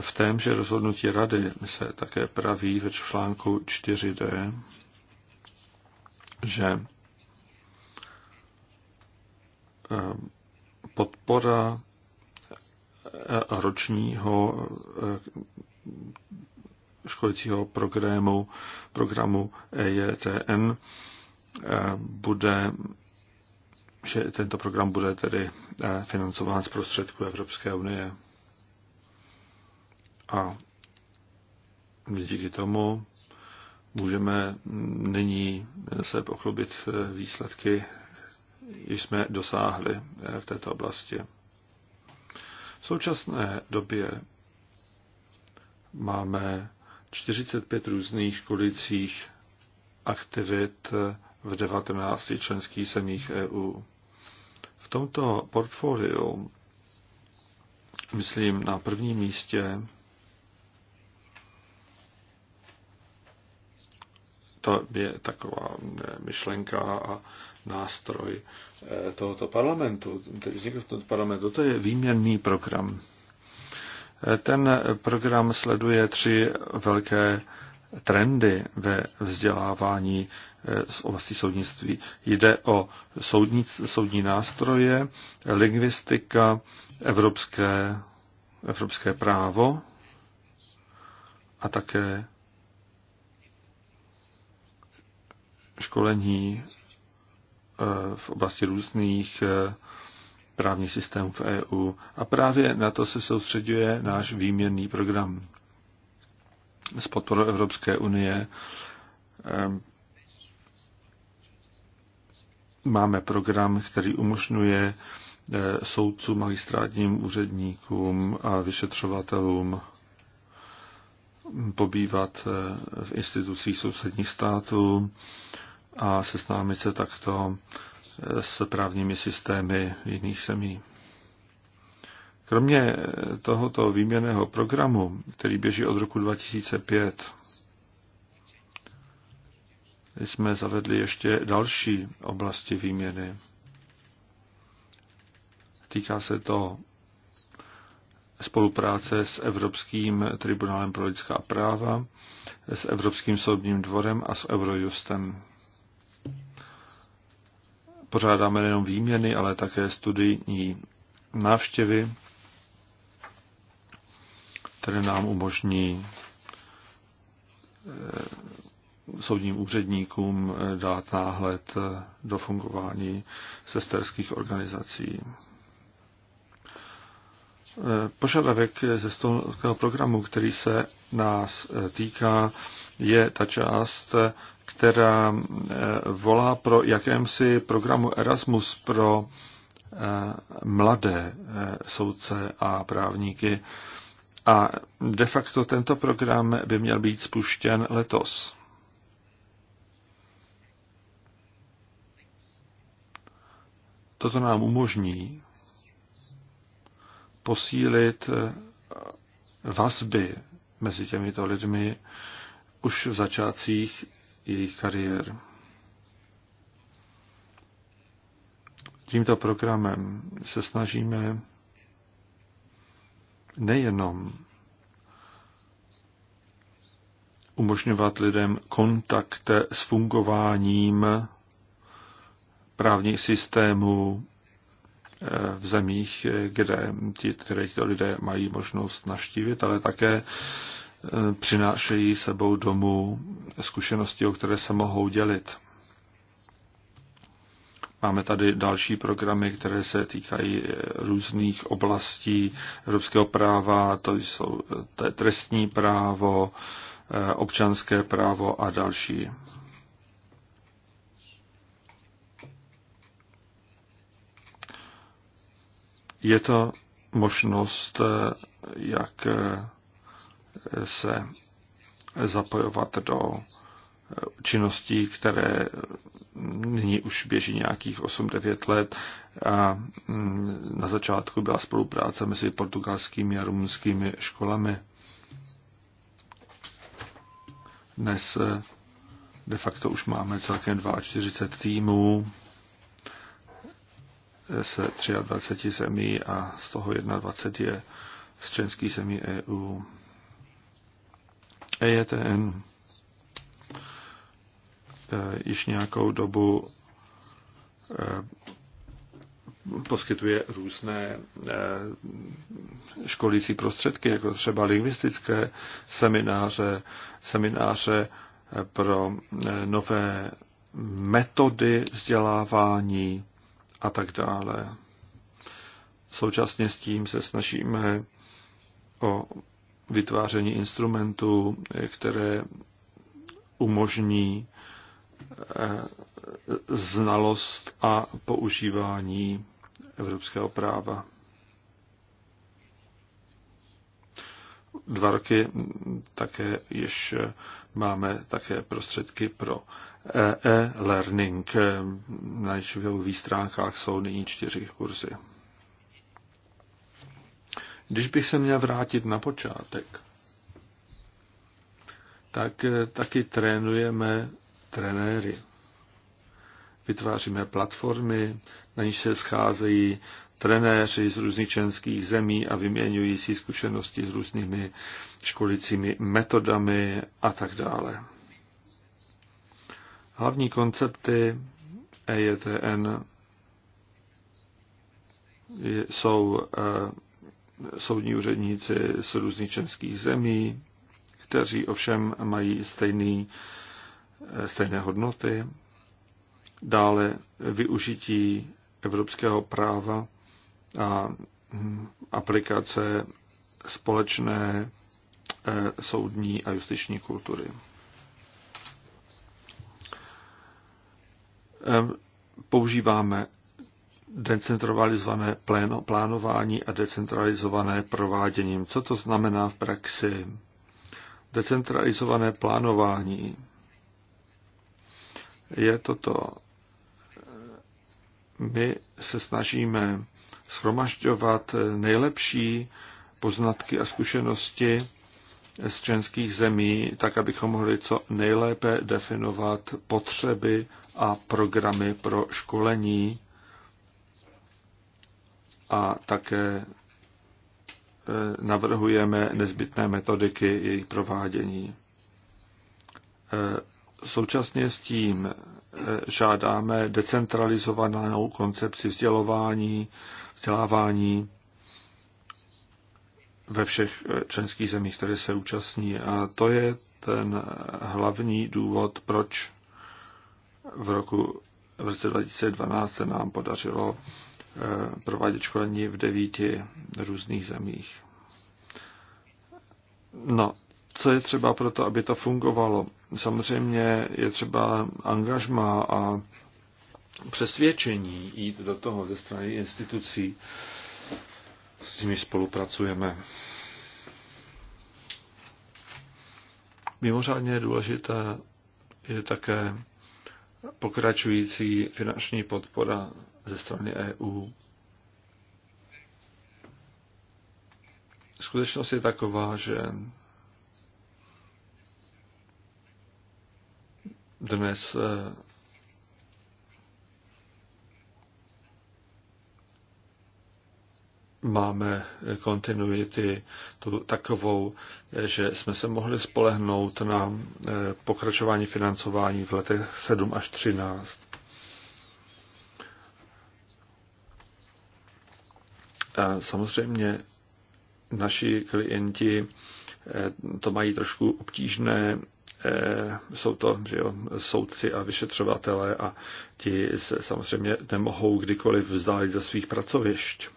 V témže rozhodnutí rady se také praví ve článku 4d, že eh, podpora eh, ročního eh, školicího programu, programu EJTN bude, že tento program bude tedy financován z prostředků Evropské unie. A díky tomu můžeme nyní se pochlubit výsledky, již jsme dosáhli v této oblasti. V současné době máme 45 různých školicích aktivit v 19 členských zemích EU. V tomto portfoliu, myslím, na prvním místě to je taková myšlenka a nástroj eh, tohoto parlamentu, tedy vznikl tohoto parlamentu. To je výměnný program. Eh, ten program sleduje tři velké trendy ve vzdělávání eh, z oblasti soudnictví. Jde o soudní, soudní nástroje, lingvistika, evropské, evropské právo a také školení eh, v oblasti různých eh, právních systémů v EU. A právě na to se soustředuje náš výměnný program s podporou Evropské unie. Eh, máme program, který umožňuje soudcům, magistrátním úředníkům a vyšetřovatelům pobývat v institucích sousedních států, a seznámit se takto eh, s právními systémy jiných zemí. Kromě eh, tohoto výměného programu, který běží od roku 2005, jsme zavedli ještě další oblasti výměny. Týká se to spolupráce s Evropským tribunálem pro lidská práva, s Evropským soudním dvorem a s Eurojustem pořádáme nejenom výměny, ale také studijní návštěvy, které nám umožní eh, soudním úředníkům eh, dát náhled eh, do fungování sesterských organizací. Požadavek ze stonského programu, který se nás týká, je ta část, která eh, volá pro jakémsi programu Erasmus pro eh, mladé eh, soudce a právníky. A de facto tento program by měl být spuštěn letos. Toto nám umožní posílit vazby mezi těmito lidmi, už v začátcích jejich kariér. Tímto programem se snažíme nejenom umožňovat lidem kontakt s fungováním právních systémů eh, v zemích, kde ti, které lidé mají možnost naštívit, ale také Eh, přinášejí sebou domů zkušenosti, o které se mohou dělit. Máme tady další programy, které se týkají eh, různých oblastí evropského práva, to jsou eh, to trestní právo, občanské právo a další. Je to možnost, jak se zapojovat do činností, které nyní už běží nějakých 8-9 let. A mm, na začátku byla spolupráce mezi portugalskými a rumunskými školami. Dnes eh, de facto už máme celkem 42 týmů se 23 zemí a z toho 21 je z členských zemí EU. EJTN e, již nějakou dobu e, poskytuje různé e, školící prostředky, jako třeba lingvistické semináře, semináře pro nové metody vzdělávání a tak dále. Současně s tím se snažíme o vytváření instrumentů, které umožní eh, znalost a používání evropského práva. Dva roky také již máme také prostředky pro eh, e-learning. Na jednotlivých stránkách jsou nyní čtyři kurzy. Když bych se měl vrátit na počátek, tak eh, taky trénujeme trenéry. Vytváříme platformy, na níž se scházejí trenéři z různých členských zemí a vyměňují si zkušenosti s různými školicími metodami a tak dále. Hlavní koncepty EJTN jsou eh, soudní úředníci z různých členských zemí, kteří ovšem mají stejný, stejné hodnoty. Dále využití evropského práva a hm, aplikace společné eh, soudní a justiční kultury. Ehm, používáme decentralizované pléno, plánování a decentralizované prováděním. Co to znamená v praxi? Decentralizované plánování je toto. My se snažíme schromažďovat nejlepší poznatky a zkušenosti z členských zemí, tak abychom mohli co nejlépe definovat potřeby a programy pro školení a také e, navrhujeme nezbytné metodiky jejich provádění. E, současně s tím e, žádáme decentralizovanou koncepci vzdělování, vzdělávání ve všech členských zemích, které se účastní. A to je ten hlavní důvod, proč v roku v roce 2012 se nám podařilo Eh, provádět školení v devíti různých zemích. No, co je třeba pro to, aby to fungovalo? Samozřejmě je třeba angažma a přesvědčení jít do toho ze strany institucí, s nimi spolupracujeme. Mimořádně důležité je také pokračující finanční podpora ze strany EU. Skutečnost je taková, že dnes eh, máme kontinuity takovou, že jsme se mohli spolehnout na eh, pokračování financování v letech 7 až 13. A samozřejmě naši klienti eh, to mají trošku obtížné, eh, jsou to že jo, soudci a vyšetřovatelé a ti se samozřejmě nemohou kdykoliv vzdálit ze svých pracovišť.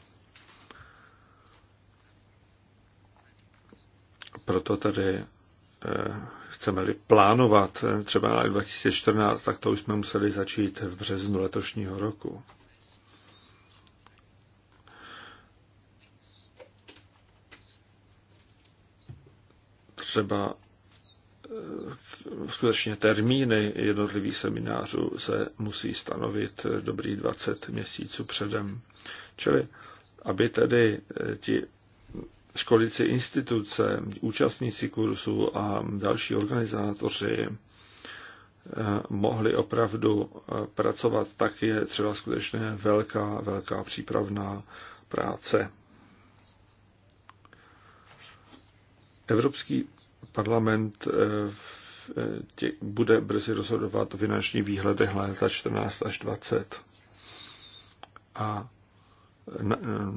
Proto tedy eh, chceme-li plánovat eh, třeba na 2014, tak to už jsme museli začít v březnu letošního roku. Třeba eh, skutečně termíny jednotlivých seminářů se musí stanovit dobrý 20 měsíců předem. Čili aby tedy ti školící instituce, účastníci kursu a další organizátoři eh, mohli opravdu eh, pracovat, tak je třeba skutečně velká, velká přípravná práce. Evropský parlament eh, bude brzy rozhodovat o finanční výhledech léta 14 až 20. A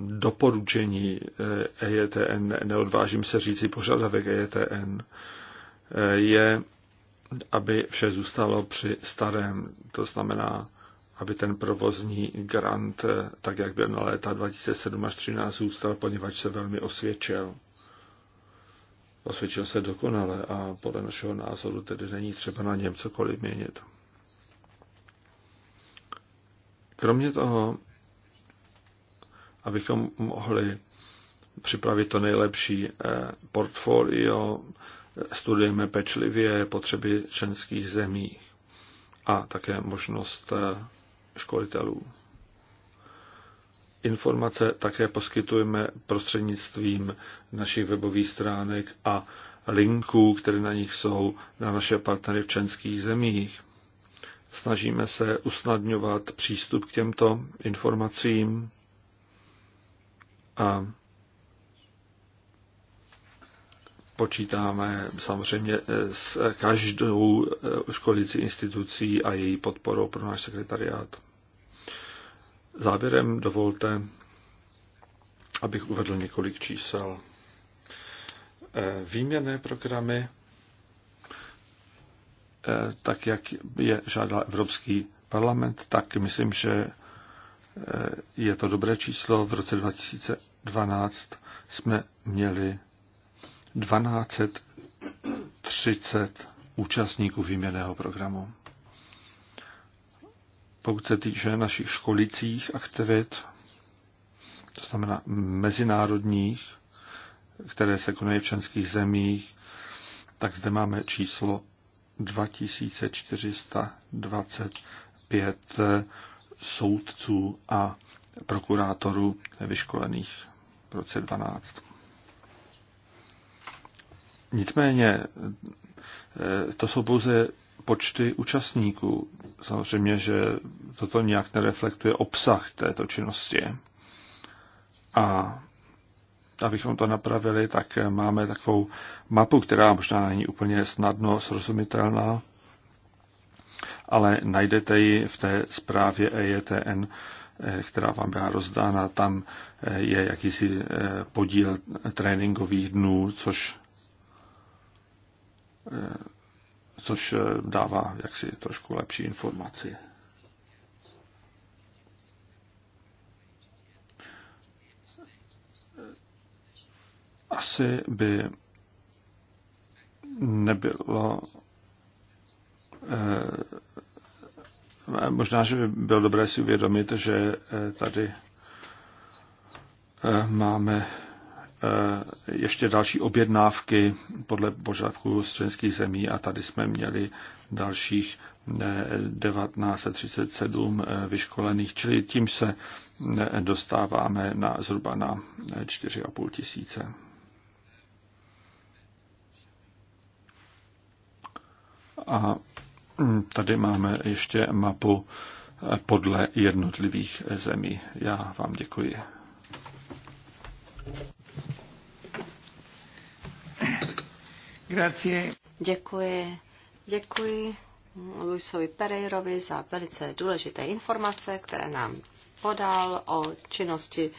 doporučení EJTN, eh, e neodvážím se říci požadavek EJTN, eh, je, aby vše zůstalo při starém. To znamená, aby ten provozní grant, eh, tak jak byl na léta 2007 až 2013, zůstal, poněvadž se velmi osvědčil. Osvědčil se dokonale a podle našeho názoru tedy není třeba na něm cokoliv měnit. Kromě toho abychom mohli připravit to nejlepší eh, portfolio, eh, studujeme pečlivě potřeby členských zemí a také možnost eh, školitelů. Informace také poskytujeme prostřednictvím našich webových stránek a linků, které na nich jsou na naše partnery v členských zemích. Snažíme se usnadňovat přístup k těmto informacím a počítáme samozřejmě eh, s každou eh, školící institucí a její podporou pro náš sekretariát. Závěrem dovolte, abych uvedl několik čísel. Eh, Výměné programy, tak jak je žádal Evropský parlament, tak myslím, že Eh, je to dobré číslo. V roce 2012 jsme měli 1230 účastníků výměného programu. Pokud se týče našich školicích aktivit, to znamená mezinárodních, které se konají v členských zemích, tak zde máme číslo 2425 soudců a prokurátorů vyškolených v roce 12. Nicméně eh, to jsou pouze počty účastníků. Samozřejmě, že toto nějak nereflektuje obsah této činnosti. A abychom to napravili, tak máme takovou mapu, která možná není úplně snadno srozumitelná, ale najdete ji v té zprávě EJTN, eh, která vám byla rozdána. Tam eh, je jakýsi eh, podíl tréninkových dnů, což, což dává jaksi trošku lepší informaci. Asi by nebylo Eh, možná, že by bylo dobré si uvědomit, že eh, tady eh, máme ještě další objednávky podle požadavků z členských zemí a tady jsme měli dalších 1937 vyškolených, čili tím se dostáváme na zhruba na 4,5 tisíce. A Mm, tady máme ještě mapu eh, podle jednotlivých zemí. Já vám děkuji. Grazie. Děkuji. Děkuji Luisovi Pereirovi za velice důležité informace, které nám podal o činnosti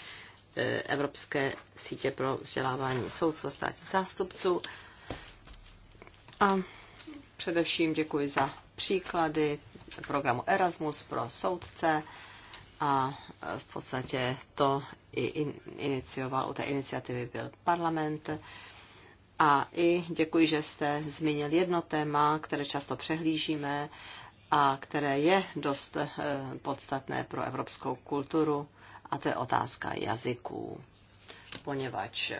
eh, Evropské sítě pro vzdělávání soudců a státních zástupců. A především děkuji za příklady programu Erasmus pro soudce a e, v podstatě to i inicioval, u té iniciativy byl parlament. A i děkuji, že jste zmínil jedno téma, které často přehlížíme a které je dost e, podstatné pro evropskou kulturu, a to je otázka jazyků. Poněvadž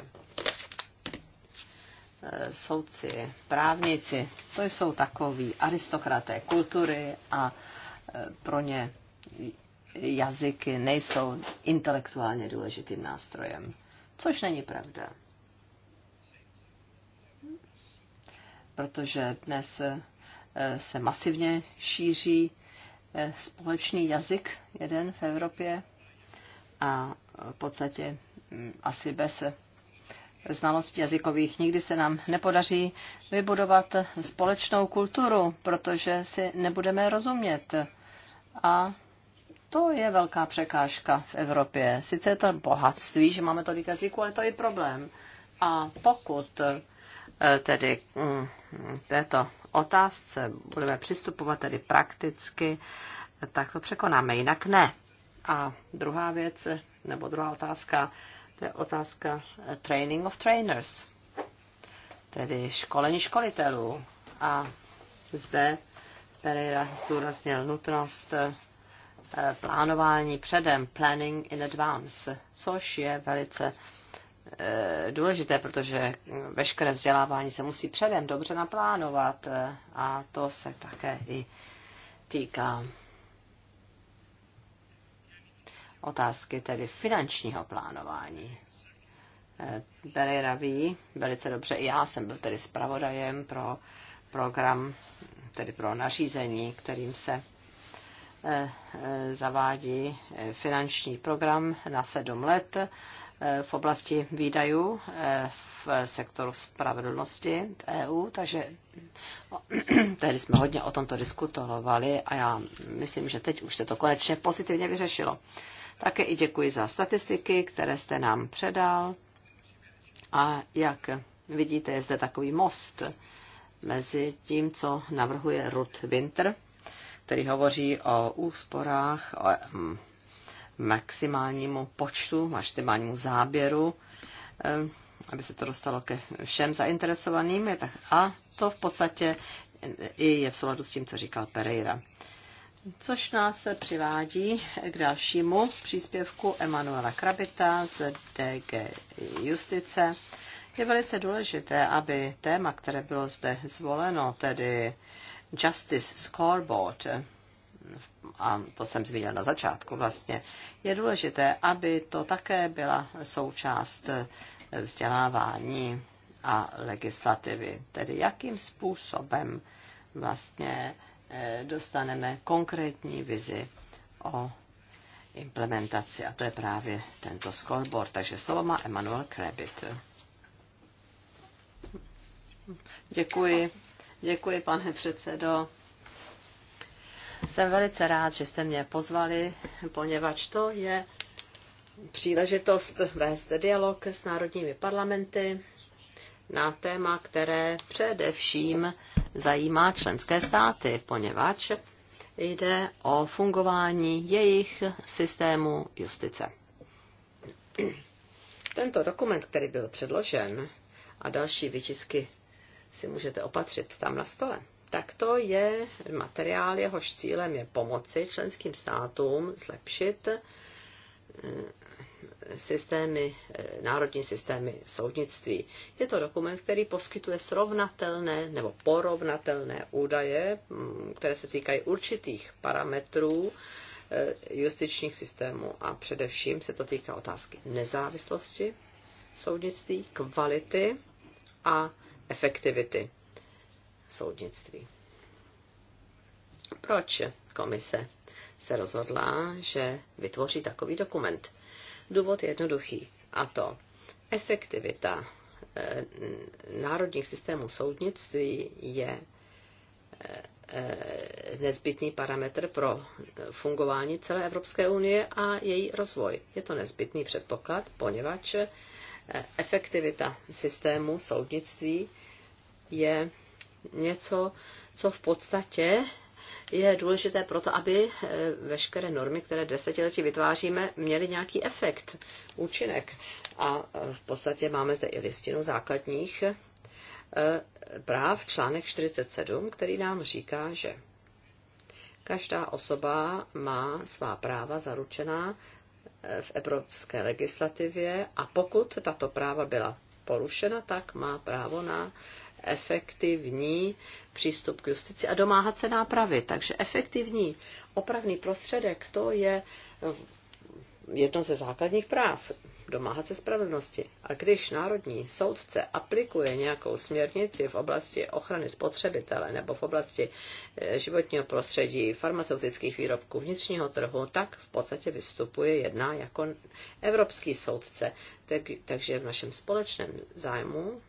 Eh, soudci, právníci, to jsou takoví aristokraté kultury a eh, pro ně jazyky nejsou intelektuálně důležitým nástrojem. Což není pravda. Protože dnes eh, se masivně šíří společný jazyk, jeden v Evropě, a v podstatě mm, asi bez znalostí jazykových. Nikdy se nám nepodaří vybudovat společnou kulturu, protože si nebudeme rozumět. A to je velká překážka v Evropě. Sice je to bohatství, že máme tolik jazyků, ale to je problém. A pokud eh, tedy k mm, této otázce budeme přistupovat tedy prakticky, tak to překonáme, jinak ne. A druhá věc, nebo druhá otázka, to je otázka eh, training of trainers, tedy školení školitelů. A zde Pereira zdůraznil nutnost eh, plánování předem, planning in advance, což je velice eh, důležité, protože veškeré vzdělávání se musí předem dobře naplánovat a to se také i týká otázky tedy finančního plánování. Eh, Pereira ví velice dobře, i já jsem byl tedy zpravodajem pro program, tedy pro nařízení, kterým se eh, eh, zavádí finanční program na sedm let v oblasti výdajů v sektoru spravedlnosti v e EU, takže <clears throat> tehdy jsme hodně o tomto diskutovali a já myslím, že teď už se to konečně pozitivně vyřešilo. Také i děkuji za statistiky, které jste nám předal. A jak vidíte, je zde takový most mezi tím, co navrhuje Ruth Winter, který hovoří o úsporách, o mm, maximálnímu počtu, maximálnímu záběru, eh, aby se to dostalo ke všem zainteresovaným. A to v podstatě i je v souladu s tím, co říkal Pereira. Což nás se přivádí k dalšímu příspěvku Emanuela Krabita z DG Justice. Je velice důležité, aby téma, které bylo zde zvoleno, tedy Justice Scoreboard, a to jsem zmínil na začátku vlastně, je důležité, aby to také byla součást vzdělávání a legislativy. Tedy jakým způsobem vlastně Eh, dostaneme konkrétní vizi o implementaci. A to je právě tento scoreboard. Takže slovo má Emanuel Krebit. Děkuji. Děkuji, pane předsedo. Jsem velice rád, že jste mě pozvali, poněvadž to je příležitost vést dialog s národními parlamenty na téma, které především zajímá členské státy, poněvadž jde o fungování jejich systému justice. Tento dokument, který byl předložen, a další vytisky si můžete opatřit tam na stole. Tak to je materiál, jehož cílem je pomoci členským státům zlepšit eh, systémy, eh, národní systémy soudnictví. Je to dokument, který poskytuje srovnatelné nebo porovnatelné údaje, mm, které se týkají určitých parametrů eh, justičních systémů a především se to týká otázky nezávislosti soudnictví, kvality a efektivity soudnictví. Proč komise se rozhodla, že vytvoří takový dokument? Důvod je jednoduchý, a to efektivita eh, národních systémů soudnictví je eh, nezbytný parametr pro fungování celé Evropské unie a její rozvoj. Je to nezbytný předpoklad, poněvadž eh, efektivita systému soudnictví je něco, co v podstatě je důležité proto, aby eh, veškeré normy, které desetiletí vytváříme, měly nějaký efekt, účinek. A eh, v podstatě máme zde i listinu základních eh, práv, článek 47, který nám říká, že každá osoba má svá práva zaručená v evropské legislativě a pokud tato práva byla porušena, tak má právo na efektivní přístup k justici a domáhat se nápravy. Takže efektivní opravný prostředek, to je jedno ze základních práv, domáhat se spravedlnosti. A když národní soudce aplikuje nějakou směrnici v oblasti ochrany spotřebitele nebo v oblasti eh, životního prostředí, farmaceutických výrobků, vnitřního trhu, tak v podstatě vystupuje jedna jako evropský soudce. Tak, takže v našem společném zájmu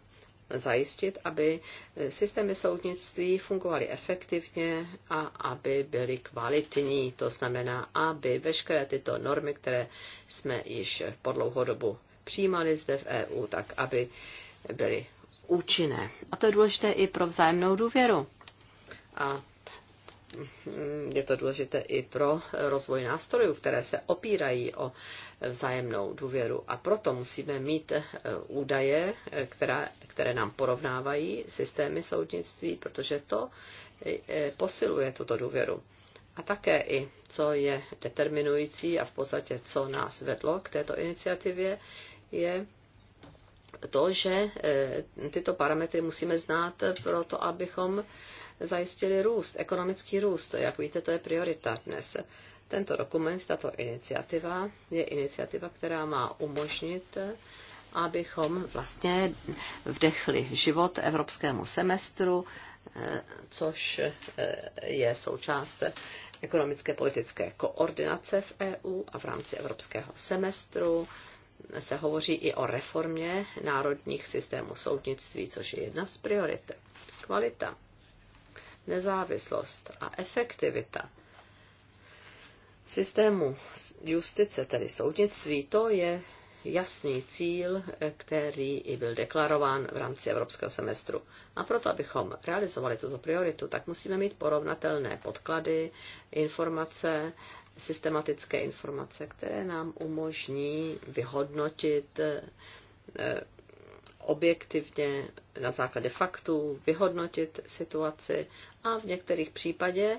zajistit, aby systémy soudnictví fungovaly efektivně a aby byly kvalitní. To znamená, aby veškeré tyto normy, které jsme již po dlouhou dobu přijímali zde v EU, tak aby byly účinné. A to je důležité i pro vzájemnou důvěru. A je to důležité i pro rozvoj nástrojů, které se opírají o vzájemnou důvěru. A proto musíme mít eh, údaje, eh, která, které nám porovnávají systémy soudnictví, protože to eh, posiluje tuto důvěru. A také i, co je determinující a v podstatě, co nás vedlo k této iniciativě, je to, že tyto parametry musíme znát proto, abychom zajistili růst, ekonomický růst. Jak víte, to je priorita dnes. Tento dokument, tato iniciativa je iniciativa, která má umožnit abychom vlastně vdechli život evropskému semestru, což eh, je součást ekonomické politické koordinace v EU a v rámci evropského semestru se hovoří i o reformě národních systémů soudnictví, což je jedna z priorit. Kvalita nezávislost a efektivita systému justice, tedy soudnictví, to je jasný cíl, který i byl deklarován v rámci evropského semestru. A proto, abychom realizovali tuto prioritu, tak musíme mít porovnatelné podklady, informace, systematické informace, které nám umožní vyhodnotit eh, objektivně na základě faktů vyhodnotit situaci a v některých případě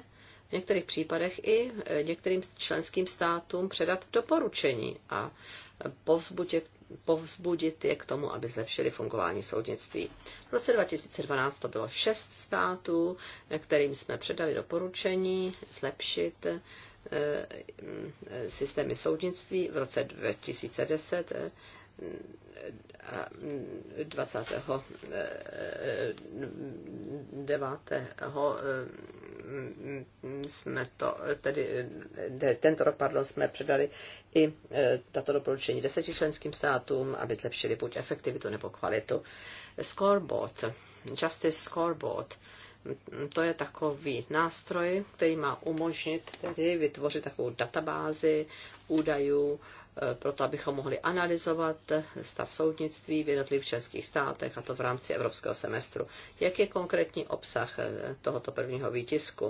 v některých případech i eh, některým členským státům předat doporučení a povzbudit, povzbudit je k tomu, aby zlepšili fungování soudnictví. V roce 2012 to bylo šest států, eh, kterým jsme předali doporučení zlepšit eh, mm, systémy soudnictví. V roce 2010 29. Eh, eh, jsme to, eh, tedy tento rok, pardon, jsme předali i tato doporučení deseti členským státům, aby zlepšili buď efektivitu nebo kvalitu. Scoreboard, Justice Scoreboard, to je takový nástroj, který má umožnit tedy vytvořit takovou databázi údajů, eh, proto abychom mohli analyzovat stav soudnictví v jednotlivých členských státech, a to v rámci evropského semestru. Jak je konkrétní obsah eh, tohoto prvního výtisku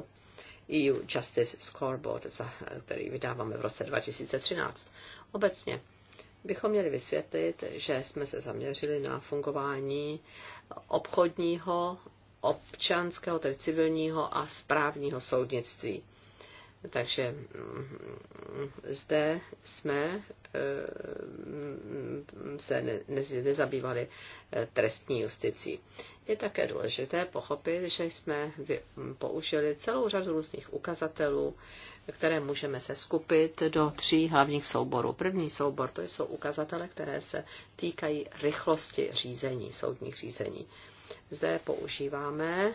EU Justice Scoreboard, eh, který vydáváme v roce 2013? Obecně bychom měli vysvětlit, že jsme se zaměřili na fungování obchodního občanského, tedy civilního a správního soudnictví. Takže mm, zde jsme eh, se nezabývali eh, trestní justicí. Je také důležité pochopit, že jsme použili celou řadu různých ukazatelů, které můžeme se skupit do tří hlavních souborů. První soubor to jsou ukazatele, které se týkají rychlosti řízení, soudních řízení. Zde používáme eh,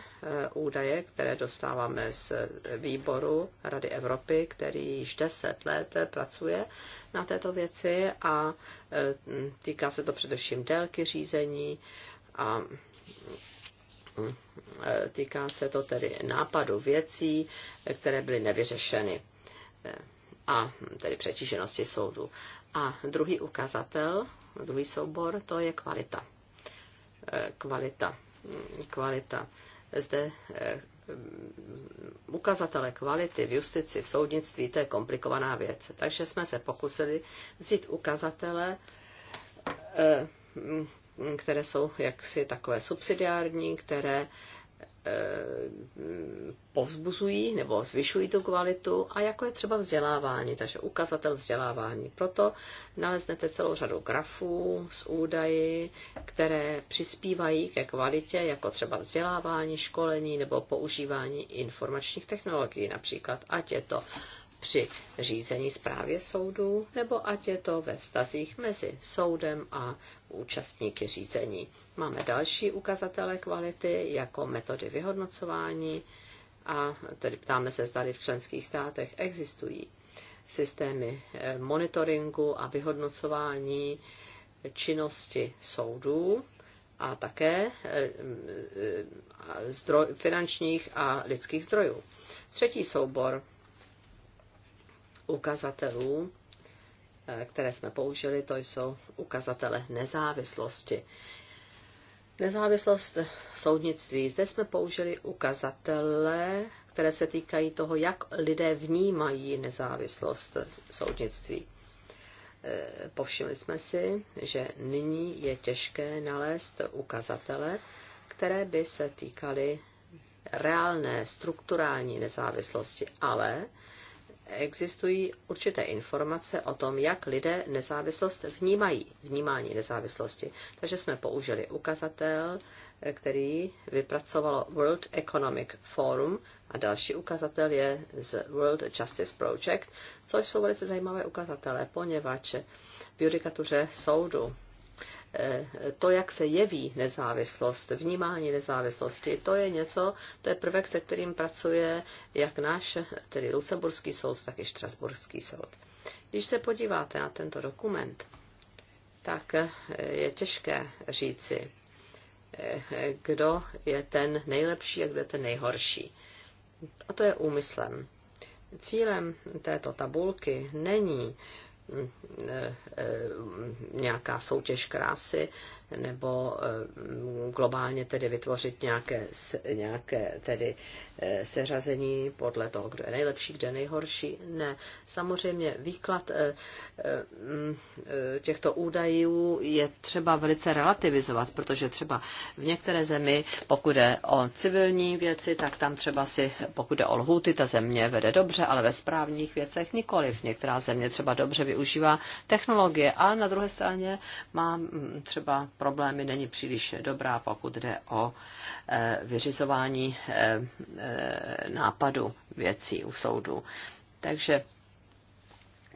údaje, které dostáváme z výboru Rady Evropy, který již 10 let pracuje na této věci a eh, týká se to především délky řízení a eh, týká se to tedy nápadu věcí, které byly nevyřešeny a tedy přetíženosti soudu. A druhý ukazatel, druhý soubor, to je kvalita Eh, kvalita. kvalita. Zde eh, ukazatele kvality v justici, v soudnictví, to je komplikovaná věc. Takže jsme se pokusili vzít ukazatele, eh, které jsou jaksi takové subsidiární, které Eh, povzbuzují nebo zvyšují tu kvalitu a jako je třeba vzdělávání, takže ukazatel vzdělávání. Proto naleznete celou řadu grafů s údaji, které přispívají ke kvalitě, jako třeba vzdělávání, školení nebo používání informačních technologií například, ať je to při řízení zprávě soudů, nebo ať je to ve vztazích mezi soudem a účastníky řízení. Máme další ukazatele kvality, jako metody vyhodnocování, a tedy ptáme se, zda v členských státech existují systémy eh, monitoringu a vyhodnocování činnosti soudů a také eh, eh, zdroj, finančních a lidských zdrojů. Třetí soubor ukazatelů, eh, které jsme použili, to jsou ukazatele nezávislosti. Nezávislost soudnictví. Zde jsme použili ukazatele, které se týkají toho, jak lidé vnímají nezávislost soudnictví. Eh, povšimli jsme si, že nyní je těžké nalézt ukazatele, které by se týkaly reálné strukturální nezávislosti, ale existují určité informace o tom, jak lidé nezávislost vnímají, vnímání nezávislosti. Takže jsme použili ukazatel, který vypracovalo World Economic Forum a další ukazatel je z World Justice Project, což jsou velice zajímavé ukazatele, poněvadž v judikatuře soudu Eh, to, jak se jeví nezávislost, vnímání nezávislosti, to je něco, to je prvek, se kterým pracuje jak náš, tedy Lucemburský soud, tak i Štrasburský soud. Když se podíváte na tento dokument, tak eh, je těžké říci, eh, kdo je ten nejlepší a kdo je ten nejhorší. A to je úmyslem. Cílem této tabulky není nějaká soutěž krásy, nebo eh, globálně tedy vytvořit nějaké, nějaké tedy eh, seřazení podle toho, kdo je nejlepší, kdo je nejhorší. Ne, samozřejmě výklad eh, mm, těchto údajů je třeba velice relativizovat, protože třeba v některé zemi, pokud je o civilní věci, tak tam třeba si, pokud je o lhuty, ta země vede dobře, ale ve správních věcech nikoliv. Některá země třeba dobře využívá technologie a na druhé straně má mm, třeba problémy, není příliš dobrá, pokud jde o e, vyřizování e, e, nápadu věcí u soudu. Takže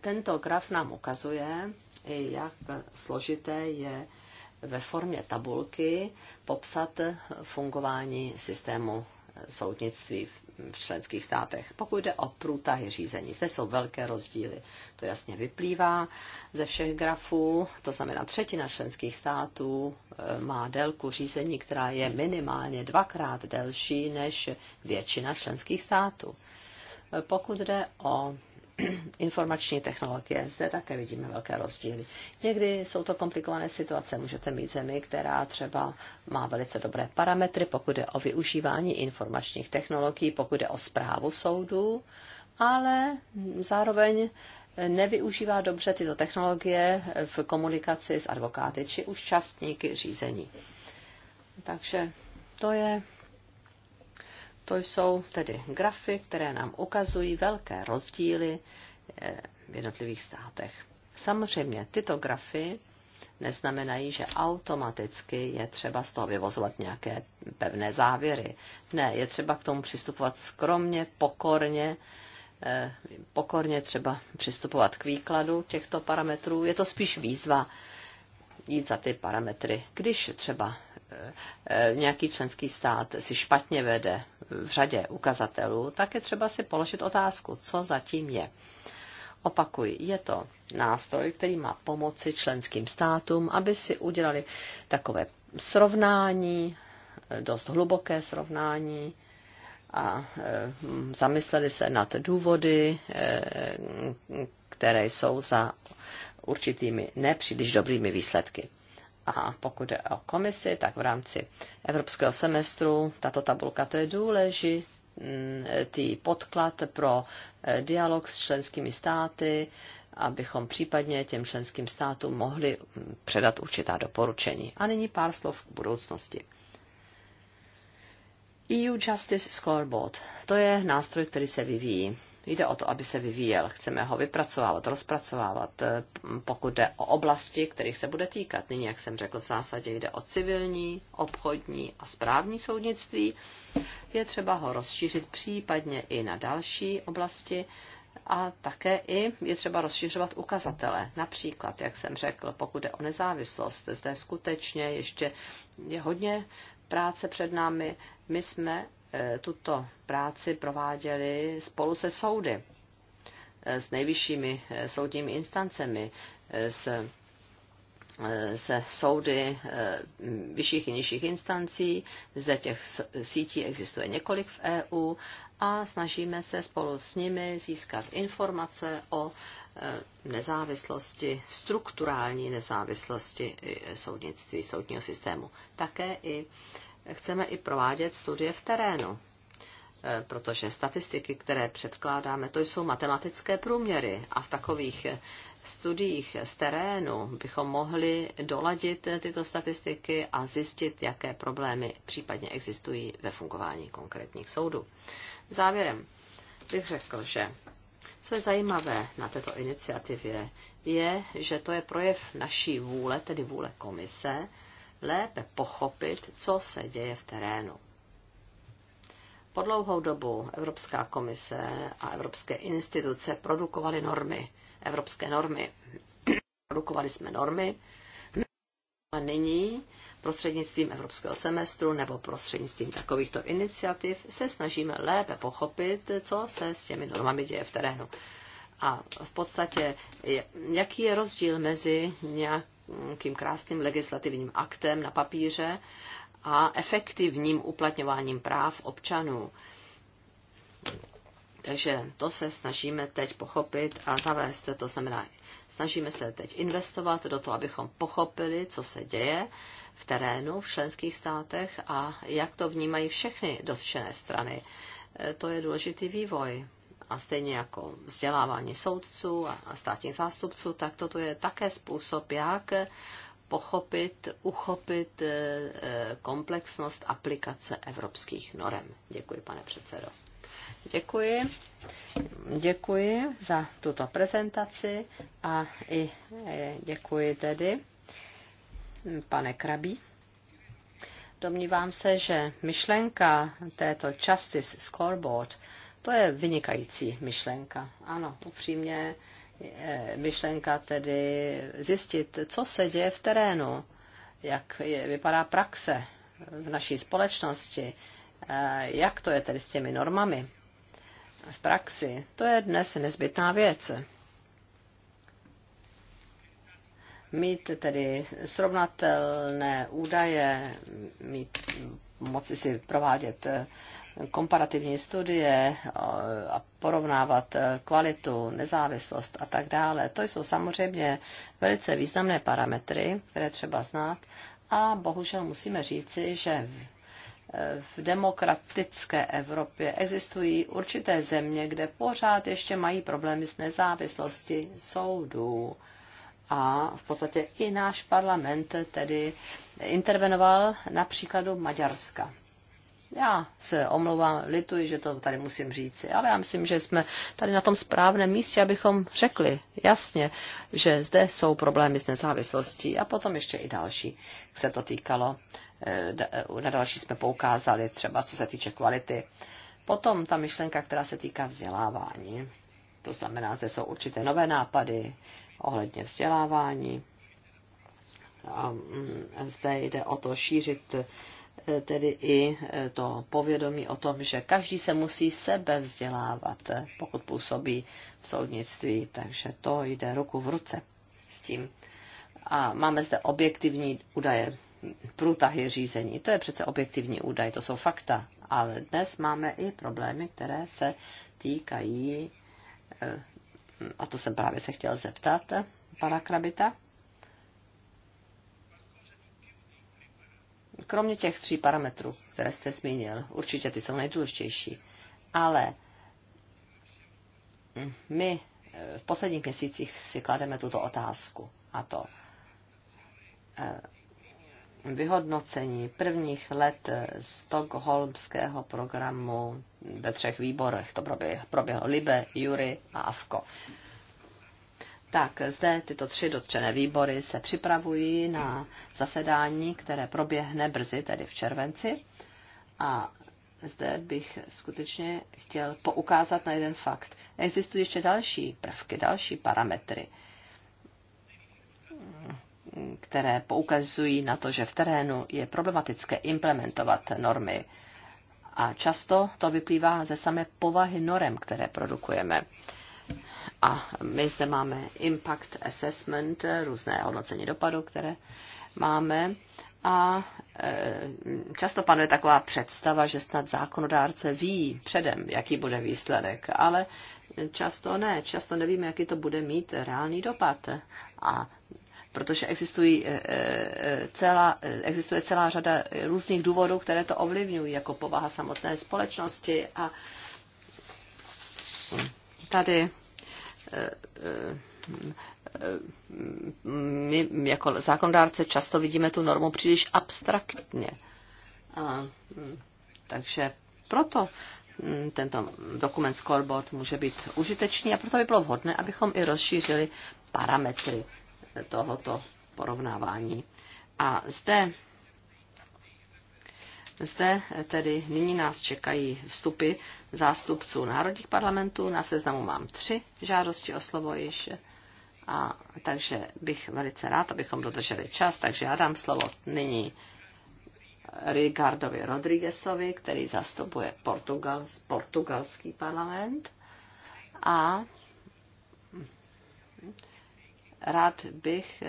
tento graf nám ukazuje, jak složité je ve formě tabulky popsat fungování systému soudnictví v členských státech. Pokud jde o průtahy řízení, zde jsou velké rozdíly. To jasně vyplývá ze všech grafů, to znamená třetina členských států eh, má délku řízení, která je minimálně dvakrát delší než většina členských států. Eh, pokud jde o informační technologie. Zde také vidíme velké rozdíly. Někdy jsou to komplikované situace. Můžete mít zemi, která třeba má velice dobré parametry, pokud je o využívání informačních technologií, pokud je o zprávu soudů, ale zároveň nevyužívá dobře tyto technologie v komunikaci s advokáty či účastníky řízení. Takže to je to jsou tedy grafy, které nám ukazují velké rozdíly eh, v jednotlivých státech. Samozřejmě tyto grafy neznamenají, že automaticky je třeba z toho vyvozovat nějaké pevné závěry. Ne, je třeba k tomu přistupovat skromně, pokorně, eh, pokorně třeba přistupovat k výkladu těchto parametrů. Je to spíš výzva jít za ty parametry, když třeba nějaký členský stát si špatně vede v řadě ukazatelů, tak je třeba si položit otázku, co zatím je. Opakuji, je to nástroj, který má pomoci členským státům, aby si udělali takové srovnání, dost hluboké srovnání a mm, zamysleli se nad důvody, eh, které jsou za určitými nepříliš dobrými výsledky. A pokud jde o komisi, tak v rámci evropského semestru tato tabulka to je důležitý podklad pro eh, dialog s členskými státy, abychom případně těm členským státům mohli hm, předat určitá doporučení. A nyní pár slov k budoucnosti. EU Justice Scoreboard. To je nástroj, který se vyvíjí. Jde o to, aby se vyvíjel. Chceme ho vypracovávat, rozpracovávat, eh, pokud jde o oblasti, kterých se bude týkat. Nyní, jak jsem řekl, v zásadě jde o civilní, obchodní a správní soudnictví. Je třeba ho rozšířit případně i na další oblasti a také i je třeba rozšiřovat ukazatele. Například, jak jsem řekl, pokud jde o nezávislost, zde skutečně ještě je hodně práce před námi. My jsme Eh, tuto práci prováděli spolu se soudy, eh, s nejvyššími eh, soudními instancemi, s se soudy vyšších i nižších instancí. Zde těch sítí existuje několik v EU a snažíme se spolu s nimi získat informace o nezávislosti, strukturální nezávislosti soudnictví, soudního systému. Také i chceme i provádět studie v terénu, e, protože statistiky, které předkládáme, to jsou matematické průměry a v takových e, studiích z terénu bychom mohli doladit e, tyto statistiky a zjistit, jaké problémy případně existují ve fungování konkrétních soudů. Závěrem bych řekl, že co je zajímavé na této iniciativě, je, že to je projev naší vůle, tedy vůle komise, lépe pochopit, co se děje v terénu. Po dlouhou dobu Evropská komise a evropské instituce produkovaly normy, evropské normy. Produkovali jsme normy a nyní prostřednictvím evropského semestru nebo prostřednictvím takovýchto iniciativ se snažíme lépe pochopit, co se s těmi normami děje v terénu. A v podstatě, jaký je rozdíl mezi nějak nějakým krásným legislativním aktem na papíře a efektivním uplatňováním práv občanů. Takže to se snažíme teď pochopit a zavést. To znamená, snažíme se teď investovat do toho, abychom pochopili, co se děje v terénu v členských státech a jak to vnímají všechny dotčené strany. E, to je důležitý vývoj a stejně jako vzdělávání soudců a státních zástupců, tak toto je také způsob, jak pochopit, uchopit e, e, komplexnost aplikace evropských norem. Děkuji, pane předsedo. Děkuji. Děkuji za tuto prezentaci a i e, děkuji tedy pane Krabí. Domnívám se, že myšlenka této Justice Scoreboard to je vynikající myšlenka. Ano, upřímně eh, myšlenka tedy zjistit, co se děje v terénu, jak je, vypadá praxe v naší společnosti, eh, jak to je tedy s těmi normami v praxi. To je dnes nezbytná věc. Mít tedy srovnatelné údaje, mít moci si provádět eh, komparativní studie a porovnávat e, kvalitu, nezávislost a tak dále. To jsou samozřejmě velice významné parametry, které třeba znát a bohužel musíme říci, že v e, demokratické Evropě existují určité země, kde pořád ještě mají problémy s nezávislostí soudů. A v podstatě i náš parlament tedy intervenoval na příkladu Maďarska. Já se omlouvám, lituji, že to tady musím říci, ale já myslím, že jsme tady na tom správném místě, abychom řekli jasně, že zde jsou problémy s nezávislostí a potom ještě i další se to týkalo. Eh, eh, na další jsme poukázali třeba, co se týče kvality. Potom ta myšlenka, která se týká vzdělávání. To znamená, zde jsou určité nové nápady ohledně vzdělávání. A mm, zde jde o to šířit Eh, tedy i eh, to povědomí o tom, že každý se musí sebe vzdělávat, eh, pokud působí v soudnictví, takže to jde ruku v ruce s tím. A máme zde objektivní údaje, průtahy řízení. To je přece objektivní údaj, to jsou fakta. Ale dnes máme i problémy, které se týkají, a to jsem právě se chtěl zeptat pana Krabita, kromě těch tří parametrů, které jste zmínil, určitě ty jsou nejdůležitější, ale my eh, v posledních měsících si klademe tuto otázku a to eh, vyhodnocení prvních let eh, Stockholmského programu ve třech výborech. To proběhlo Libe, Jury a Avko tak zde tyto tři dotčené výbory se připravují na zasedání, které proběhne brzy, tedy v červenci. A zde bych skutečně chtěl poukázat na jeden fakt. Existují ještě další prvky, další parametry, které poukazují na to, že v terénu je problematické implementovat normy. A často to vyplývá ze samé povahy norem, které produkujeme. A my zde máme impact assessment, různé hodnocení dopadu, které máme. A e, často panuje taková představa, že snad zákonodárce ví předem, jaký bude výsledek, ale často ne. Často nevíme, jaký to bude mít reálný dopad. A protože existují, e, e, celá, existuje celá řada různých důvodů, které to ovlivňují, jako povaha samotné společnosti a tady eh, eh, eh, my jako zákondárce často vidíme tu normu příliš abstraktně. A, hm, takže proto hm, tento dokument scoreboard může být užitečný a proto by bylo vhodné, abychom i rozšířili parametry tohoto porovnávání. A zde zde tedy nyní nás čekají vstupy zástupců národních parlamentů. Na seznamu mám tři žádosti o slovo již. A, takže bych velice rád, abychom dodrželi čas, takže já dám slovo nyní Ricardovi Rodriguezovi, který zastupuje Portugal, portugalský parlament. A rád bych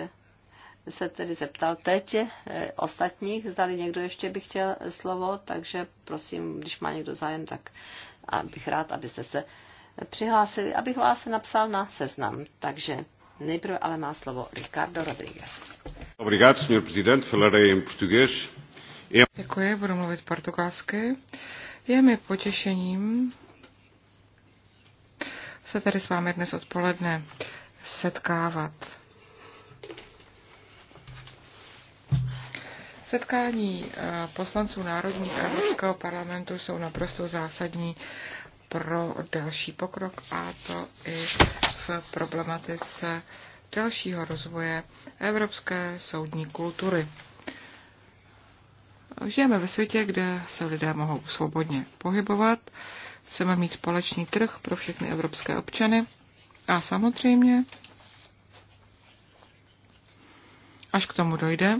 se tedy zeptal teď eh, ostatních, zdali někdo ještě by chtěl slovo, takže prosím, když má někdo zájem, tak bych rád, abyste se přihlásili, abych vás napsal na seznam. Takže nejprve ale má slovo Ricardo Rodriguez. Obrigado, senhor president, Falarei em português. Um Děkuji, budu mluvit portugalsky. Je mi potěšením se tady s vámi dnes odpoledne setkávat. Setkání eh, poslanců Národních a Evropského parlamentu jsou naprosto zásadní pro další pokrok a to i v problematice dalšího rozvoje evropské soudní kultury. Žijeme ve světě, kde se lidé mohou svobodně pohybovat, chceme mít společný trh pro všechny evropské občany a samozřejmě, až k tomu dojde,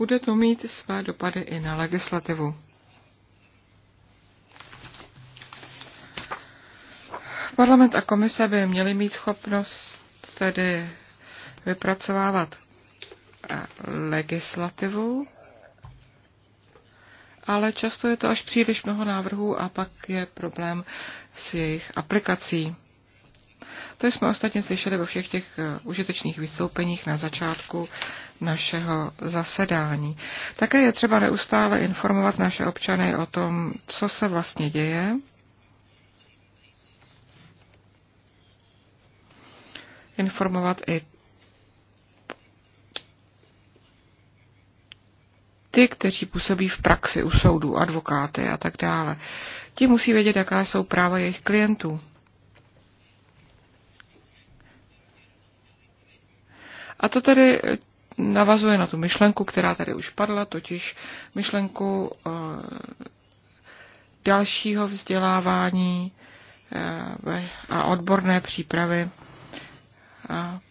bude to mít své dopady i na legislativu. Parlament a komise by měly mít schopnost tedy vypracovávat eh, legislativu, ale často je to až příliš mnoho návrhů a pak je problém s jejich aplikací. To jsme ostatně slyšeli ve všech těch eh, užitečných vystoupeních na začátku našeho zasedání. Také je třeba neustále informovat naše občany o tom, co se vlastně děje. Informovat i ty, kteří působí v praxi u soudů, advokáty a tak dále. Ti musí vědět, jaká jsou práva jejich klientů. A to tady eh, navazuje na tu myšlenku, která tady už padla, totiž myšlenku eh, dalšího vzdělávání eh, a odborné přípravy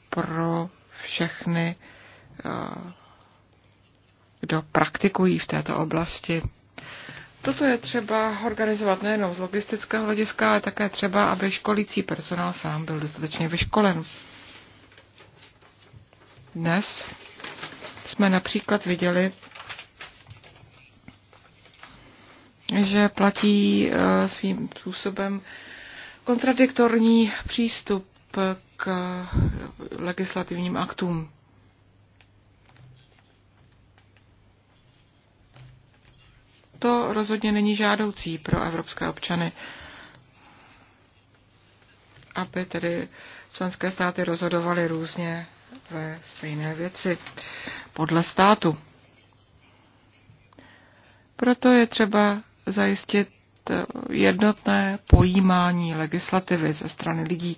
pro všechny, kdo praktikují v této oblasti. Toto je třeba organizovat nejenom z logistického hlediska, ale také třeba, aby školící personál sám byl dostatečně vyškolen. Dnes jsme například viděli, že platí eh, svým způsobem kontradiktorní přístup k legislativním aktům. To rozhodně není žádoucí pro evropské občany, aby tedy členské státy rozhodovaly různě ve stejné věci podle státu. Proto je třeba zajistit jednotné pojímání legislativy ze strany lidí.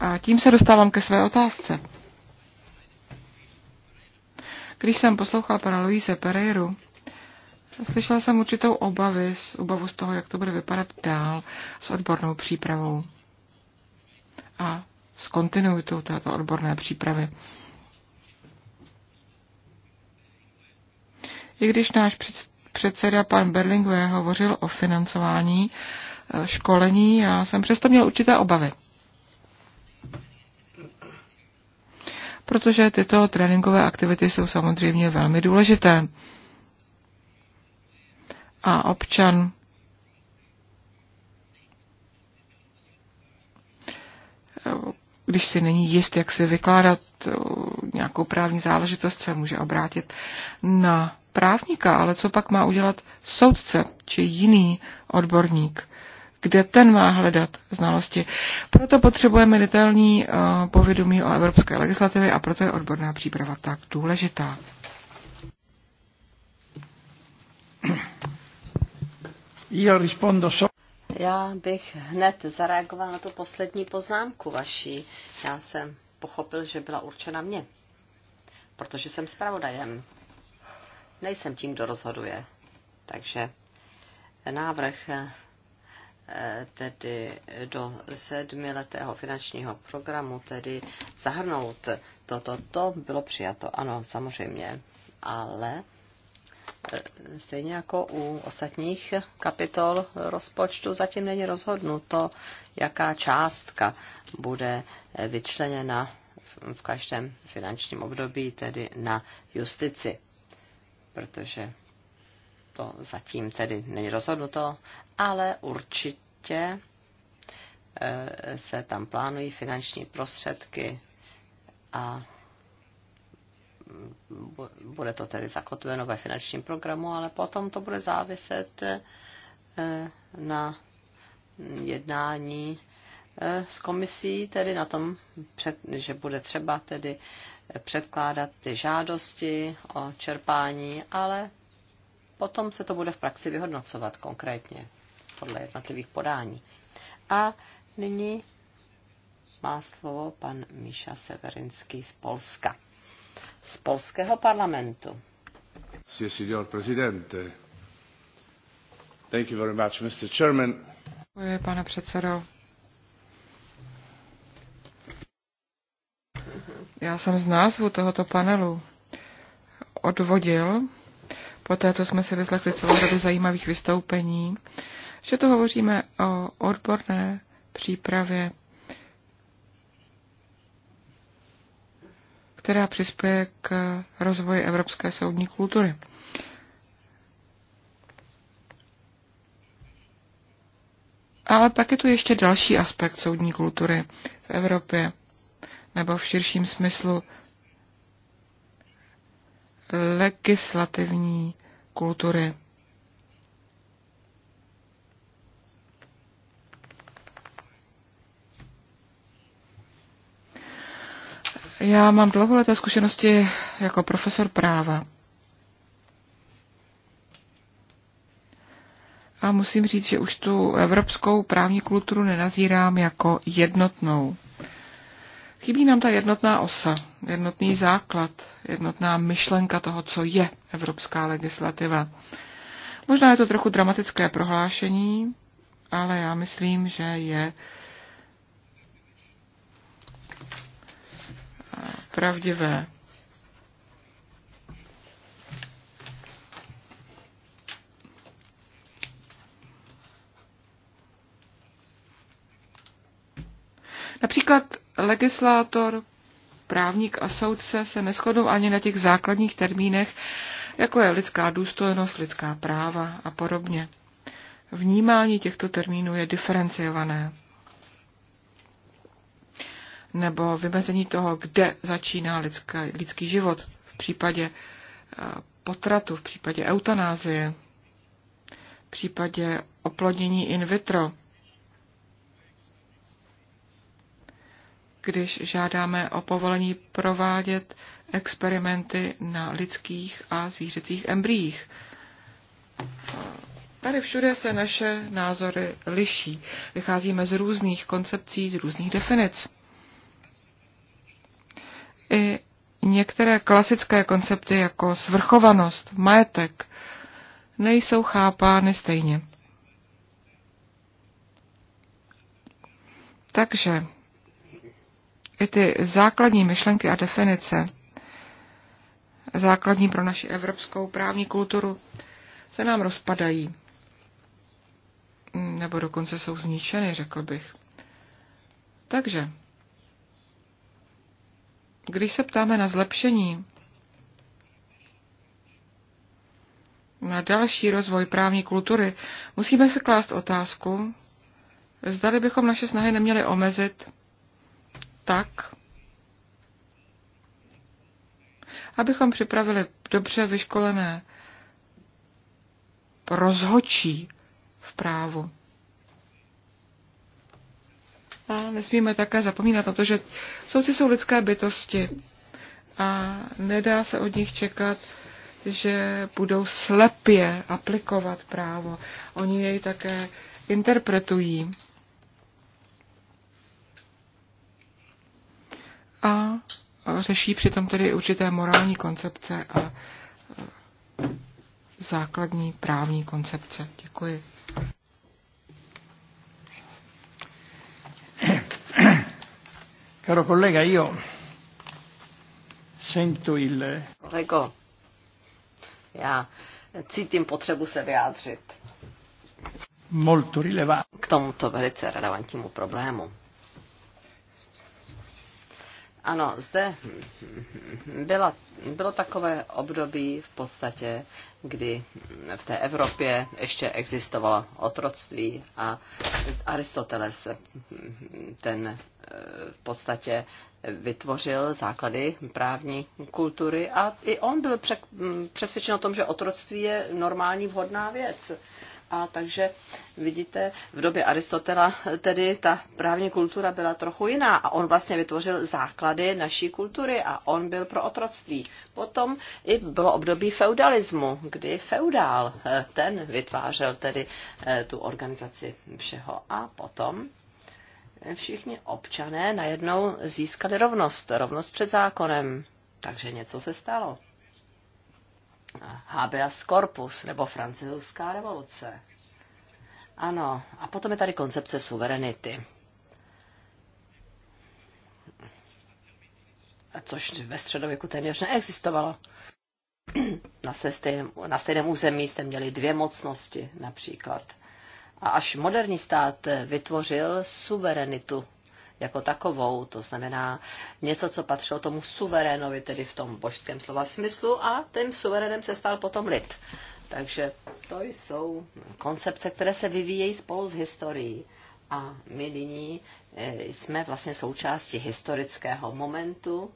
A tím se dostávám ke své otázce. Když jsem poslouchal pana Luise Pereiru, slyšel jsem určitou obavy, obavu z toho, jak to bude vypadat dál s odbornou přípravou. A s kontinuitou této odborné přípravy. I když náš předseda pan Berlingue hovořil o financování eh, školení, já jsem přesto měl určité obavy. Protože tyto tréninkové aktivity jsou samozřejmě velmi důležité. A občan když si není jist, jak si vykládat eh, nějakou právní záležitost, se může obrátit na právníka, ale co pak má udělat soudce či jiný odborník, kde ten má hledat znalosti. Proto potřebujeme detailní eh, povědomí o evropské legislativě a proto je odborná příprava tak důležitá. Já respondo so já bych hned zareagoval na tu poslední poznámku vaší. Já jsem pochopil, že byla určena mě, protože jsem zpravodajem. Nejsem tím, kdo rozhoduje. Takže návrh eh, tedy do sedmiletého finančního programu, tedy zahrnout toto, to bylo přijato, ano, samozřejmě, ale stejně jako u ostatních kapitol rozpočtu zatím není rozhodnuto, jaká částka bude vyčleněna v každém finančním období, tedy na justici, protože to zatím tedy není rozhodnuto, ale určitě eh, se tam plánují finanční prostředky a bude to tedy zakotveno ve finančním programu, ale potom to bude záviset eh, na jednání eh, s komisí, tedy na tom, že bude třeba tedy předkládat ty žádosti o čerpání, ale potom se to bude v praxi vyhodnocovat konkrétně podle jednotlivých podání. A nyní má slovo pan Míša Severinský z Polska z polského parlamentu. Thank you very much, Mr. Chairman. Děkuji, pane předsedo. Já jsem z názvu tohoto panelu odvodil, poté co jsme si vyslechli celou řadu zajímavých vystoupení, že tu hovoříme o odborné přípravě která přispěje k rozvoji evropské soudní kultury. Ale pak je tu ještě další aspekt soudní kultury v Evropě, nebo v širším smyslu legislativní kultury Já mám dlouholeté zkušenosti jako profesor práva. A musím říct, že už tu evropskou právní kulturu nenazírám jako jednotnou. Chybí nám ta jednotná osa, jednotný základ, jednotná myšlenka toho, co je evropská legislativa. Možná je to trochu dramatické prohlášení, ale já myslím, že je pravdivé. Například legislátor, právník a soudce se neschodou ani na těch základních termínech, jako je lidská důstojnost, lidská práva a podobně. Vnímání těchto termínů je diferenciované nebo vymezení toho, kde začíná lidské, lidský život v případě eh, potratu, v případě eutanázie, v případě oplodnění in vitro, když žádáme o povolení provádět experimenty na lidských a zvířecích embryích. Tady všude se naše názory liší. Vycházíme z různých koncepcí, z různých definic i některé klasické koncepty jako svrchovanost, majetek, nejsou chápány stejně. Takže i ty základní myšlenky a definice, základní pro naši evropskou právní kulturu, se nám rozpadají. Nebo dokonce jsou zničeny, řekl bych. Takže když se ptáme na zlepšení, na další rozvoj právní kultury, musíme se klást otázku, zdali bychom naše snahy neměli omezit tak, abychom připravili dobře vyškolené rozhočí v právu. A nesmíme také zapomínat na to, že soudci jsou lidské bytosti a nedá se od nich čekat, že budou slepě aplikovat právo. Oni jej také interpretují. A řeší přitom tedy určité morální koncepce a e, základní právní koncepce. Děkuji. Caro collega, io sento il... Kolego, já cítím potřebu se vyjádřit. Molto rilevante. K tomuto velice relevantnímu problému. Ano, zde byla, bylo takové období v podstatě, kdy v té Evropě ještě existovalo otroctví a Aristoteles ten eh, v podstatě vytvořil základy právní kultury a i on byl přesvědčen o tom, že otroctví je normální vhodná věc. A takže vidíte, v době Aristotela tedy ta právní kultura byla trochu jiná a on vlastně vytvořil základy naší kultury a on byl pro otroctví. Potom i bylo období feudalismu, kdy feudál, eh, ten vytvářel tedy eh, tu organizaci všeho a potom všichni občané najednou získali rovnost, rovnost před zákonem. Takže něco se stalo habeas corpus nebo francouzská revoluce. Ano, a potom je tady koncepce suverenity. Což ve středověku téměř neexistovalo. Na, stejném, na stejném území jste měli dvě mocnosti například. A až moderní stát vytvořil suverenitu jako takovou, to znamená něco, co patřilo tomu suverénovi, tedy v tom božském slova smyslu, a tím suverénem se stal potom lid. Takže to jsou koncepce, které se vyvíjejí spolu s historií. A my nyní eh, jsme vlastně součástí historického momentu,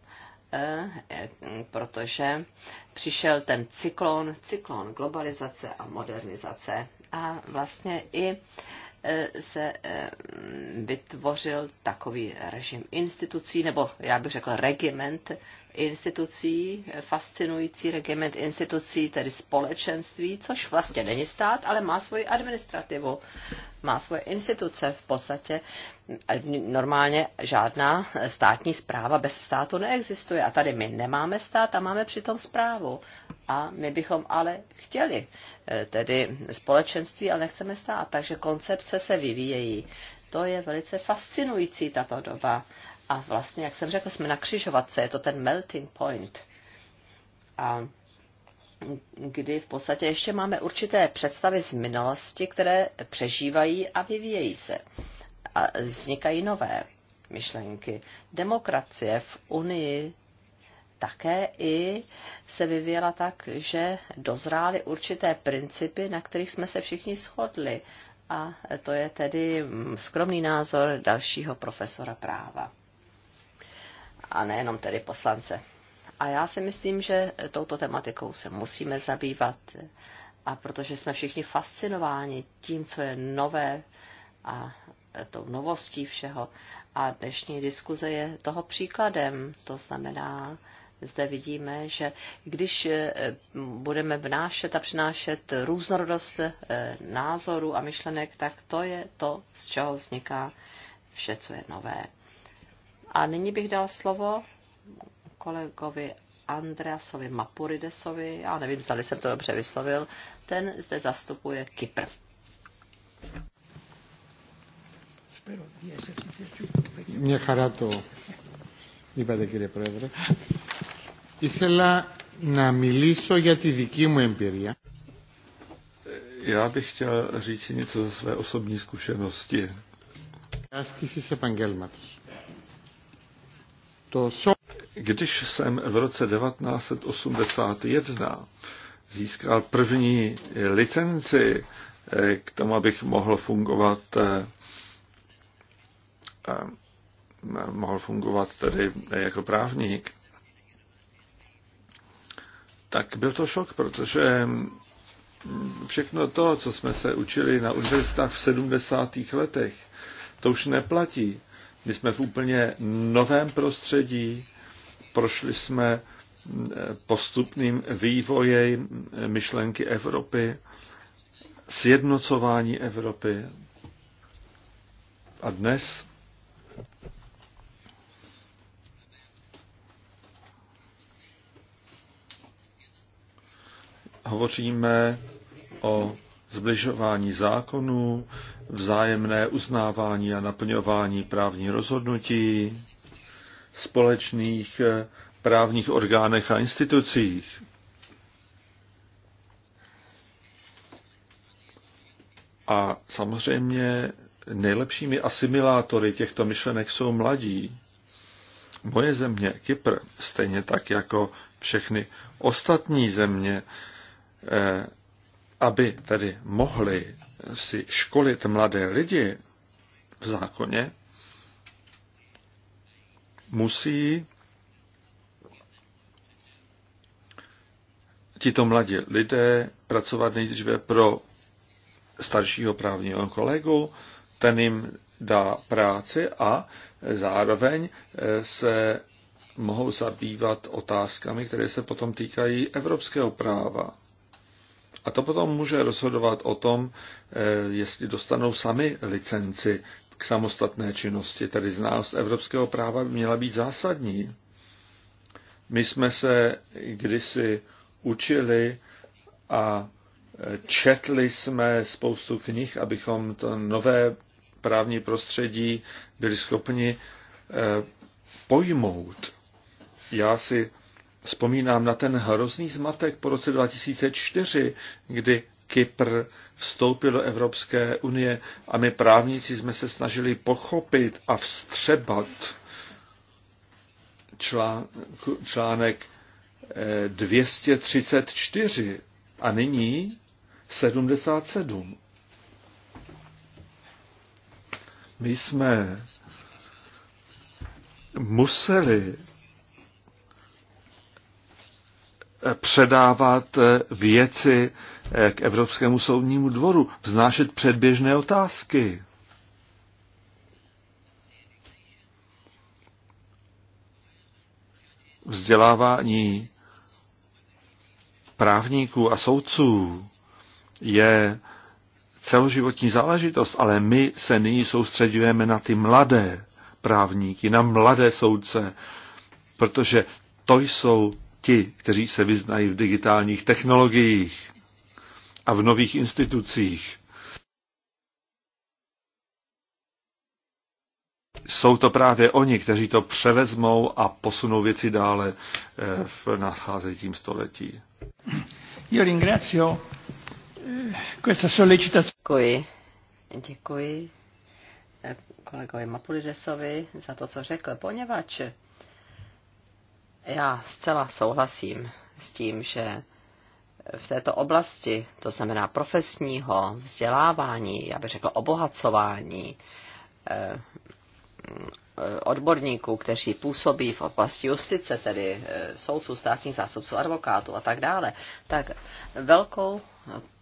eh, protože přišel ten cyklon, cyklon globalizace a modernizace. A vlastně i se eh, vytvořil takový režim institucí, nebo já bych řekl regiment institucí, fascinující regiment institucí, tedy společenství, což vlastně není stát, ale má svoji administrativu, má svoje instituce v podstatě. Normálně žádná státní zpráva bez státu neexistuje a tady my nemáme stát a máme přitom zprávu. A my bychom ale chtěli eh, tedy společenství, ale nechceme stát, takže koncepce se vyvíjejí. To je velice fascinující tato doba. A vlastně, jak jsem řekl, jsme na křižovatce, je to ten melting point. A kdy v podstatě ještě máme určité představy z minulosti, které přežívají a vyvíjejí se. A vznikají nové myšlenky. Demokracie v Unii také i se vyvíjela tak, že dozrály určité principy, na kterých jsme se všichni shodli. A to je tedy mm, skromný názor dalšího profesora práva a nejenom tedy poslance. A já si myslím, že touto tematikou se musíme zabývat a protože jsme všichni fascinováni tím, co je nové a tou novostí všeho. A dnešní diskuze je toho příkladem. To znamená, zde vidíme, že když eh, budeme vnášet a přinášet různorodost eh, názorů a myšlenek, tak to je to, z čeho vzniká vše, co je nové. A nyní bych dal slovo kolegovi Andreasovi Mapuridesovi, já nevím, zda jsem to dobře vyslovil, ten zde zastupuje Kypr. Mě χαρά to, είπατε κύριε Πρόεδρε. Ήθελα na μιλήσω já ty díky mu empiria. Já bych chtěl říct něco ze své osobní zkušenosti. Άσκησης επαγγέλματος to jsou... Když jsem v roce 1981 získal první licenci eh, k tomu, abych mohl fungovat eh, eh, mohl fungovat tedy jako právník, tak byl to šok, protože všechno to, co jsme se učili na univerzitách v 70. letech, to už neplatí. My jsme v úplně novém prostředí, prošli jsme postupným vývojem myšlenky Evropy, sjednocování Evropy. A dnes hovoříme o zbližování zákonů, vzájemné uznávání a naplňování právní rozhodnutí, společných eh, právních orgánech a institucích. A samozřejmě nejlepšími asimilátory těchto myšlenek jsou mladí. Moje země, Kypr, stejně tak jako všechny ostatní země, eh, aby tedy mohli si školit mladé lidi v zákoně, musí tito mladí lidé pracovat nejdříve pro staršího právního kolegu, ten jim dá práci a zároveň eh, se mohou zabývat otázkami, které se potom týkají evropského práva. A to potom může rozhodovat o tom, eh, jestli dostanou sami licenci k samostatné činnosti. Tedy znalost evropského práva by měla být zásadní. My jsme se kdysi učili a eh, četli jsme spoustu knih, abychom to nové právní prostředí byli schopni eh, pojmout. Já si Vzpomínám na ten hrozný zmatek po roce 2004, kdy Kypr vstoupil do Evropské unie a my právníci jsme se snažili pochopit a vstřebat článek 234 eh, a nyní 77. My jsme museli předávat eh, věci eh, k Evropskému soudnímu dvoru, vznášet předběžné otázky. Vzdělávání právníků a soudců je celoživotní záležitost, ale my se nyní soustředujeme na ty mladé právníky, na mladé soudce, protože to jsou ti, kteří se vyznají v digitálních technologiích a v nových institucích, jsou to právě oni, kteří to převezmou a posunou věci dále eh, v nadcházejícím století. Eh, Děkuji. Děkuji eh, kolegovi Mapulidesovi za to, co řekl, poněvadž já zcela souhlasím s tím, že v této oblasti, to znamená profesního vzdělávání, já bych řekl obohacování eh, eh, odborníků, kteří působí v oblasti justice, tedy eh, soudců, státních zástupců, advokátů a tak dále, tak velkou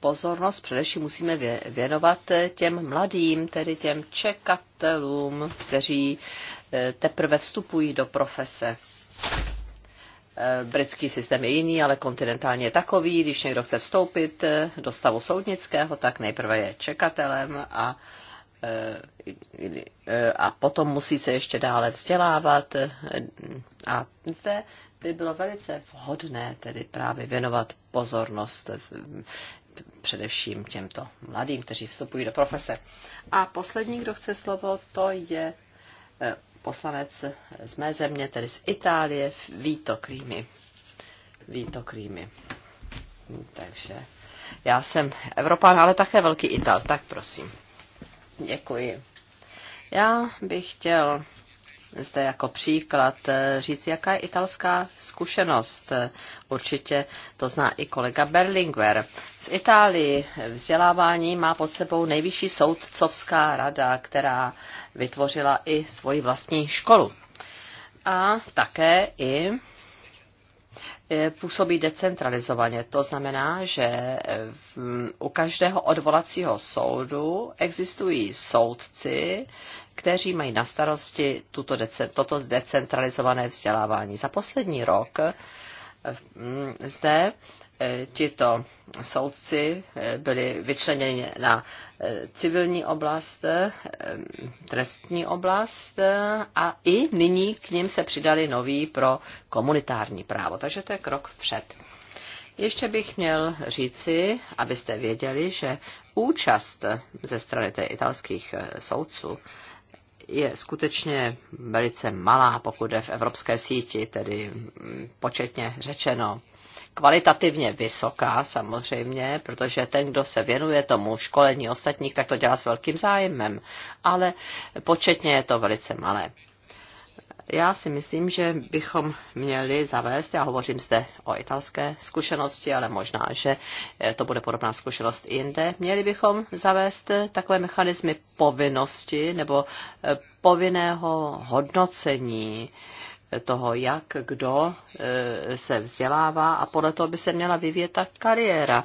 pozornost především musíme věnovat těm mladým, tedy těm čekatelům, kteří teprve vstupují do profese. Eh, britský systém je jiný, ale kontinentálně je takový, když někdo chce vstoupit eh, do stavu soudnického, tak nejprve je čekatelem a, eh, a potom musí se ještě dále vzdělávat. A zde by bylo velice vhodné tedy právě věnovat pozornost především těmto mladým, kteří vstupují do profese. A poslední, kdo chce slovo, to je poslanec z mé země, tedy z Itálie, Vito Krými. Vito Krými. Takže já jsem Evropán, ale také velký Ital, tak prosím. Děkuji. Já bych chtěl zde jako příklad eh, říct, jaká je italská zkušenost. Určitě to zná i kolega Berlinguer. V Itálii vzdělávání má pod sebou nejvyšší soudcovská rada, která vytvořila i svoji vlastní školu. A také i eh, působí decentralizovaně. To znamená, že eh, u každého odvolacího soudu existují soudci, kteří mají na starosti tuto toto decentralizované vzdělávání. Za poslední rok eh, hm, zde eh, tito soudci eh, byli vyčleněni na civilní oblast, trestní oblast a i nyní k ním se přidali noví pro komunitární právo. Takže to je krok vpřed. Ještě bych měl říci, abyste věděli, že účast ze strany italských soudců je skutečně velice malá, pokud je v evropské síti, tedy mm, početně řečeno kvalitativně vysoká samozřejmě, protože ten, kdo se věnuje tomu školení ostatních, tak to dělá s velkým zájmem, ale početně je to velice malé já si myslím, že bychom měli zavést, já hovořím zde o italské zkušenosti, ale možná, že eh, to bude podobná zkušenost i jinde, měli bychom zavést eh, takové mechanismy povinnosti nebo eh, povinného hodnocení toho, jak kdo se vzdělává a podle toho by se měla vyvíjet ta kariéra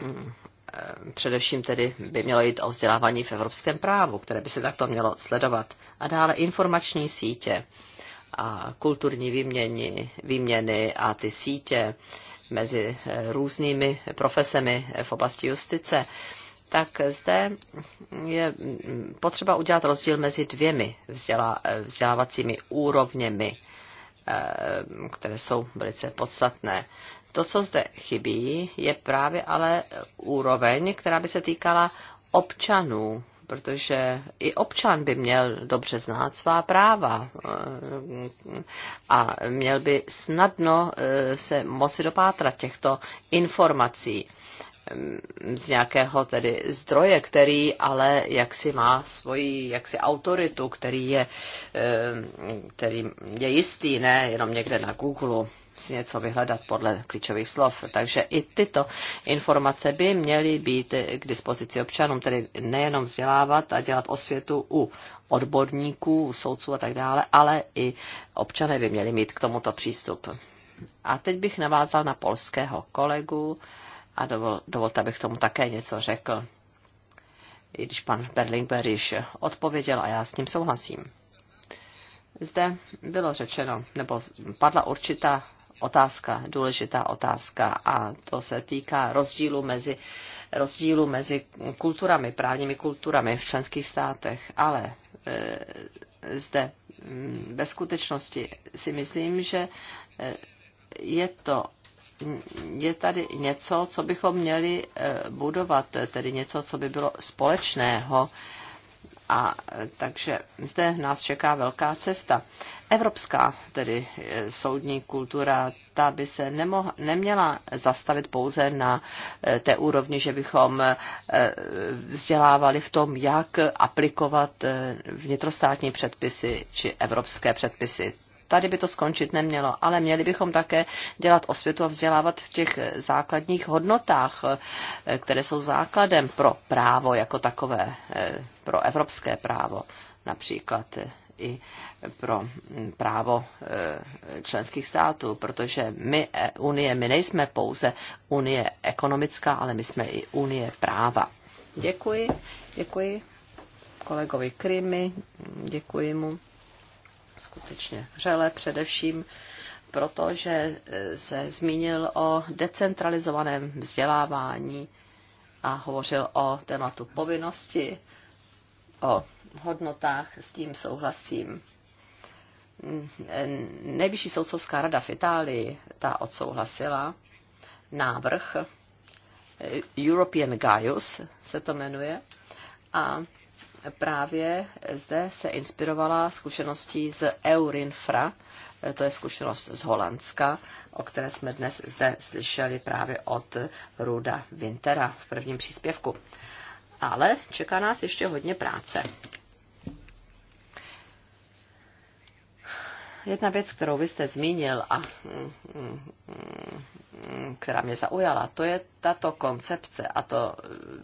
hmm. Eh, především tedy by mělo jít o vzdělávání v evropském právu, které by se takto mělo sledovat. A dále informační sítě a kulturní výměny, výměny a ty sítě mezi eh, různými profesemi v oblasti justice, tak zde je mm, potřeba udělat rozdíl mezi dvěmi eh, vzdělávacími úrovněmi, které jsou velice podstatné. To, co zde chybí, je právě ale úroveň, která by se týkala občanů, protože i občan by měl dobře znát svá práva eh, a měl by snadno eh, se moci dopátrat těchto informací mm, z nějakého tedy zdroje, který ale jaksi má svoji jaksi autoritu, který je, eh, který je jistý, ne jenom někde na Google si něco vyhledat podle klíčových slov. Takže i tyto informace by měly být k dispozici občanům, tedy nejenom vzdělávat a dělat osvětu u odborníků, u soudců a tak dále, ale i občané by měli mít k tomuto přístup. A teď bych navázal na polského kolegu a dovol, dovolte, abych tomu také něco řekl. I když pan Berlingber již odpověděl a já s ním souhlasím. Zde bylo řečeno, nebo padla určitá otázka, důležitá otázka a to se týká rozdílu mezi, rozdílu mezi kulturami, právními kulturami v členských státech, ale e, zde mm, ve skutečnosti si myslím, že e, je to je tady něco, co bychom měli e, budovat, tedy něco, co by bylo společného a takže zde nás čeká velká cesta. Evropská, tedy e, soudní kultura, ta by se nemoh- neměla zastavit pouze na e, té úrovni, že bychom e, vzdělávali v tom, jak aplikovat vnitrostátní předpisy či evropské předpisy. Tady by to skončit nemělo, ale měli bychom také dělat osvětu a vzdělávat v těch základních hodnotách, eh, které jsou základem pro právo jako takové, eh, pro evropské právo například eh, i pro mm, právo členských států, protože my, Unie, my nejsme pouze Unie ekonomická, ale my jsme i Unie práva. Děkuji, děkuji kolegovi Krymy, děkuji mu skutečně řele, především proto, že e, se zmínil o decentralizovaném vzdělávání a hovořil o tématu povinnosti, o hodnotách, s tím souhlasím. Nejvyšší soudcovská rada v Itálii ta odsouhlasila návrh e, European Gaius se to jmenuje a právě zde se inspirovala zkušeností z Eurinfra, to je zkušenost z Holandska, o které jsme dnes zde slyšeli právě od Ruda Wintera v prvním příspěvku. Ale čeká nás ještě hodně práce. jedna věc, kterou vy jste zmínil a mm, mm, mm, která mě zaujala, to je tato koncepce a to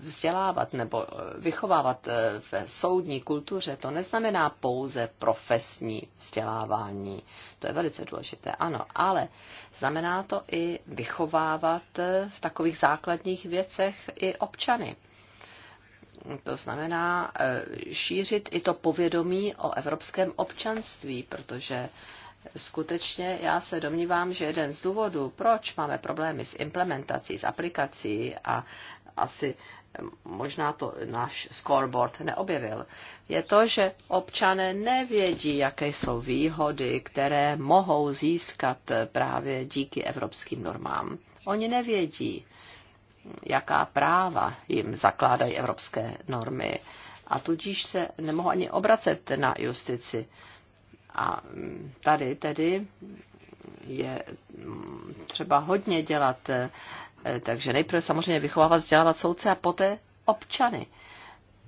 vzdělávat nebo eh, vychovávat eh, v soudní kultuře, to neznamená pouze profesní vzdělávání. To je velice důležité, ano, ale znamená to i vychovávat eh, v takových základních věcech i občany. To znamená eh, šířit i to povědomí o evropském občanství, protože skutečně já se domnívám, že jeden z důvodů, proč máme problémy s implementací, s aplikací a asi možná to náš scoreboard neobjevil, je to, že občané nevědí, jaké jsou výhody, které mohou získat právě díky evropským normám. Oni nevědí jaká práva jim zakládají evropské normy. A tudíž se nemohou ani obracet na justici. A tady tedy je třeba hodně dělat, eh, takže nejprve samozřejmě vychovávat, vzdělávat soudce a poté občany.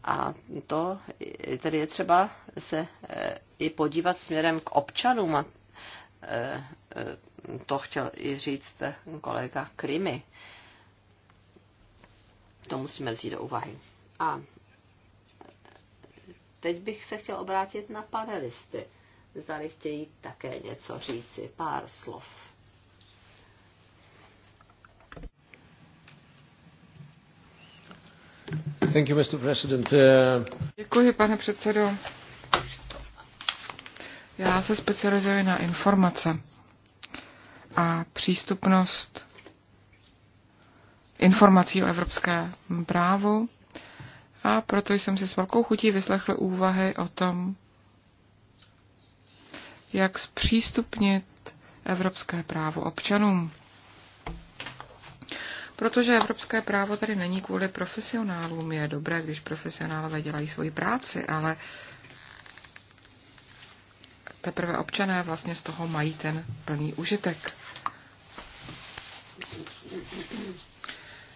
A to tedy je třeba se eh, i podívat směrem k občanům. A eh, to chtěl i říct kolega Krimi. To musíme vzít do úvahy. A teď bych se chtěl obrátit na panelisty. Zdali chtějí také něco říci, pár slov. Thank you, Mr. President. Uh, Děkuji, pane předsedo. Já se specializuji na informace a přístupnost informací o evropském právu a proto jsem si s velkou chutí vyslechl úvahy o tom, jak zpřístupnit evropské právo občanům. Protože evropské právo tady není kvůli profesionálům, je dobré, když profesionálové dělají svoji práci, ale teprve občané vlastně z toho mají ten plný užitek.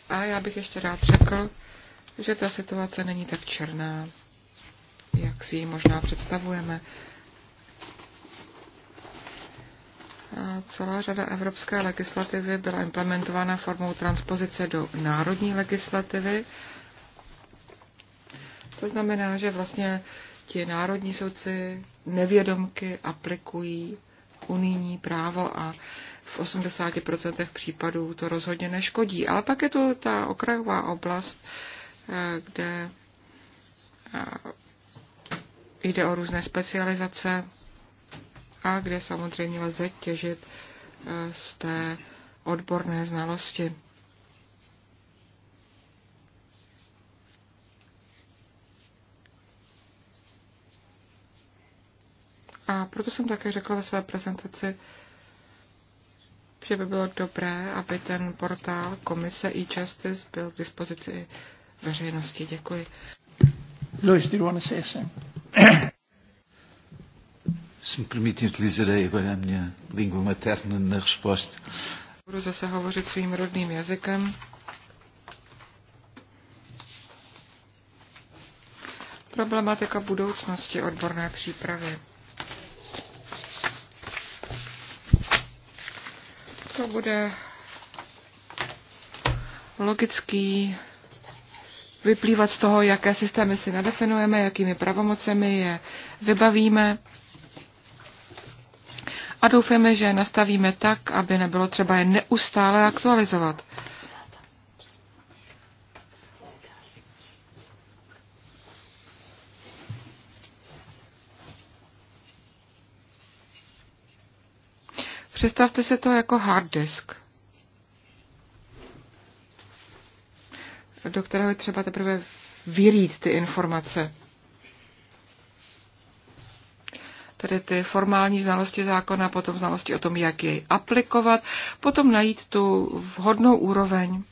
A já bych ještě rád řekl, že ta situace není tak černá, jak si ji možná představujeme. A celá řada evropské legislativy byla implementována formou transpozice do národní legislativy. To znamená, že vlastně ti národní soudci nevědomky aplikují unijní právo a v 80% případů to rozhodně neškodí. Ale pak je tu ta okrajová oblast, eh, kde eh, jde o různé specializace a kde samozřejmě lze těžit eh, z té odborné znalosti. A proto jsem také řekla ve své prezentaci, že by bylo dobré, aby ten portál Komise e-Justice byl k dispozici veřejnosti. Děkuji. Luis, do you want to say something? Se me permitem, a minha língua materna na resposta. Budu zase hovořit svým rodným jazykem. Problematika budoucnosti odborné přípravy. To bude logický vyplývat z toho, jaké systémy si nadefinujeme, jakými pravomocemi je vybavíme. A doufáme, že je nastavíme tak, aby nebylo třeba je neustále aktualizovat. Představte se to jako hard disk, do kterého je třeba teprve vyrít ty informace. tedy ty formální znalosti zákona, potom znalosti o tom, jak jej aplikovat, potom najít tu vhodnou úroveň.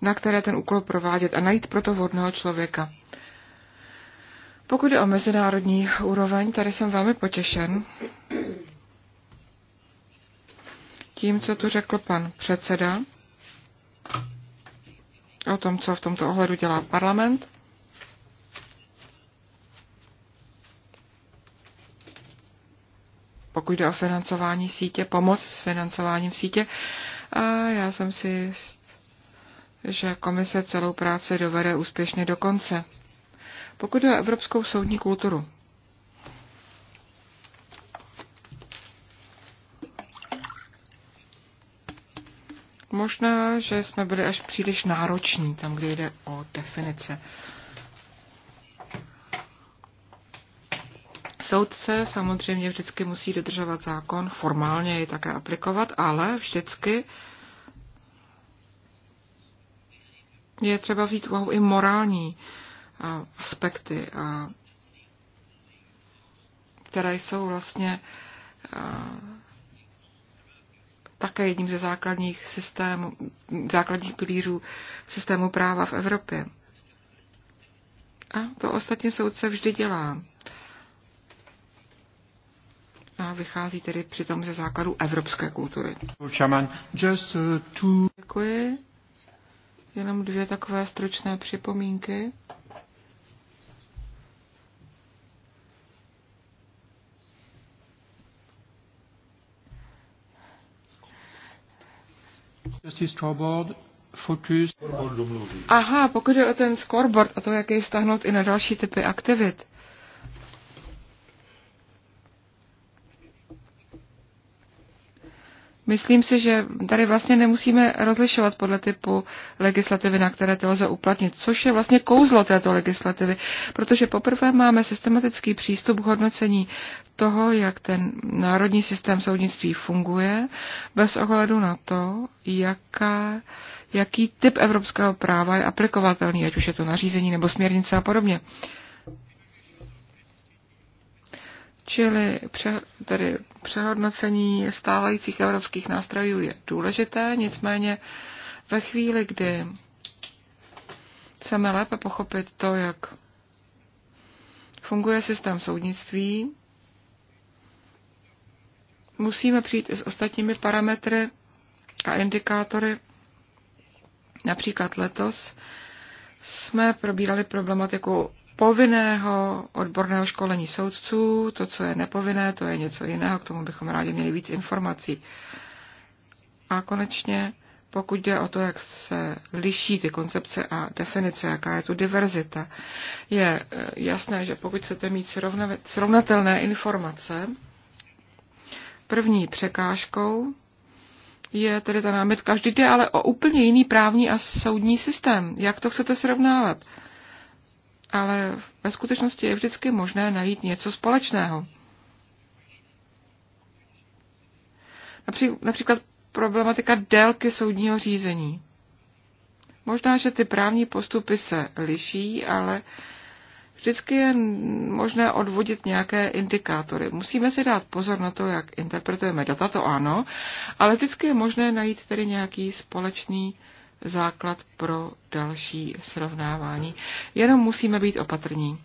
na které ten úkol provádět a najít proto vhodného člověka. Pokud je o mezinárodní úroveň, tady jsem velmi potěšen tím, co tu řekl pan předseda o tom, co v tomto ohledu dělá parlament. Pokud jde o financování sítě, pomoc s financováním sítě, a já jsem si jist, že komise celou práci dovede úspěšně do konce. Pokud je o evropskou soudní kulturu, Možná, že jsme byli až příliš nároční tam, kde jde o definice. Soudce samozřejmě vždycky musí dodržovat zákon, formálně jej také aplikovat, ale vždycky je třeba vzít úvahu i morální aspekty, které jsou vlastně také jedním ze základních systémů, základních pilířů systému práva v Evropě. A to ostatně soudce vždy dělá. A vychází tedy přitom ze základu evropské kultury. Just uh, two... Děkuji. Jenom dvě takové stručné připomínky. Aha, pokud je o ten scoreboard, a to, jak jej stáhnout i na další typy aktivit. Myslím si, že tady vlastně nemusíme rozlišovat podle typu legislativy, na které to lze uplatnit, což je vlastně kouzlo této legislativy, protože poprvé máme systematický přístup k hodnocení toho, jak ten národní systém soudnictví funguje, bez ohledu na to, jaká, jaký typ evropského práva je aplikovatelný, ať už je to nařízení nebo směrnice a podobně. Uh, Čili pře, tedy přehodnocení stávajících evropských nástrojů je důležité, nicméně ve chvíli, kdy chceme lépe pochopit to, jak funguje systém soudnictví, musíme přijít i s ostatními parametry a indikátory. Například letos jsme probírali problematiku povinného odborného školení soudců, to, co je nepovinné, to je něco jiného, k tomu bychom rádi měli víc informací. A konečně, pokud jde o to, jak se liší ty koncepce a definice, jaká je tu diverzita, je eh, jasné, že pokud chcete mít srovnatelné informace, první překážkou je tedy ta námitka vždy jde ale o úplně jiný právní a soudní systém. Jak to chcete srovnávat? ale ve skutečnosti je vždycky možné najít něco společného. Například problematika délky soudního řízení. Možná, že ty právní postupy se liší, ale vždycky je možné odvodit nějaké indikátory. Musíme si dát pozor na to, jak interpretujeme data, to ano, ale vždycky je možné najít tedy nějaký společný základ pro další srovnávání. Jenom musíme být opatrní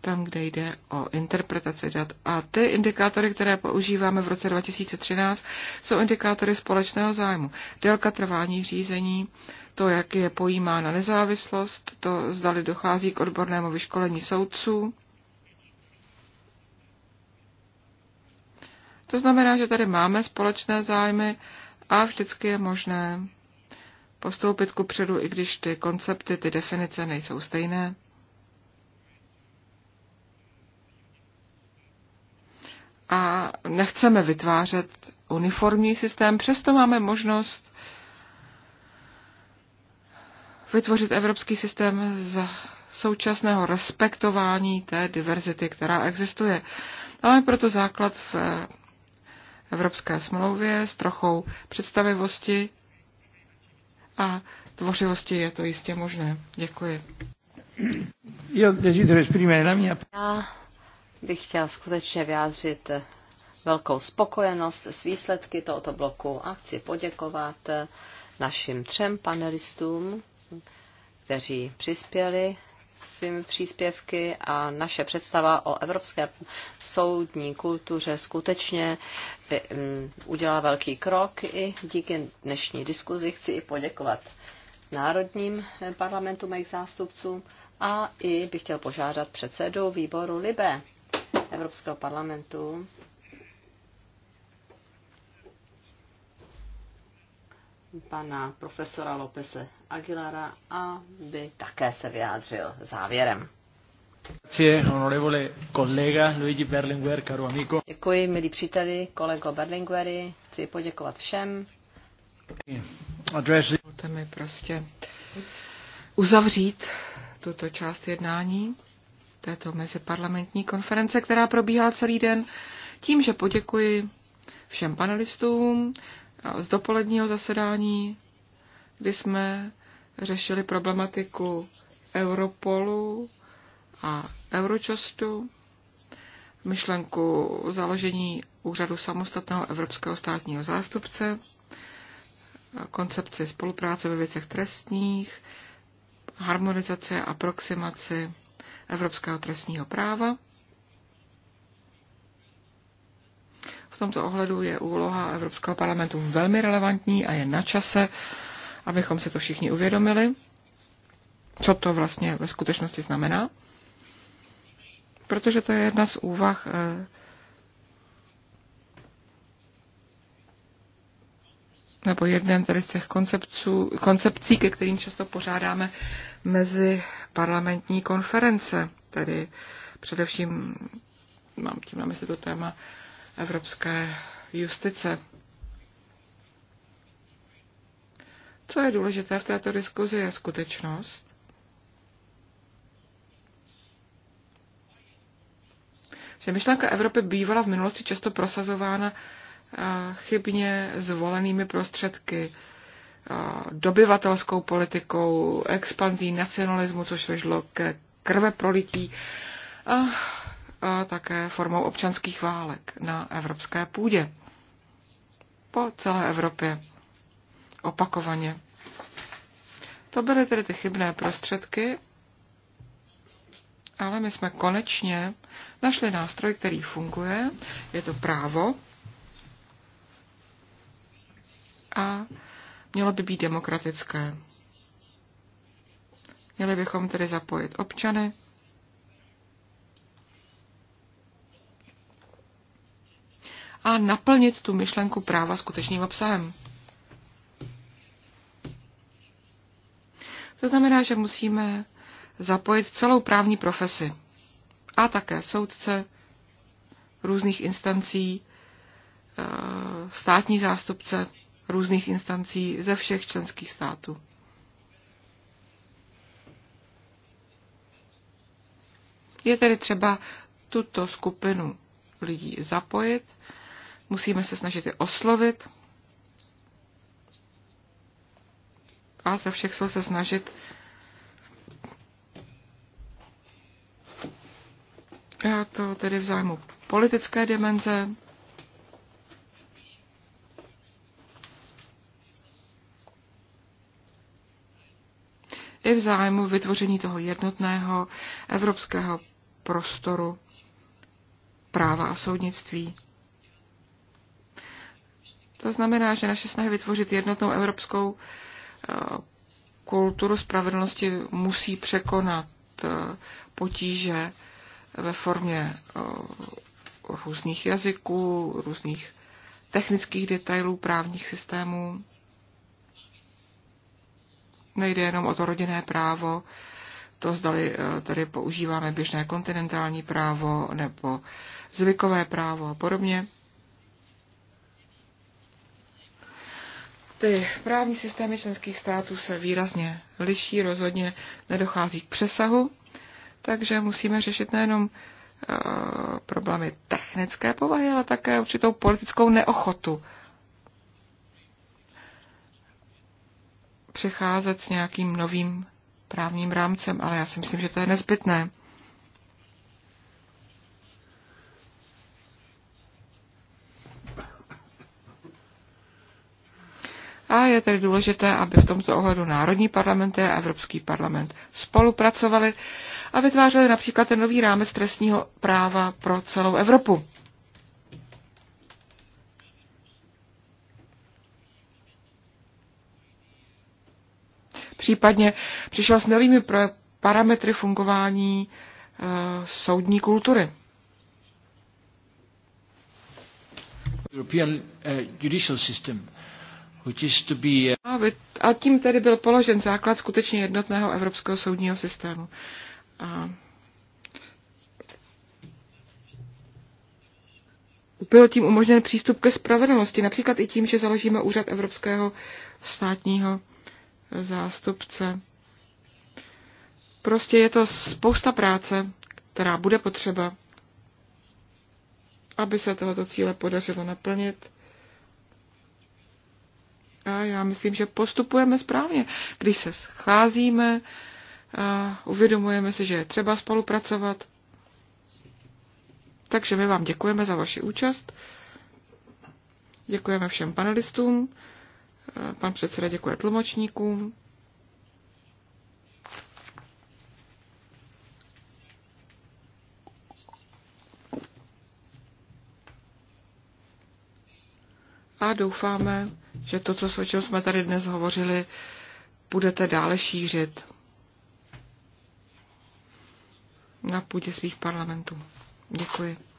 tam, kde jde o interpretaci dat. A ty indikátory, které používáme v roce 2013, jsou indikátory společného zájmu. Délka trvání řízení, to, jak je pojímána nezávislost, to zdali dochází k odbornému vyškolení soudců. To znamená, že tady máme společné zájmy a vždycky je možné postoupit ku předu, i když ty koncepty, ty definice nejsou stejné. A nechceme vytvářet uniformní systém, přesto máme možnost vytvořit evropský systém z současného respektování té diverzity, která existuje. Máme proto základ v Evropské smlouvě s trochou představivosti a tvořivosti je to jistě možné. Děkuji. Já bych chtěla skutečně vyjádřit velkou spokojenost s výsledky tohoto bloku a chci poděkovat našim třem panelistům, kteří přispěli svými příspěvky a naše představa o evropské soudní kultuře skutečně eh, mm, udělala velký krok i díky dnešní diskuzi chci i poděkovat národním eh, parlamentům jejich zástupcům a i bych chtěl požádat předsedu výboru Libe Evropského parlamentu, pana profesora Lopese Aguilara, aby také se vyjádřil závěrem. Děkuji, milí příteli, kolego Berlingueri. Chci poděkovat všem. Můžete mi prostě uzavřít tuto část jednání této meziparlamentní konference, která probíhá celý den, tím, že poděkuji všem panelistům, z dopoledního zasedání, kdy jsme řešili problematiku Europolu a Eurojustu, myšlenku založení úřadu samostatného evropského státního zástupce, koncepci spolupráce ve věcech trestních, harmonizace a aproximaci evropského trestního práva. V tomto ohledu je úloha Evropského parlamentu velmi relevantní a je na čase, abychom se to všichni uvědomili, co to vlastně ve skutečnosti znamená, protože to je jedna z úvah eh, nebo jeden tady z těch konceptů, koncepcí, ke kterým často pořádáme mezi parlamentní konference, tedy především mám tím na mysli to téma evropské justice. Co je důležité v této diskuzi je skutečnost, že myšlenka Evropy bývala v minulosti často prosazována eh, chybně zvolenými prostředky, eh, dobyvatelskou politikou, expanzí nacionalismu, což vežlo ke krve prolití eh, také formou občanských válek na evropské půdě. Po celé Evropě. Opakovaně. To byly tedy ty chybné prostředky, ale my jsme konečně našli nástroj, který funguje. Je to právo. A mělo by být demokratické. Měli bychom tedy zapojit občany, a naplnit tu myšlenku práva skutečným obsahem. To znamená, že musíme zapojit celou právní profesi a také soudce různých instancí, e, státní zástupce různých instancí ze všech členských států. Je tedy třeba tuto skupinu lidí zapojit Musíme se snažit je oslovit a ze všech sil se snažit a to tedy v zájmu politické dimenze, i v zájmu vytvoření toho jednotného evropského prostoru práva a soudnictví. To znamená, že naše snahy vytvořit jednotnou evropskou eh, kulturu spravedlnosti musí překonat eh, potíže ve formě eh, různých jazyků, různých technických detailů právních systémů. Nejde jenom o to rodinné právo, to zdali tady používáme běžné kontinentální právo nebo zvykové právo a podobně. Ty právní systémy členských států se výrazně liší, rozhodně nedochází k přesahu, takže musíme řešit nejenom e, problémy technické povahy, ale také určitou politickou neochotu přecházet s nějakým novým právním rámcem, ale já si myslím, že to je nezbytné. a je tedy důležité, aby v tomto ohledu národní parlamenty a Evropský parlament spolupracovali a vytvářeli například ten nový rámec trestního práva pro celou Evropu. Případně přišel s novými parametry fungování e, soudní kultury. European uh, judicial system Uh, a tím tedy byl položen základ skutečně jednotného evropského soudního systému. A byl tím umožněn přístup ke spravedlnosti, například i tím, že založíme úřad evropského státního zástupce. Prostě je to spousta práce, která bude potřeba, aby se tohoto cíle podařilo naplnit a já myslím, že postupujeme správně. Když se scházíme, a uvědomujeme si, že je třeba spolupracovat. Takže my vám děkujeme za vaši účast. Děkujeme všem panelistům. Pan předseda děkuje tlumočníkům. A doufáme, že to, co, o čem jsme tady dnes hovořili, budete dále šířit na půdě svých parlamentů. Děkuji.